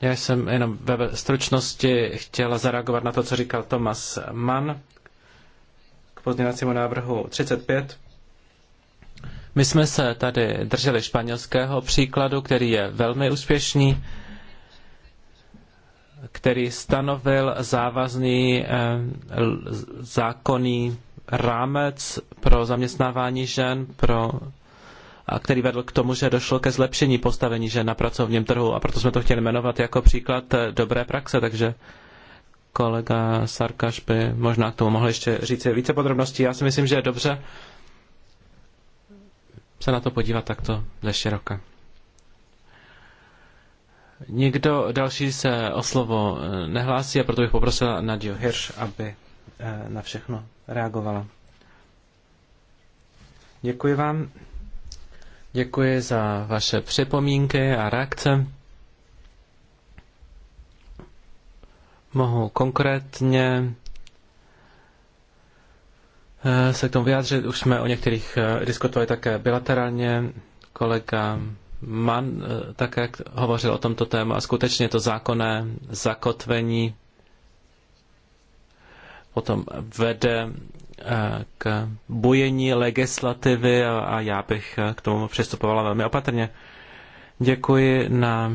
Já jsem jenom ve stručnosti chtěla zareagovat na to, co říkal Thomas Mann k pozměňovacímu návrhu 35. My jsme se tady drželi španělského příkladu, který je velmi úspěšný který stanovil závazný eh, zákonný rámec pro zaměstnávání žen, pro a který vedl k tomu, že došlo ke zlepšení postavení žen na pracovním trhu a proto jsme to chtěli jmenovat jako příklad eh, dobré praxe, takže kolega Sarkaš by možná k tomu mohl ještě říct více podrobností. Já si myslím, že je dobře se na to podívat takto ze široka. Nikdo další se o slovo eh, nehlásí a proto bych poprosila Nadio Hirsch, aby eh, na všechno reagovala. Děkuji vám. Děkuji za vaše připomínky a reakce. Mohu konkrétně eh, se k tomu vyjádřit. Už jsme o některých diskutovali také bilaterálně. Kolega Eh, tak jak hovořil o tomto tému a skutečně to zákonné zakotvení potom vede eh, k bujení legislativy a já bych eh, k tomu přistupovala velmi opatrně. Děkuji na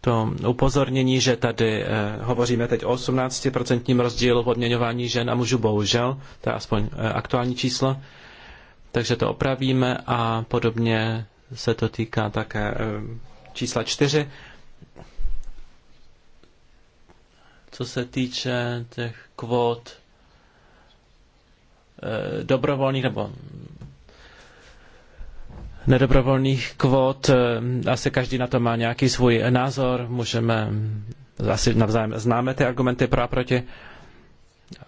to upozornění, že tady hovoříme teď o 18% rozdílu v odměňování žen a mužů, bohužel, to je aspoň aktuální číslo takže to opravíme a podobně se to týká také eh, čísla čtyři. Co se týče těch kvót eh, dobrovolných nebo nedobrovolných kvót, eh, asi každý na to má nějaký svůj názor, můžeme, asi navzájem známe ty argumenty pro a proti.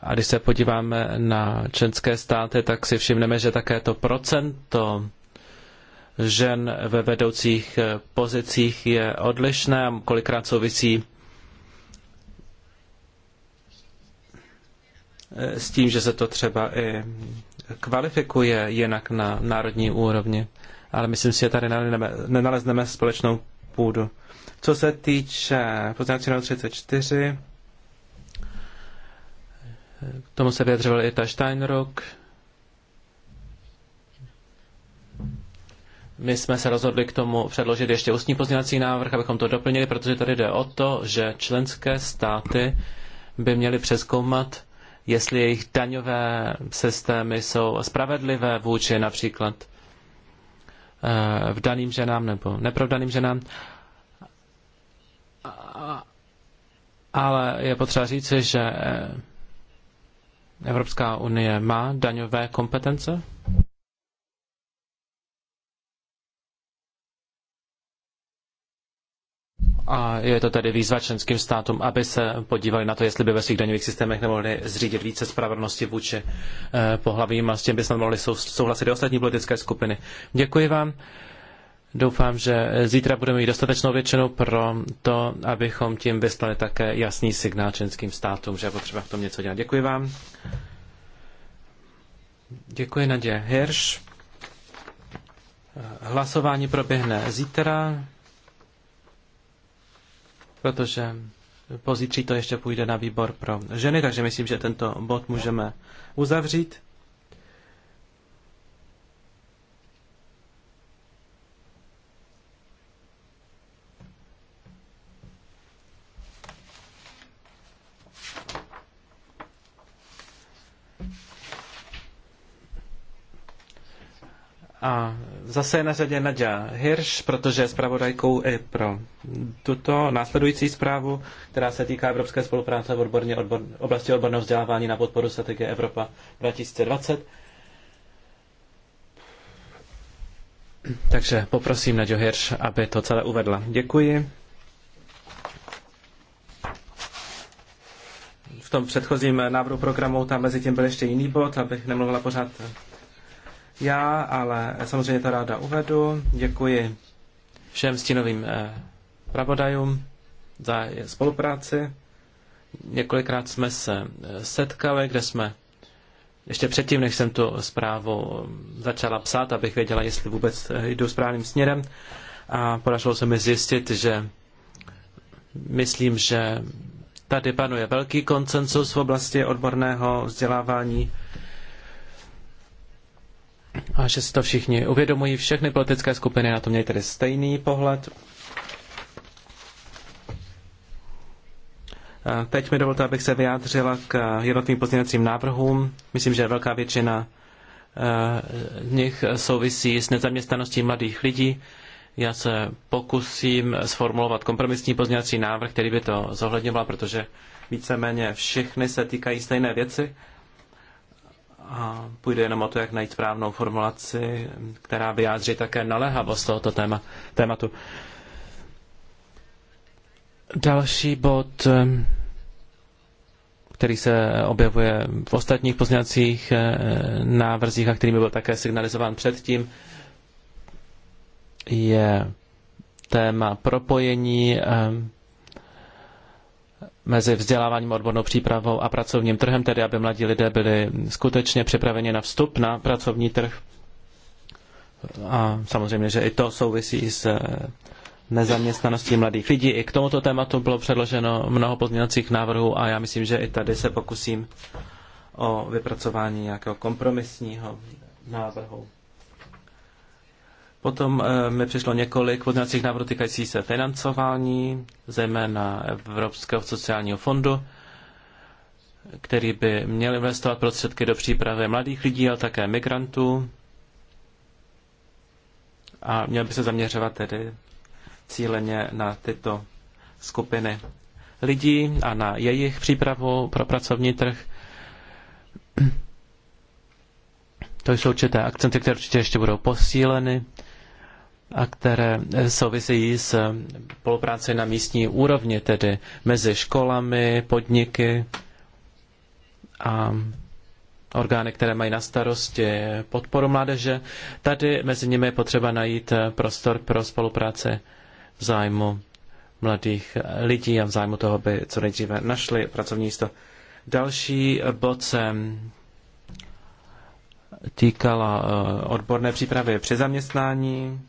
A když se podíváme na členské státy, tak si všimneme, že také to procento žen ve vedoucích pozicích je odlišné a kolikrát souvisí s tím, že se to třeba i kvalifikuje jinak na národní úrovni. Ale myslím si, že tady nenalezneme společnou půdu. Co se týče poznámky 34, k tomu se vyjadřoval i ta Steinrock. My jsme se rozhodli k tomu předložit ještě ústní pozměňovací návrh, abychom to doplnili, protože tady jde o to, že členské státy by měly přeskoumat, jestli jejich daňové systémy jsou spravedlivé vůči například eh, vdaným ženám nebo neprovdaným ženám. Ale je potřeba říci, že eh, Evropská unie má daňové kompetence? A je to tedy výzva členským státům, aby se podívali na to, jestli by ve svých daňových systémech nemohli zřídit více spravedlnosti vůči eh, pohlavím a s tím by snad mohli souhlasit i ostatní politické skupiny. Děkuji vám. Doufám, že zítra budeme mít dostatečnou většinu pro to, abychom tím vyslali také jasný signál členským státům, že je potřeba v tom něco dělat. Děkuji vám. Děkuji Nadě Hirš. Hlasování proběhne zítra, protože pozítří to ještě půjde na výbor pro ženy, takže myslím, že tento bod můžeme uzavřít. A zase je na řadě Nadia Hirsch, protože je zpravodajkou i pro tuto následující zprávu, která se týká evropské spolupráce v odborně, odbor, oblasti odborného vzdělávání na podporu strategie Evropa 2020. Takže poprosím Nadia Hirsch, aby to celé uvedla. Děkuji. V tom předchozím návrhu programu tam mezi tím byl ještě jiný bod, abych nemluvila pořád já, ale samozřejmě to ráda uvedu. Děkuji všem stínovým eh, pravodajům za spolupráci. Několikrát jsme se eh, setkali, kde jsme ještě předtím, než jsem tu zprávu eh, začala psát, abych věděla, jestli vůbec jdu správným směrem. A podařilo se mi zjistit, že myslím, že tady panuje velký koncensus v oblasti odborného vzdělávání a že si to všichni uvědomují. Všechny politické skupiny na to měly tedy stejný pohled. Teď mi dovolte, abych se vyjádřila k jednotným pozměňovacím návrhům. Myslím, že velká většina eh, nich souvisí s nezaměstnaností mladých lidí. Já se pokusím sformulovat kompromisní pozměňovací návrh, který by to zohledňoval, protože víceméně všechny se týkají stejné věci a půjde jenom o to, jak najít správnou formulaci, která vyjádří také naléhavost tohoto téma, tématu. Další bod, který se objevuje v ostatních pozměňovacích eh, návrzích a který by byl také signalizován předtím, je téma propojení mezi vzděláváním, odbornou přípravou a pracovním trhem, tedy aby mladí lidé byli skutečně připraveni na vstup na pracovní trh. A samozřejmě, že i to souvisí s eh, nezaměstnaností mladých lidí. I k tomuto tématu bylo předloženo mnoho pozměňovacích návrhů a já myslím, že i tady se pokusím o vypracování nějakého kompromisního návrhu. Potom eh, mi přišlo několik pozměňovacích návrhů týkající se financování, zejména Evropského sociálního fondu, který by měl investovat prostředky do přípravy mladých lidí, ale také migrantů. A měl by se zaměřovat tedy cíleně na tyto skupiny lidí a na jejich přípravu pro pracovní trh. To jsou určité akcenty, které určitě ještě budou posíleny a které eh, souvisejí s eh, spolupráci na místní úrovni, tedy mezi školami, podniky a orgány, které mají na starosti podporu mládeže. Tady mezi nimi je potřeba najít eh, prostor pro spolupráci v zájmu mladých lidí a v zájmu toho, aby co nejdříve našli pracovní místo. Další bod se týkala odborné přípravy při zaměstnání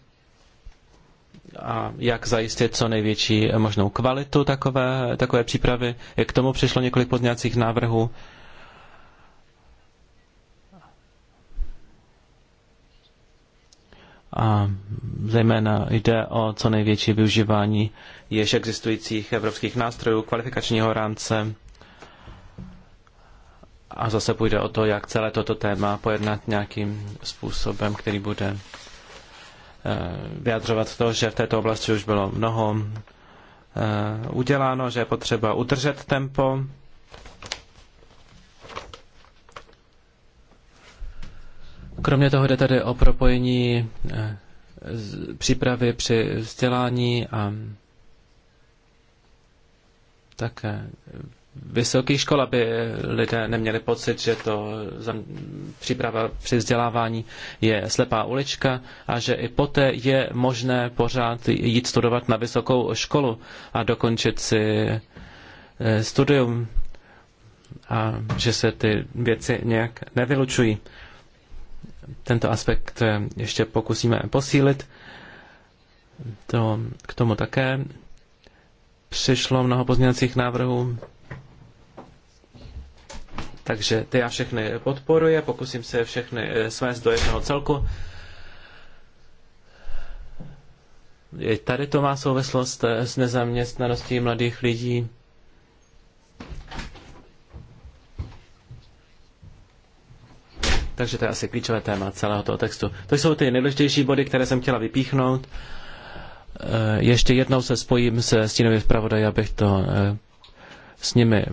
a jak zajistit co největší možnou kvalitu takové, takové přípravy. Jak k tomu přišlo několik pozměňovacích návrhů. A zejména jde o co největší využívání již existujících evropských nástrojů, kvalifikačního rámce. A zase půjde o to, jak celé toto téma pojednat nějakým způsobem, který bude Eh, vyjadřovat to, že v této oblasti už bylo mnoho eh, uděláno, že je potřeba udržet tempo. Kromě toho jde tady o propojení eh, přípravy při vzdělání a také Vysoké škol, aby lidé neměli pocit, že to příprava při vzdělávání je slepá ulička a že i poté je možné pořád jít studovat na vysokou školu a dokončit si eh, studium a že se ty věci nějak nevylučují. Tento aspekt eh, ještě pokusíme posílit. To, k tomu také přišlo mnoho pozměňovacích návrhů. Takže ty já všechny podporuji, pokusím se všechny eh, svést do jednoho celku. tady to má souvislost eh, s nezaměstnaností mladých lidí. Takže to je asi klíčové téma celého toho textu. To jsou ty nejdůležitější body, které jsem chtěla vypíchnout. Eh, ještě jednou se spojím se stínovým zpravodajem, abych to s nimi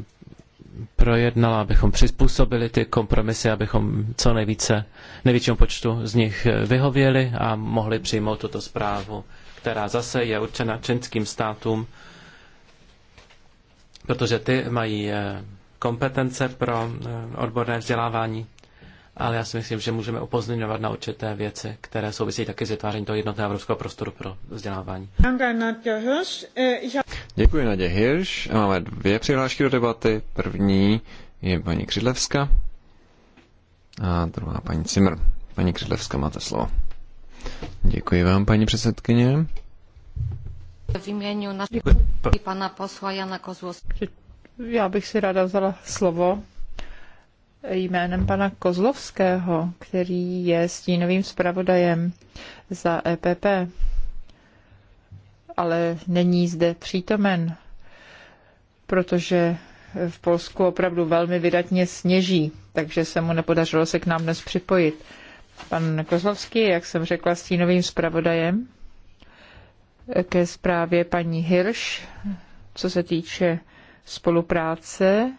projednala, abychom přizpůsobili ty kompromisy, abychom co nejvíce, největšímu počtu z nich eh, vyhověli a mohli přijmout tuto zprávu, která zase je určena členským státům, protože ty mají eh, kompetence pro eh, odborné vzdělávání ale já si myslím, že můžeme upozorňovat na určité věci, které souvisí také s vytvářením toho jednotného evropského prostoru pro vzdělávání. Děkuji Nadě Hirš. Máme dvě přihlášky do debaty. První je paní Křidlevska a druhá paní Cimr. Paní Křidlevska, máte slovo. Děkuji vám, paní předsedkyně. V jménu na... pana posla Jana Kozlovského. Já bych si ráda vzala slovo jménem pana Kozlovského, který je stínovým zpravodajem za EPP, ale není zde přítomen, protože v Polsku opravdu velmi vydatně sněží, takže se mu nepodařilo se k nám dnes připojit. Pan Kozlovský, jak jsem řekla, stínovým zpravodajem ke zprávě paní Hirš, co se týče spolupráce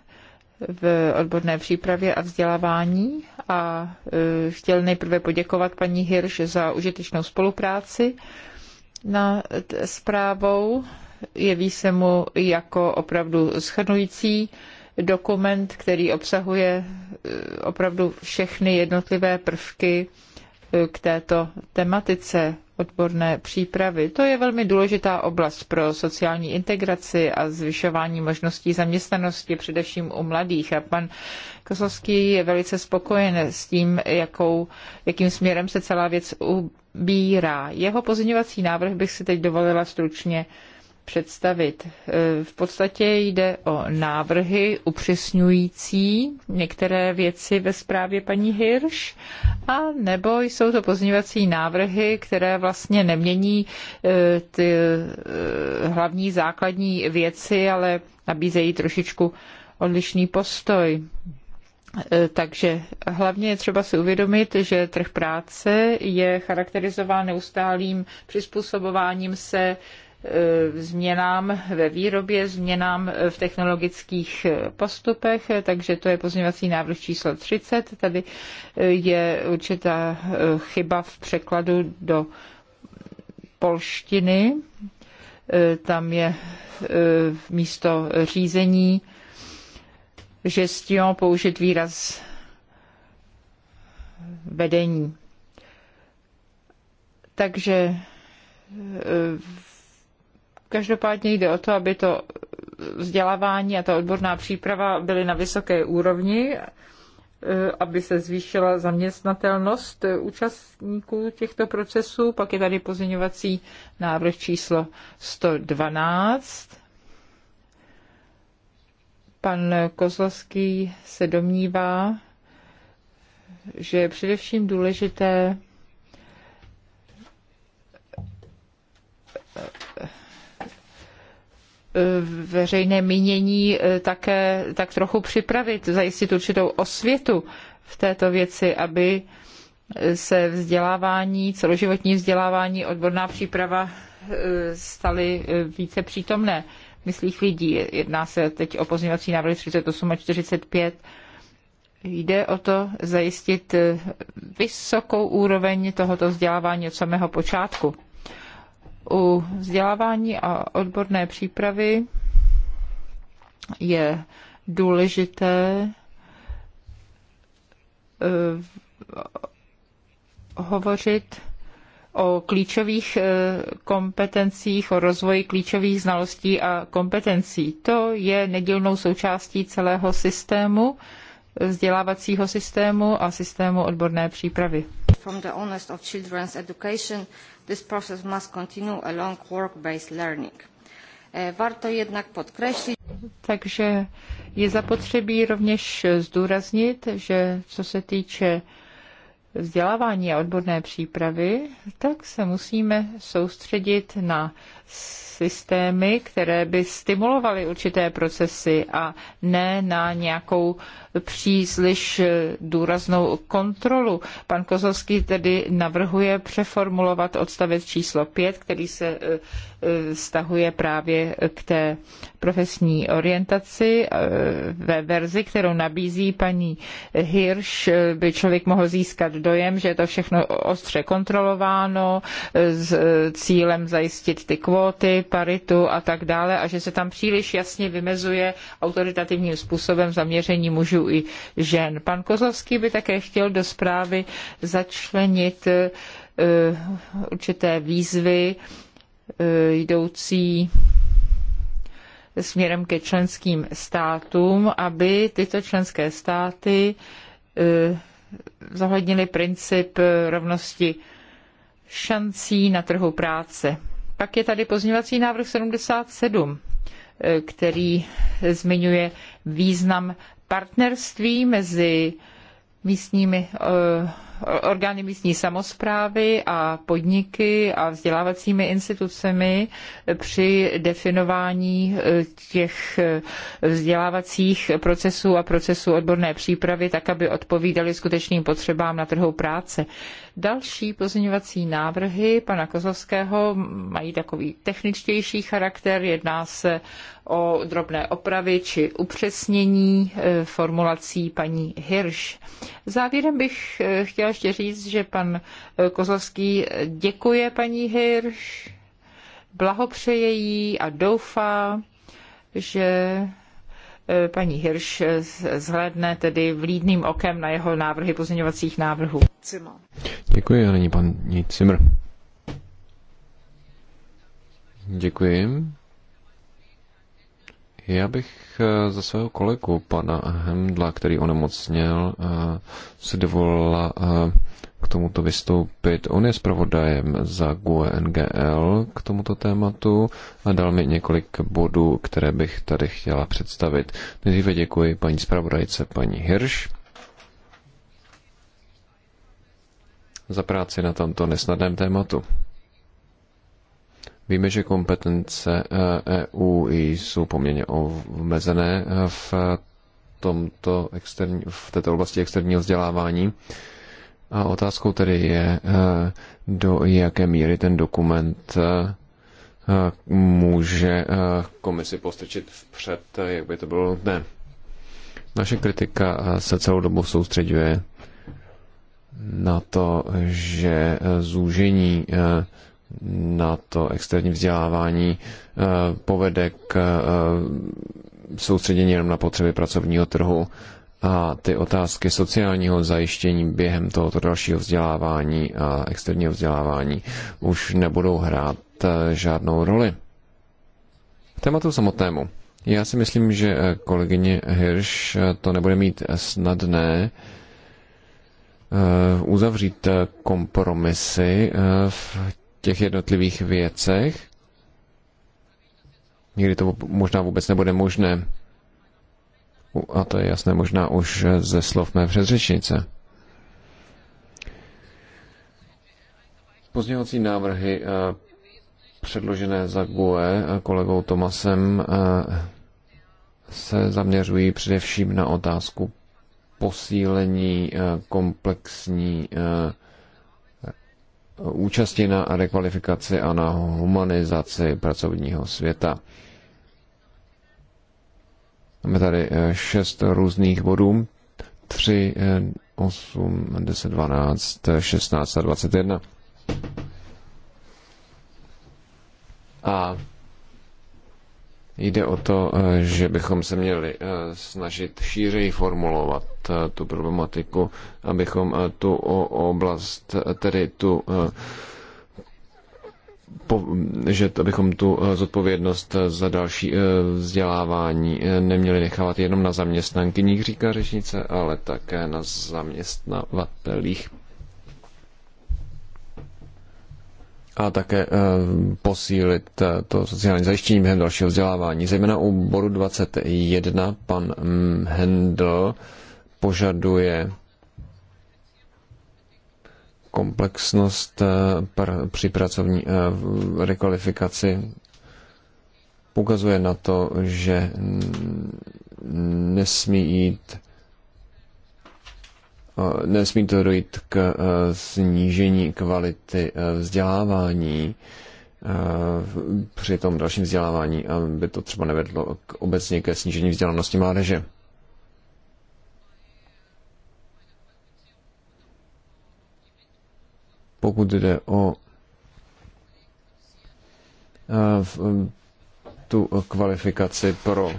v odborné přípravě a vzdělávání a e, chtěl nejprve poděkovat paní Hirš za užitečnou spolupráci na zprávou. Jeví se mu jako opravdu schrnující dokument, který obsahuje e, opravdu všechny jednotlivé prvky e, k této tematice odborné přípravy. To je velmi důležitá oblast pro sociální integraci a zvyšování možností zaměstnanosti, především u mladých. A pan Kosovský je velice spokojen s tím, jakou, jakým směrem se celá věc ubírá. Jeho pozměňovací návrh bych si teď dovolila stručně uh, představit. E, v podstatě jde o návrhy upřesňující některé věci ve zprávě paní Hirsch, a nebo jsou to pozměňovací návrhy, které vlastně nemění e, ty e, hlavní základní věci, ale nabízejí trošičku odlišný postoj. Takže hlavně je třeba si uvědomit, že trh práce je charakterizován neustálým přizpůsobováním se Eh, změnám ve výrobě, změnám v technologických postupech, takže to je pozměňovací návrh číslo 30. Tady eh, je určitá eh, chyba v překladu do polštiny. Tam je místo řízení gestion použit výraz vedení. Takže v Každopádně jde o to, aby to vzdělávání a ta odborná příprava byly na vysoké úrovni, eh, aby se zvýšila zaměstnatelnost eh, účastníků těchto procesů. Pak je tady pozměňovací návrh číslo 112. Pan Kozlovský se domnívá, že je především důležité veřejné mínění eh, také tak trochu připravit, zajistit určitou osvětu v této věci, aby se vzdělávání, celoživotní vzdělávání, odborná příprava eh, staly eh, více přítomné myslích lidí. Jedná se teď o pozměňovací návrhy 38 a 45. Jde o to zajistit vysokou úroveň tohoto vzdělávání od samého počátku. U vzdělávání a odborné přípravy je důležité eh, hovořit o klíčových eh, kompetencích, o rozvoji klíčových znalostí a kompetencí. To je nedílnou součástí celého systému, vzdělávacího systému a systému odborné přípravy. From the honest of children's education, This process must continue along work-based learning. Eh, warto jednak podkreślić. Takže je zapotřebí rovněž zdůraznit, že co se týče vzdělávání a odborné přípravy, tak se musíme soustředit na systémy, které by stimulovaly určité procesy a ne na nějakou příliš důraznou kontrolu. Pan Kozovský tedy navrhuje přeformulovat odstavec číslo 5, který se stahuje e, e, právě k té profesní orientaci. E, ve verzi, kterou nabízí paní Hirsch, by člověk mohl získat dojem, že je to všechno ostře kontrolováno s cílem zajistit ty kvóty kvóty, paritu a tak dále a že se tam příliš jasně vymezuje autoritativním způsobem zaměření mužů i žen. Pan Kozlovský by také chtěl do zprávy začlenit eh, určité výzvy eh, jdoucí směrem ke členským státům, aby tyto členské státy eh, zohlednily princip rovnosti šancí na trhu práce. Pak je tady pozměňovací návrh 77, eh, který zmiňuje význam partnerství mezi místními eh, orgány místní samozprávy a podniky a vzdělávacími institucemi při definování eh, těch vzdělávacích procesů a procesů odborné přípravy, tak aby odpovídaly skutečným potřebám na trhu práce. Další pozměňovací návrhy pana Kozlovského mají takový techničtější charakter. Jedná se o drobné opravy či upřesnění eh, formulací paní Hirsch. Závěrem bych eh, chtěla ještě říct, že pan eh, Kozlovský děkuje paní Hirsch, blahopřeje jí a doufá, že paní Hirš zhlédne tedy vlídným okem na jeho návrhy pozměňovacích návrhů. Zimmer. Děkuji a nyní paní Zimmer. Děkuji. Já bych eh, za svého kolegu, pana Hemdla, který onemocněl, eh, si dovolila eh, k tomuto vystoupit. On je zpravodajem za GUE NGL k tomuto tématu a dal mi několik bodů, které bych tady chtěla představit. Nejdříve děkuji paní zpravodajce, paní Hirsch za práci na tomto nesnadném tématu. Víme, že kompetence EU eh, e jsou poměrně omezené eh, v, tomto externí, v této oblasti externího vzdělávání. A otázkou tedy je, eh, do jaké míry ten dokument může komisi postrčit vpřed, jak by to bylo nutné. Naše kritika se celou dobu soustředuje na to, že eh, zúžení eh, na to externí vzdělávání eh, povede k soustředění jenom na potřeby pracovního trhu a ty otázky sociálního zajištění během tohoto dalšího vzdělávání a externího vzdělávání už nebudou hrát žádnou roli. K Tématu samotnému. Já si myslím, že kolegyně Hirsch to nebude mít snadné, Eh, uzavřít eh, kompromisy eh, v těch jednotlivých věcech. Někdy to možná vůbec nebude možné. A to je jasné možná už ze slov mé předřečnice. Pozměňovací návrhy předložené za GUE kolegou Tomasem se zaměřují především na otázku posílení eh, komplexní eh, účasti na rekvalifikaci a na humanizaci pracovního světa. Máme tady eh, šest různých bodů. 3, 8, 10, 12, 16 a 21. A Jde o to, eh, že bychom se měli eh, snažit šířeji formulovat eh, tu problematiku, abychom tu oblast, tedy tu po, že abychom tu zodpovědnost za další vzdělávání neměli nechávat jenom na zaměstnankyních, říká řečnice, ale také na zaměstnavatelích a také eh, posílit eh, to sociální zajištění během dalšího vzdělávání. Zejména u bodu 21 pan mm, Hendl požaduje komplexnost eh, při pracovní rekvalifikaci ukazuje na to, že nesmí jít nesmí to dojít k eh, snížení kvality eh, vzdělávání eh, při tom dalším vzdělávání, aby to třeba nevedlo k obecně ke snížení vzdělanosti mládeže. Pokud jde o tu kvalifikaci pro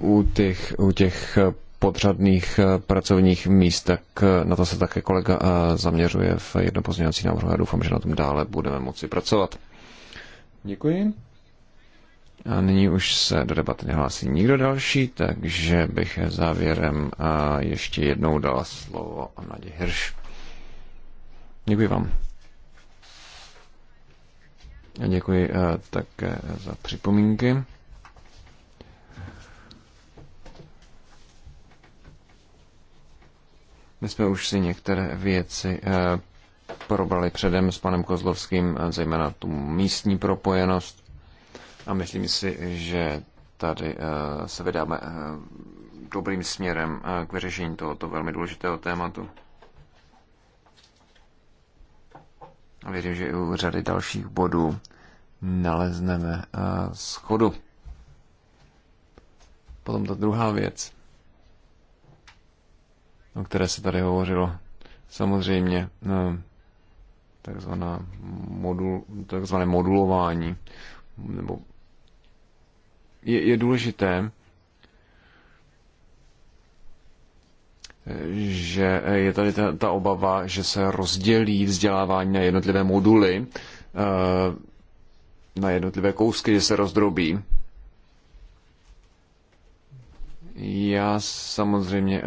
u těch, u těch podřadných eh, pracovních míst, tak eh, na to se také kolega eh, zaměřuje v jednom pozměňovací návrhu. Já doufám, že na tom dále budeme moci pracovat. Děkuji. A nyní už se do debaty nehlásí nikdo další, takže bych závěrem ještě jednou dala slovo Nadě Hirš. Děkuji vám. A děkuji také za připomínky. My jsme už si některé věci eh, probrali předem s panem Kozlovským, eh, zejména tu místní propojenost. A myslím si, že tady eh, se vydáme dobrým směrem k vyřešení tohoto velmi důležitého tématu. A věřím, že i u řady dalších bodů nalezneme schodu. Potom ta druhá věc o které se tady hovořilo. Samozřejmě no, takzvané, modul, takzvané modulování, nebo je, je důležité, že je tady ta, ta obava, že se rozdělí vzdělávání na jednotlivé moduly, eh, na jednotlivé kousky, že se rozdrobí. Já samozřejmě eh,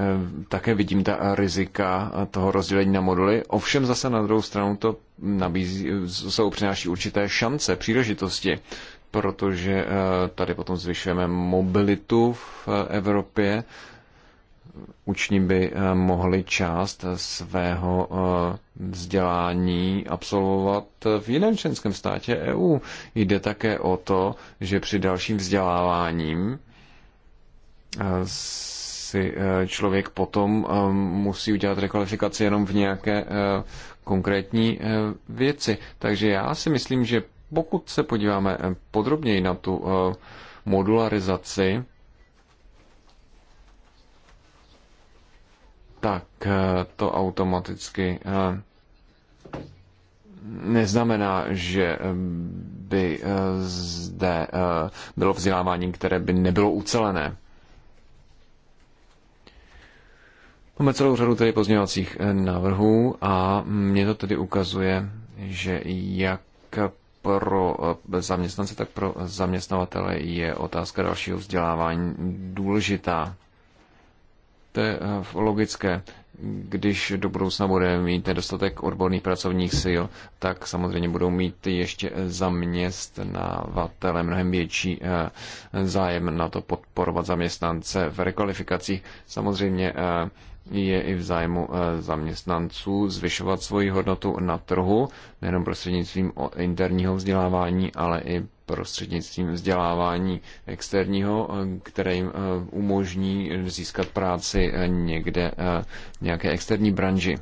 také vidím ta rizika toho rozdělení na moduly, ovšem zase na druhou stranu to nabízí, jsou přináší určité šance, příležitosti, protože eh, tady potom zvyšujeme mobilitu v eh, Evropě. Učni by mohli část svého vzdělání absolvovat v jiném členském státě EU. Jde také o to, že při dalším vzděláváním si e, člověk potom e, musí udělat rekvalifikaci jenom v nějaké e, konkrétní věci. Takže já si myslím, že pokud se podíváme podrobněji na tu modularizaci, tak to automaticky neznamená, že by zde bylo vzdělávání, které by nebylo ucelené. Máme celou řadu tedy pozměňovacích eh, návrhů a mě to tedy ukazuje, že jak pro eh, zaměstnance, tak pro zaměstnavatele je otázka dalšího vzdělávání důležitá. To je eh, logické. Když do budoucna bude mít nedostatek odborných pracovních sil, tak samozřejmě budou mít ještě zaměstnavatele mnohem větší zájem na to podporovat zaměstnance v rekvalifikacích. Samozřejmě je i v zájmu eh, zaměstnanců zvyšovat svoji hodnotu na trhu, nejenom prostřednictvím interního vzdělávání, ale i prostřednictvím vzdělávání externího, eh, které jim eh, umožní získat práci někde nějaké externí branži.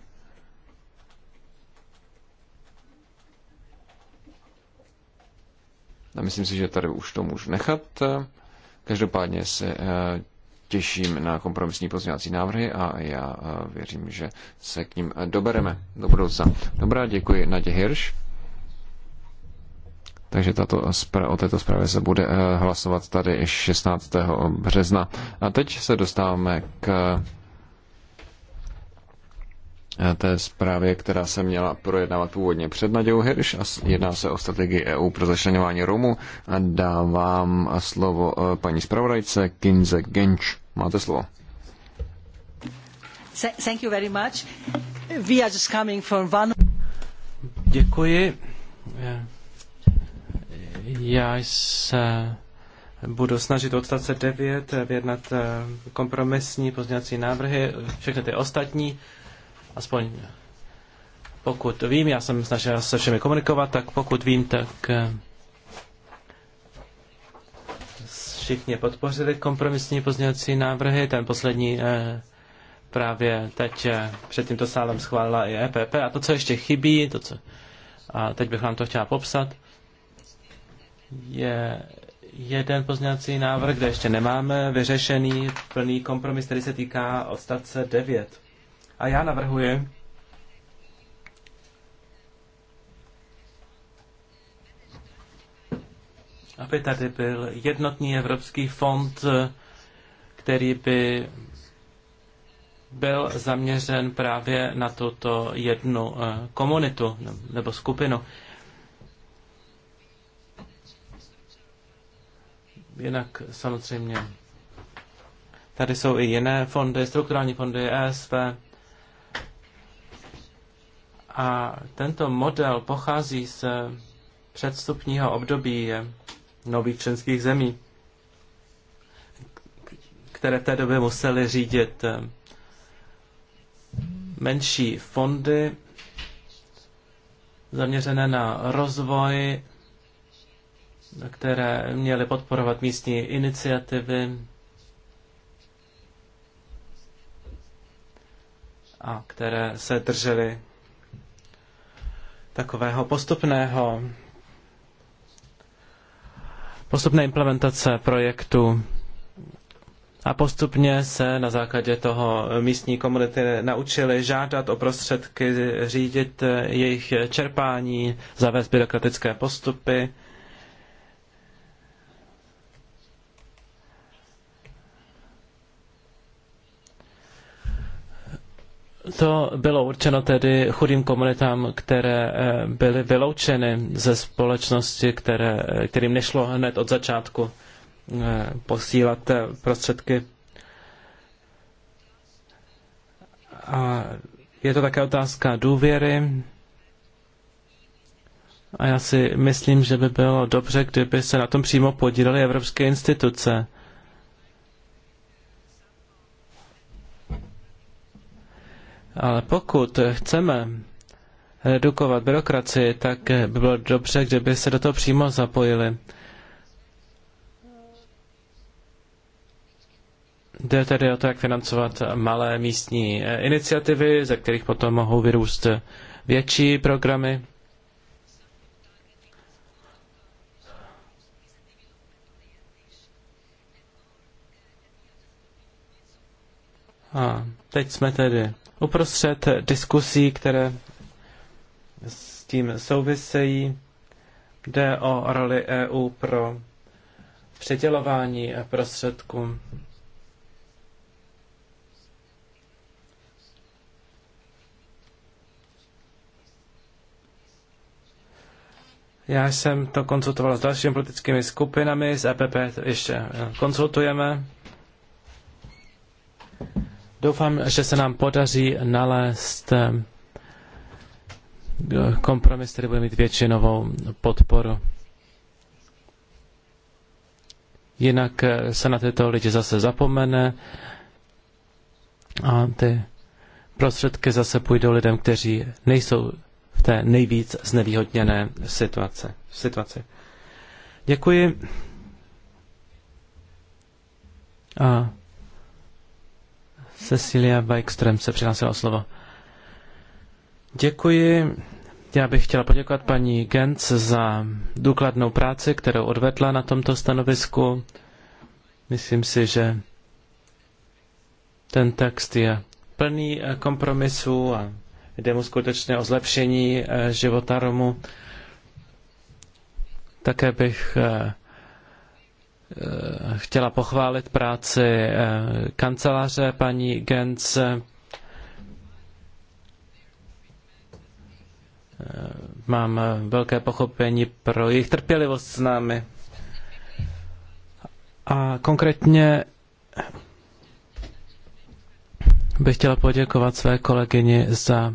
A myslím si, že tady už to můžu nechat. Každopádně se těším na kompromisní pozměňovací návrhy a já eh, věřím, že se k ním eh, dobereme do budoucna. Dobrá, děkuji Nadě Hirš. Takže tato, o této zprávě se bude eh, hlasovat tady 16. března. A teď se dostáváme k té zprávě, která se měla projednávat původně před Nadějou Hirš a jedná se o strategii EU pro začlenování Romů. A dávám slovo paní zpravodajce Kinze Genč. Máte slovo. Thank you very much. We are just coming from one... Děkuji. Já se budu snažit odstavce 9 eh, vyjednat eh, kompromisní pozměňovací návrhy, všechny ty ostatní, aspoň pokud vím, já jsem snažil se všemi komunikovat, tak pokud vím, tak eh, všichni podpořili kompromisní pozměňovací návrhy. Ten poslední eh, právě teď eh, před tímto sálem schválila i EPP. A to, co ještě chybí, to, co, a teď bych vám to chtěla popsat, je jeden pozměňovací návrh, kde ještě nemáme vyřešený plný kompromis, který se týká odstavce 9. A já navrhuji, aby tady byl jednotný evropský fond, eh, který by byl zaměřen právě na tuto jednu eh, komunitu nebo skupinu. Jinak samozřejmě tady jsou i jiné fondy, strukturální fondy ESV. A tento model pochází z předstupního období nových členských zemí, které v té době museli řídit eh, menší fondy zaměřené na rozvoj, které měly podporovat místní iniciativy a které se držely takového postupného postupné implementace projektu a postupně se na základě toho místní komunity naučili žádat o prostředky, řídit jejich čerpání, zavést byrokratické postupy to bylo určeno tedy chudým komunitám, které eh, byly vyloučeny ze společnosti, které, eh, kterým nešlo hned od začátku eh, posílat prostředky. A je to také otázka důvěry. A já si myslím, že by bylo dobře, kdyby se na tom přímo podílely evropské instituce. Ale pokud chceme redukovat byrokracii, tak by bylo dobře, kdyby se do toho přímo zapojili. Jde tedy o to, jak financovat malé místní iniciativy, ze kterých potom mohou vyrůst větší programy. A teď jsme tedy uprostřed diskusí, které s tím souvisejí. Jde o roli EU pro předělování prostředků. Já jsem to konzultoval s dalšími politickými skupinami, s EPP ještě konzultujeme. Doufám, že se nám podaří nalézt eh, kompromis, který bude mít většinovou podporu. Jinak eh, se na tyto lidi zase zapomene a ty prostředky zase půjdou lidem, kteří nejsou v té nejvíc znevýhodněné situace, situaci. Děkuji. A Cecilia Bajkström se přihlásila o slovo. Děkuji. Já bych chtěla poděkovat paní Genc za důkladnou práci, kterou odvedla na tomto stanovisku. Myslím si, že ten text je plný kompromisů a jde mu skutečně o zlepšení eh, života Romu. Také bych eh, Eh, chtěla pochválit práci eh, kanceláře paní Gens. Eh, mám velké pochopení pro jejich trpělivost s námi. A konkrétně bych chtěla poděkovat své kolegyni za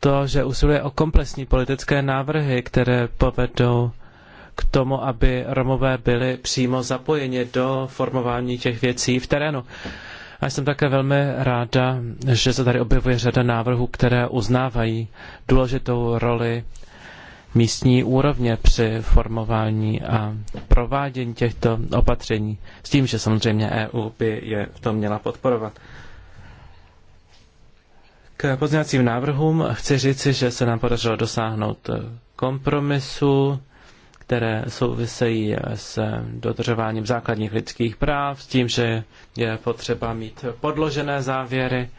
to, že usiluje o komplexní politické návrhy, které povedou k tomu, aby Romové byli přímo zapojeni do formování těch věcí v terénu. A jsem také velmi ráda, že se tady objevuje řada návrhů, které uznávají důležitou roli místní úrovně při formování a provádění těchto opatření, s tím, že samozřejmě EU by je v tom měla podporovat. K pozměňovacím návrhům chci říci, že se nám podařilo dosáhnout kompromisu které souvisejí s dodržováním základních lidských práv, s tím, že je potřeba mít podložené závěry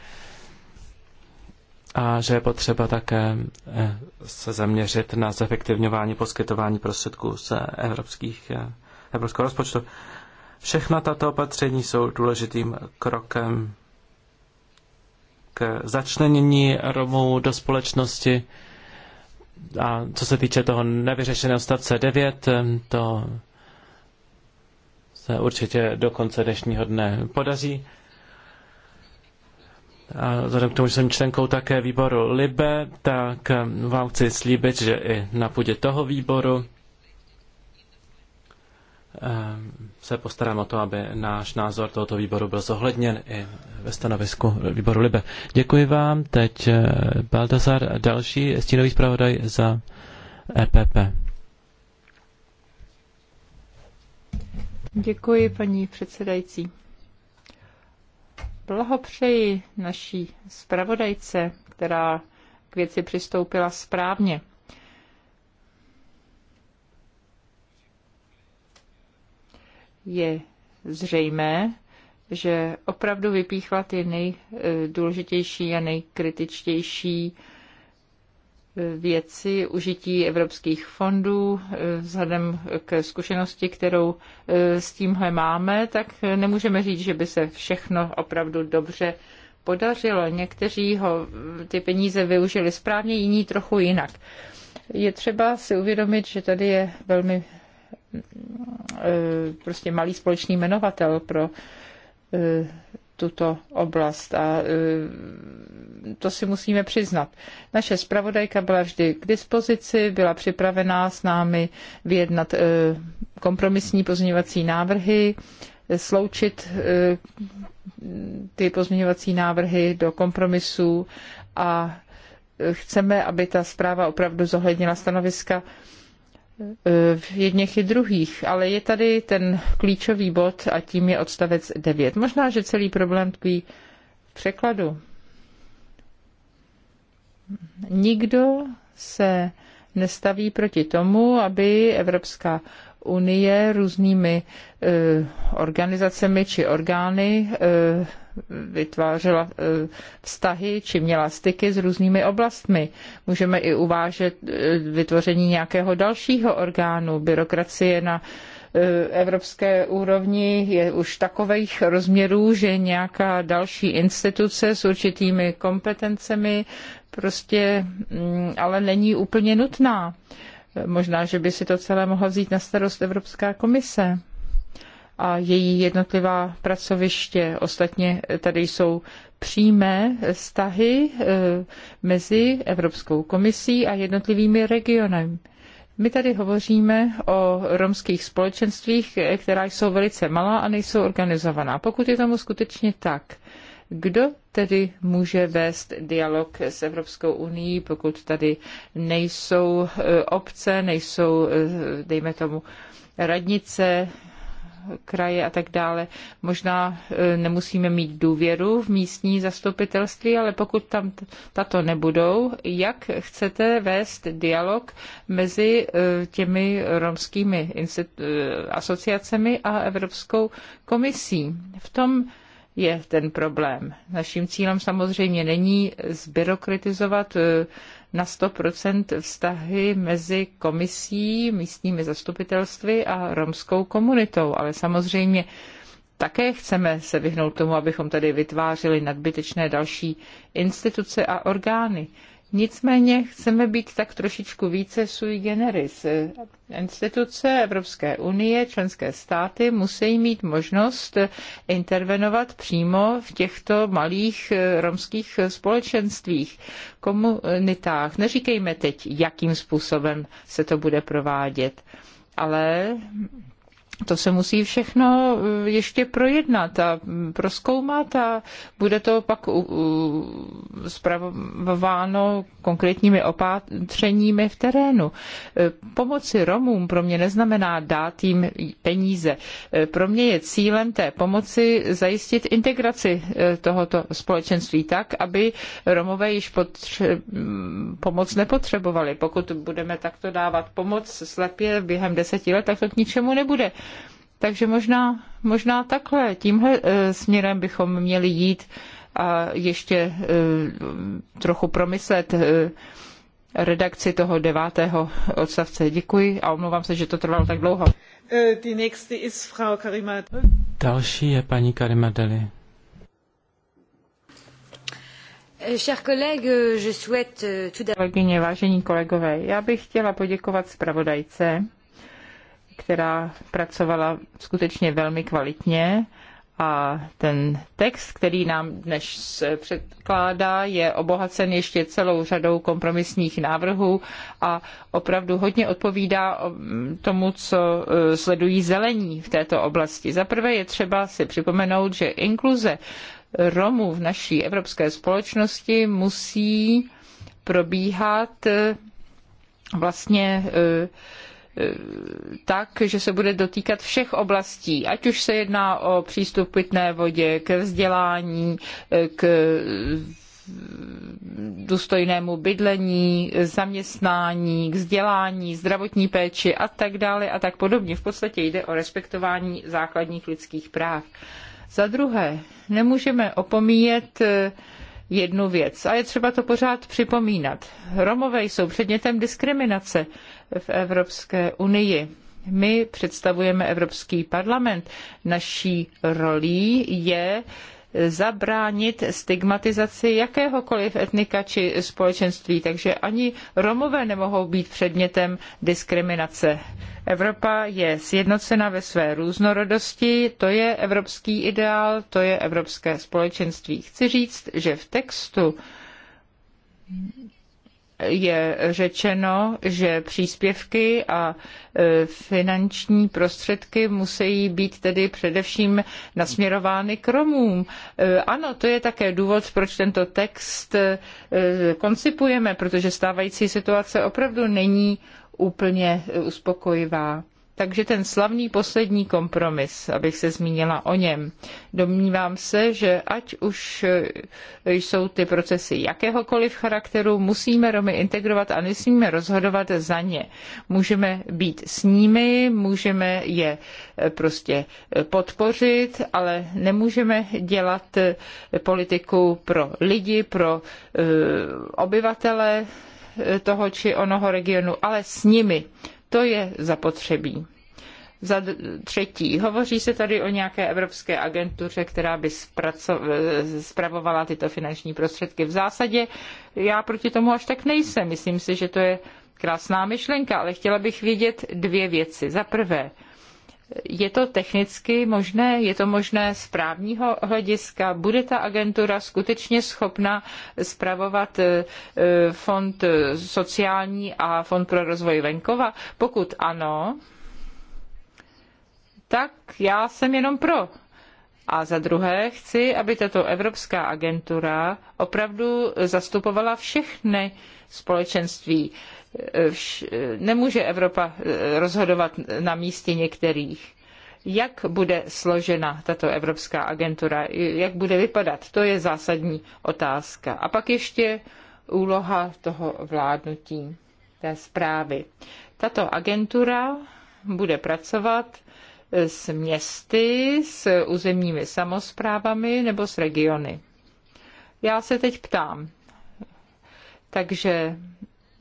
a že je potřeba také eh, se zaměřit na zefektivňování poskytování prostředků z evropských, eh, evropského rozpočtu. Všechna tato opatření jsou důležitým krokem k začlenění Romů do společnosti a co se týče toho nevyřešeného stavce 9, to se určitě do konce dnešního dne podaří. A vzhledem k tomu, že jsem členkou také výboru LIBE, tak vám chci slíbit, že i na půdě toho výboru Ehm, se postarám o to, aby náš názor tohoto výboru byl zohledněn i ve stanovisku výboru Libe. Děkuji vám. Teď eh, Baltazar, další stínový zpravodaj za EPP. Děkuji, paní předsedající. Blahopřeji naší zpravodajce, která k věci přistoupila správně. je zřejmé, že opravdu vypíchla ty nejdůležitější a nejkritičtější eh, věci užití evropských fondů eh, vzhledem k zkušenosti, kterou eh, s tímhle máme, tak nemůžeme říct, že by se všechno opravdu dobře podařilo. Někteří ho, ty peníze využili správně, jiní trochu jinak. Je třeba si uvědomit, že tady je velmi E, prostě malý společný jmenovatel pro e, tuto oblast a e, to si musíme přiznat. Naše zpravodajka byla vždy k dispozici, byla připravená s námi vyjednat kompromisní pozměňovací návrhy, sloučit ty pozměňovací návrhy do kompromisů a chceme, aby ta zpráva opravdu zohlednila stanoviska Eh, v jedněch i druhých, ale je tady ten klíčový bod a tím je odstavec 9. Možná, že celý problém tkví v překladu. Nikdo se nestaví proti tomu, aby Evropská unie různými e, organizacemi či orgány e, vytvářela e, vztahy či měla styky s různými oblastmi. Můžeme i uvážet vytvoření nějakého dalšího orgánu, byrokracie na evropské úrovni je už takových rozměrů, že nějaká další instituce s určitými kompetencemi prostě mm, ale není úplně nutná. Možná, že by si to celé mohla vzít na starost Evropská komise a její jednotlivá pracoviště. Ostatně tady jsou přímé vztahy eh, mezi Evropskou komisí a jednotlivými regiony. My tady hovoříme o romských společenstvích, která jsou velice malá a nejsou organizovaná. Pokud je tomu skutečně tak, kdo tedy může vést dialog s Evropskou unii, pokud tady nejsou eh, obce, nejsou, eh, dejme tomu, radnice, kraje a tak dále. Možná eh, nemusíme mít důvěru v místní zastupitelství, ale pokud tam tato nebudou, jak chcete vést dialog mezi těmi romskými asociacemi a Evropskou komisí? V tom je ten problém. Naším cílem samozřejmě není zbyrokratizovat eh, na 100% vztahy mezi komisí, místními zastupitelstvy a romskou komunitou, ale samozřejmě také chceme se vyhnout tomu, abychom tady vytvářeli nadbytečné další instituce a orgány. Nicméně chceme být tak trošičku více sui generis. Instituce Evropské unie, členské státy musí mít možnost intervenovat přímo v těchto malých eh, romských společenstvích, komunitách. Neříkejme teď, jakým způsobem se to bude provádět, ale to se musí všechno eh, ještě projednat a proskoumat a bude to pak zpravováno konkrétními opatřeními v terénu. Eh, pomoci Romům pro mě neznamená dát jim peníze. Eh, pro mě je cílem té pomoci zajistit integraci tohoto společenství tak, aby Romové již potře- pomoc nepotřebovali. Pokud budeme takto dávat pomoc slepě během deseti let, tak to k ničemu nebude takže možná, možná takhle, tímhle e, směrem bychom měli jít a ještě e, trochu promyslet e, redakci toho devátého odstavce. Děkuji a omlouvám se, že to trvalo tak dlouho. Další je paní Karima Deli. Kolegyně, vážení kolegové, já bych chtěla poděkovat zpravodajce která pracovala skutečně velmi kvalitně a ten text, který nám dnes předkládá, je obohacen ještě celou řadou kompromisních návrhů a opravdu hodně odpovídá um, tomu, co uh, sledují zelení v této oblasti. Za prvé je třeba si připomenout, že inkluze Romů v naší evropské společnosti musí probíhat uh, vlastně uh, tak, že se bude dotýkat všech oblastí, ať už se jedná o přístup k pitné vodě, ke vzdělání, k důstojnému bydlení, zaměstnání, k vzdělání, zdravotní péči a tak dále a tak podobně. V podstatě jde o respektování základních lidských práv. Za druhé, nemůžeme opomíjet eh, jednu věc a je třeba to pořád připomínat. Romové jsou předmětem diskriminace v Evropské unii. My představujeme Evropský parlament. Naší rolí je zabránit stigmatizaci jakéhokoliv etnika či společenství, takže ani Romové nemohou být předmětem diskriminace. Evropa je sjednocena ve své různorodosti, to je evropský ideál, to je evropské společenství. Chci říct, že v textu je řečeno, že příspěvky a e, finanční prostředky musí být tedy především nasměrovány k Romům. E, ano, to je také důvod, proč tento text e, koncipujeme, protože stávající situace opravdu není úplně uspokojivá. Takže ten slavný poslední kompromis, abych se zmínila o něm. Domnívám se, že ať už e, jsou ty procesy jakéhokoliv charakteru, musíme Romy integrovat a nesmíme rozhodovat za ně. Můžeme být s nimi, můžeme je e, prostě e, podpořit, ale nemůžeme dělat politiku pro lidi, pro obyvatele toho či onoho regionu, ale s nimi to je zapotřebí. Za třetí, hovoří se tady o nějaké evropské agentuře, která by spravovala tyto finanční prostředky. V zásadě já proti tomu až tak nejsem. Myslím si, že to je krásná myšlenka, ale chtěla bych vědět dvě věci. Za prvé, je to technicky možné, je to možné z právního hlediska. Bude ta agentura skutečně schopna spravovat e, e, fond sociální a fond pro rozvoj venkova? Pokud ano, tak já jsem jenom pro a za druhé chci, aby tato Evropská agentura opravdu zastupovala všechny společenství. Nemůže Evropa eh, rozhodovat na místě některých jak bude složena tato Evropská agentura, jak bude vypadat, to je zásadní otázka. A pak ještě úloha toho vládnutí, té zprávy. Tato agentura bude pracovat s městy, s územními samozprávami nebo s regiony. Já se teď ptám. Takže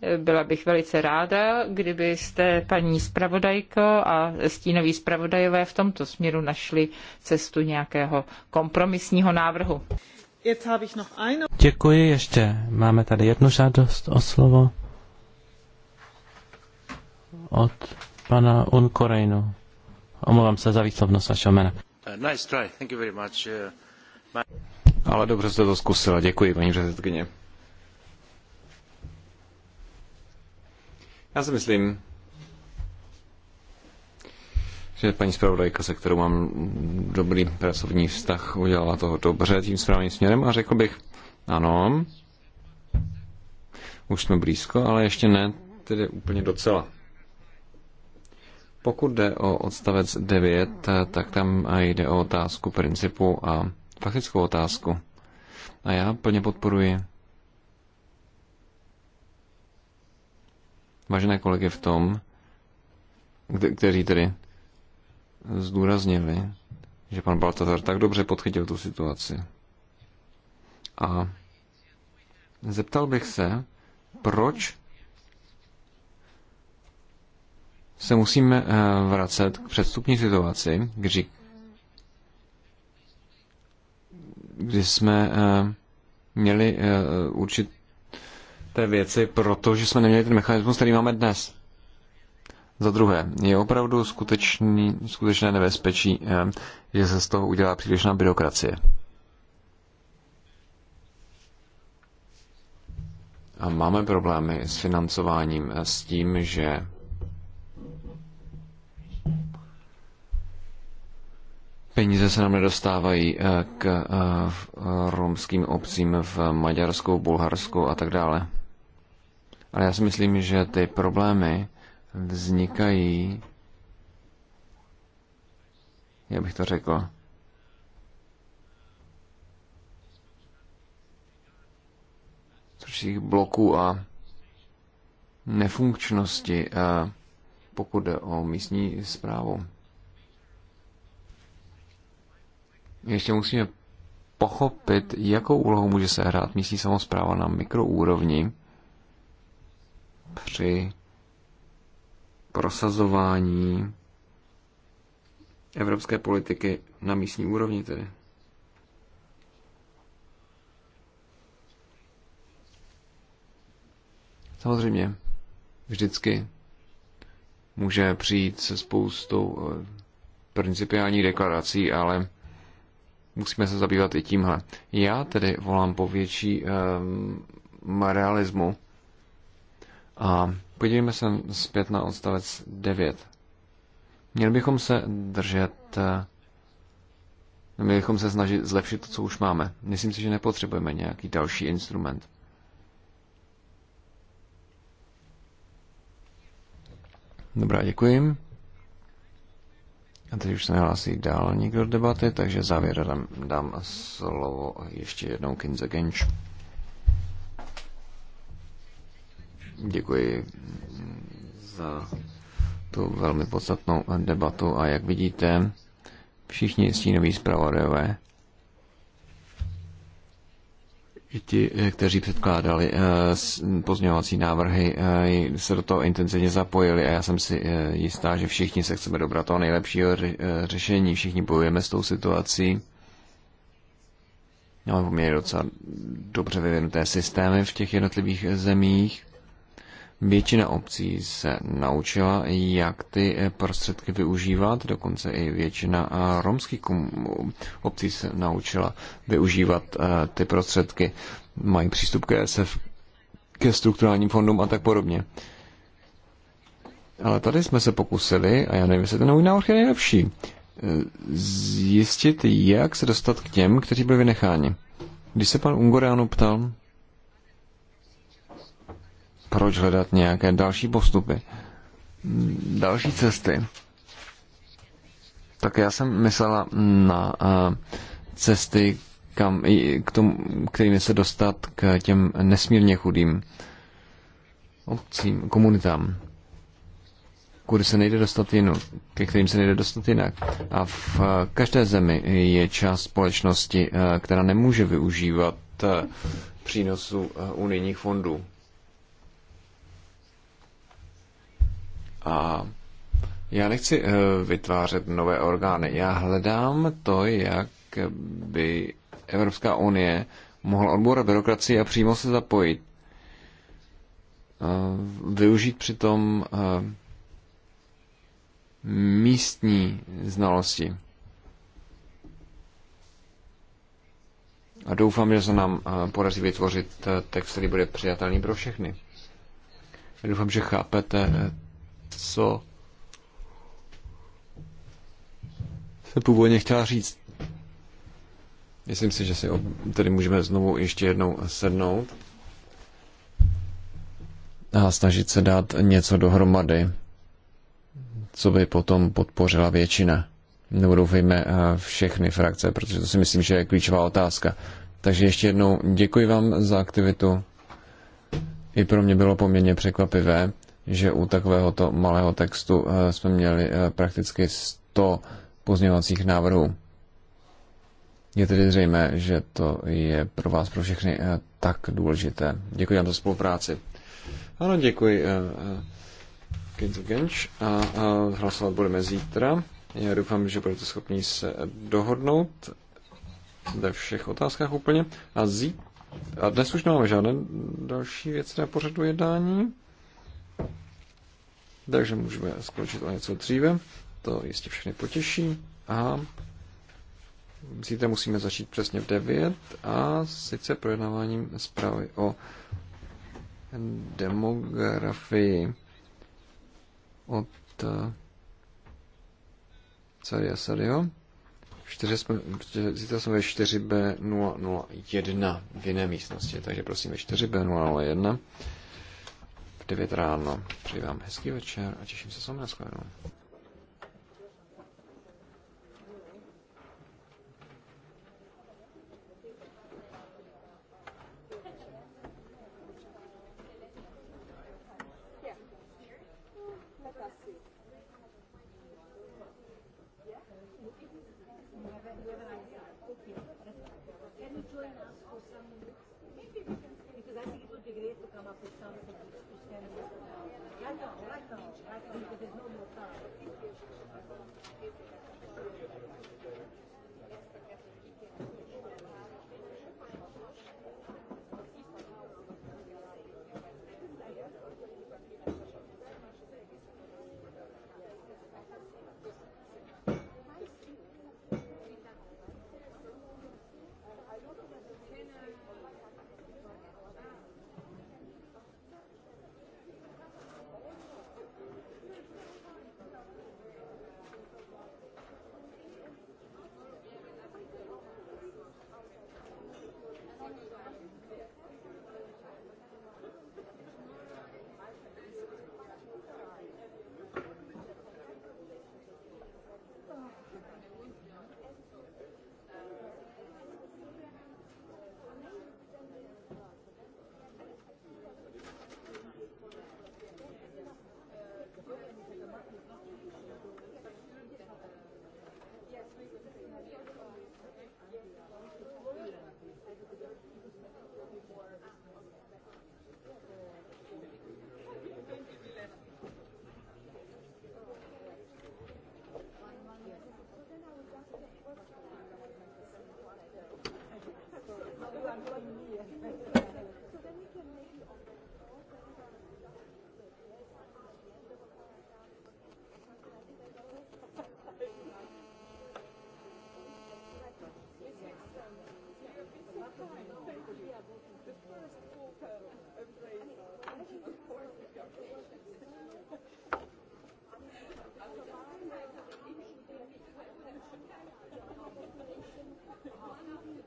eh, byla bych velice ráda, kdybyste paní zpravodajko a stínoví zpravodajové v tomto směru našli cestu nějakého kompromisního návrhu. Děkuji, ještě máme tady jednu žádost o slovo od pana Unkorejnu. Omlouvám se za výslovnost vašeho jména. Uh, nice try. Thank you very much. Uh, ale dobře jste to zkusila. Děkuji, paní předsedkyně. Já si myslím, že paní zpravodajka, se kterou mám dobrý pracovní vztah, udělala toho dobře tím správným směrem a řekl bych, ano, už jsme blízko, ale ještě ne tedy úplně docela. Pokud jde o odstavec 9, tak tam jde o otázku principu a faktickou otázku. A já plně podporuji vážené kolegy v tom, kteří tedy zdůraznili, že pan Baltazar tak dobře podchytil tu situaci. A zeptal bych se, proč se musíme eh, vracet k předstupní situaci, kdy, kdy jsme eh, měli eh, té věci, protože jsme neměli ten mechanismus, který máme dnes. Za druhé, je opravdu skutečný, skutečné nebezpečí, že se z toho udělá přílišná byrokracie. A máme problémy s financováním, s tím, že Peníze se nám nedostávají eh, k eh, eh, romským obcím v Maďarsku, Bulharsku a tak dále. Ale já si myslím, že ty problémy vznikají, jak bych to řekl, určitých bloků a nefunkčnosti, pokud jde o místní zprávu. ještě musíme pochopit, jakou úlohu může se hrát místní samozpráva na mikroúrovni při prosazování evropské politiky na místní úrovni tedy. Samozřejmě, vždycky může přijít se spoustou eh, principiálních deklarací, ale musíme se zabývat i tímhle. Já tedy volám po větší um, realismu a podívejme se zpět na odstavec 9. Měli bychom se držet, eh, měli bychom se snažit zlepšit to, co už máme. Myslím si, že nepotřebujeme nějaký další instrument. Dobrá, děkuji. A teď už se nehlásí dál nikdo debaty, takže závěr dám, dám slovo ještě jednou Kinze Genč. Děkuji za tu velmi podstatnou debatu a jak vidíte, všichni stínoví zpravodajové ti, eh, kteří předkládali eh, pozměňovací návrhy, eh, se do toho intenzivně zapojili a já jsem si jistá, že všichni se chceme dobrat toho nejlepšího řešení, všichni bojujeme s tou situací. Máme poměrně docela dobře vyvinuté systémy v těch jednotlivých zemích. Většina obcí se naučila, jak ty prostředky využívat, dokonce i většina romských obcí se naučila využívat e, ty prostředky. Mají přístup k ESF, ke strukturálním fondům a tak podobně. Ale tady jsme se pokusili, a já nevím, jestli ten nový návrh je nejlepší, e, zjistit, jak se dostat k těm, kteří byli vynecháni. Když se pan Ungoreanu ptal, proč hledat nějaké další postupy, další cesty. Tak já jsem myslela na eh, cesty, kam, k tomu, kterými se dostat k těm nesmírně chudým obcím, komunitám, kudy se nejde dostat jinak, ke kterým se nejde dostat jinak. A v eh, každé zemi je část společnosti, eh, která nemůže využívat přínosu unijních fondů. A já nechci eh, vytvářet nové orgány. Já hledám to, jak by Evropská unie mohla odbourat byrokracii a přímo se zapojit. Eh, využít přitom eh, místní znalosti. A doufám, že se nám podaří vytvořit text, který bude přijatelný pro všechny. Doufám, že chápete co se původně chtěla říct. Myslím si, že si tedy můžeme znovu ještě jednou sednout a snažit se dát něco dohromady, co by potom podpořila většina. Nebo doufejme eh, všechny frakce, protože to si myslím, že je klíčová otázka. Takže ještě jednou děkuji vám za aktivitu. I pro mě bylo poměrně překvapivé že u takovéhoto malého textu eh, jsme měli eh, prakticky 100 pozměňovacích návrhů. Je tedy zřejmé, že to je pro vás, pro všechny eh, tak důležité. Děkuji vám za spolupráci. Ano, děkuji. Kinzel Genč a, a hlasovat budeme zítra. Já doufám, že budete schopni se dohodnout ve všech otázkách úplně. A, zí... a dnes už nemáme žádné další věci na pořadu jednání takže můžeme skončit o něco dříve. To jistě všechny potěší. A zítra musíme začít přesně v 9 a sice projednáváním zprávy o demografii od Caria eh, Sadio. Jsme, zítra jsme ve 4B001 v jiné místnosti, takže prosím ve 4B001 v 9 ráno. Přeji vám hezký večer a těším se s vámi na shledanou.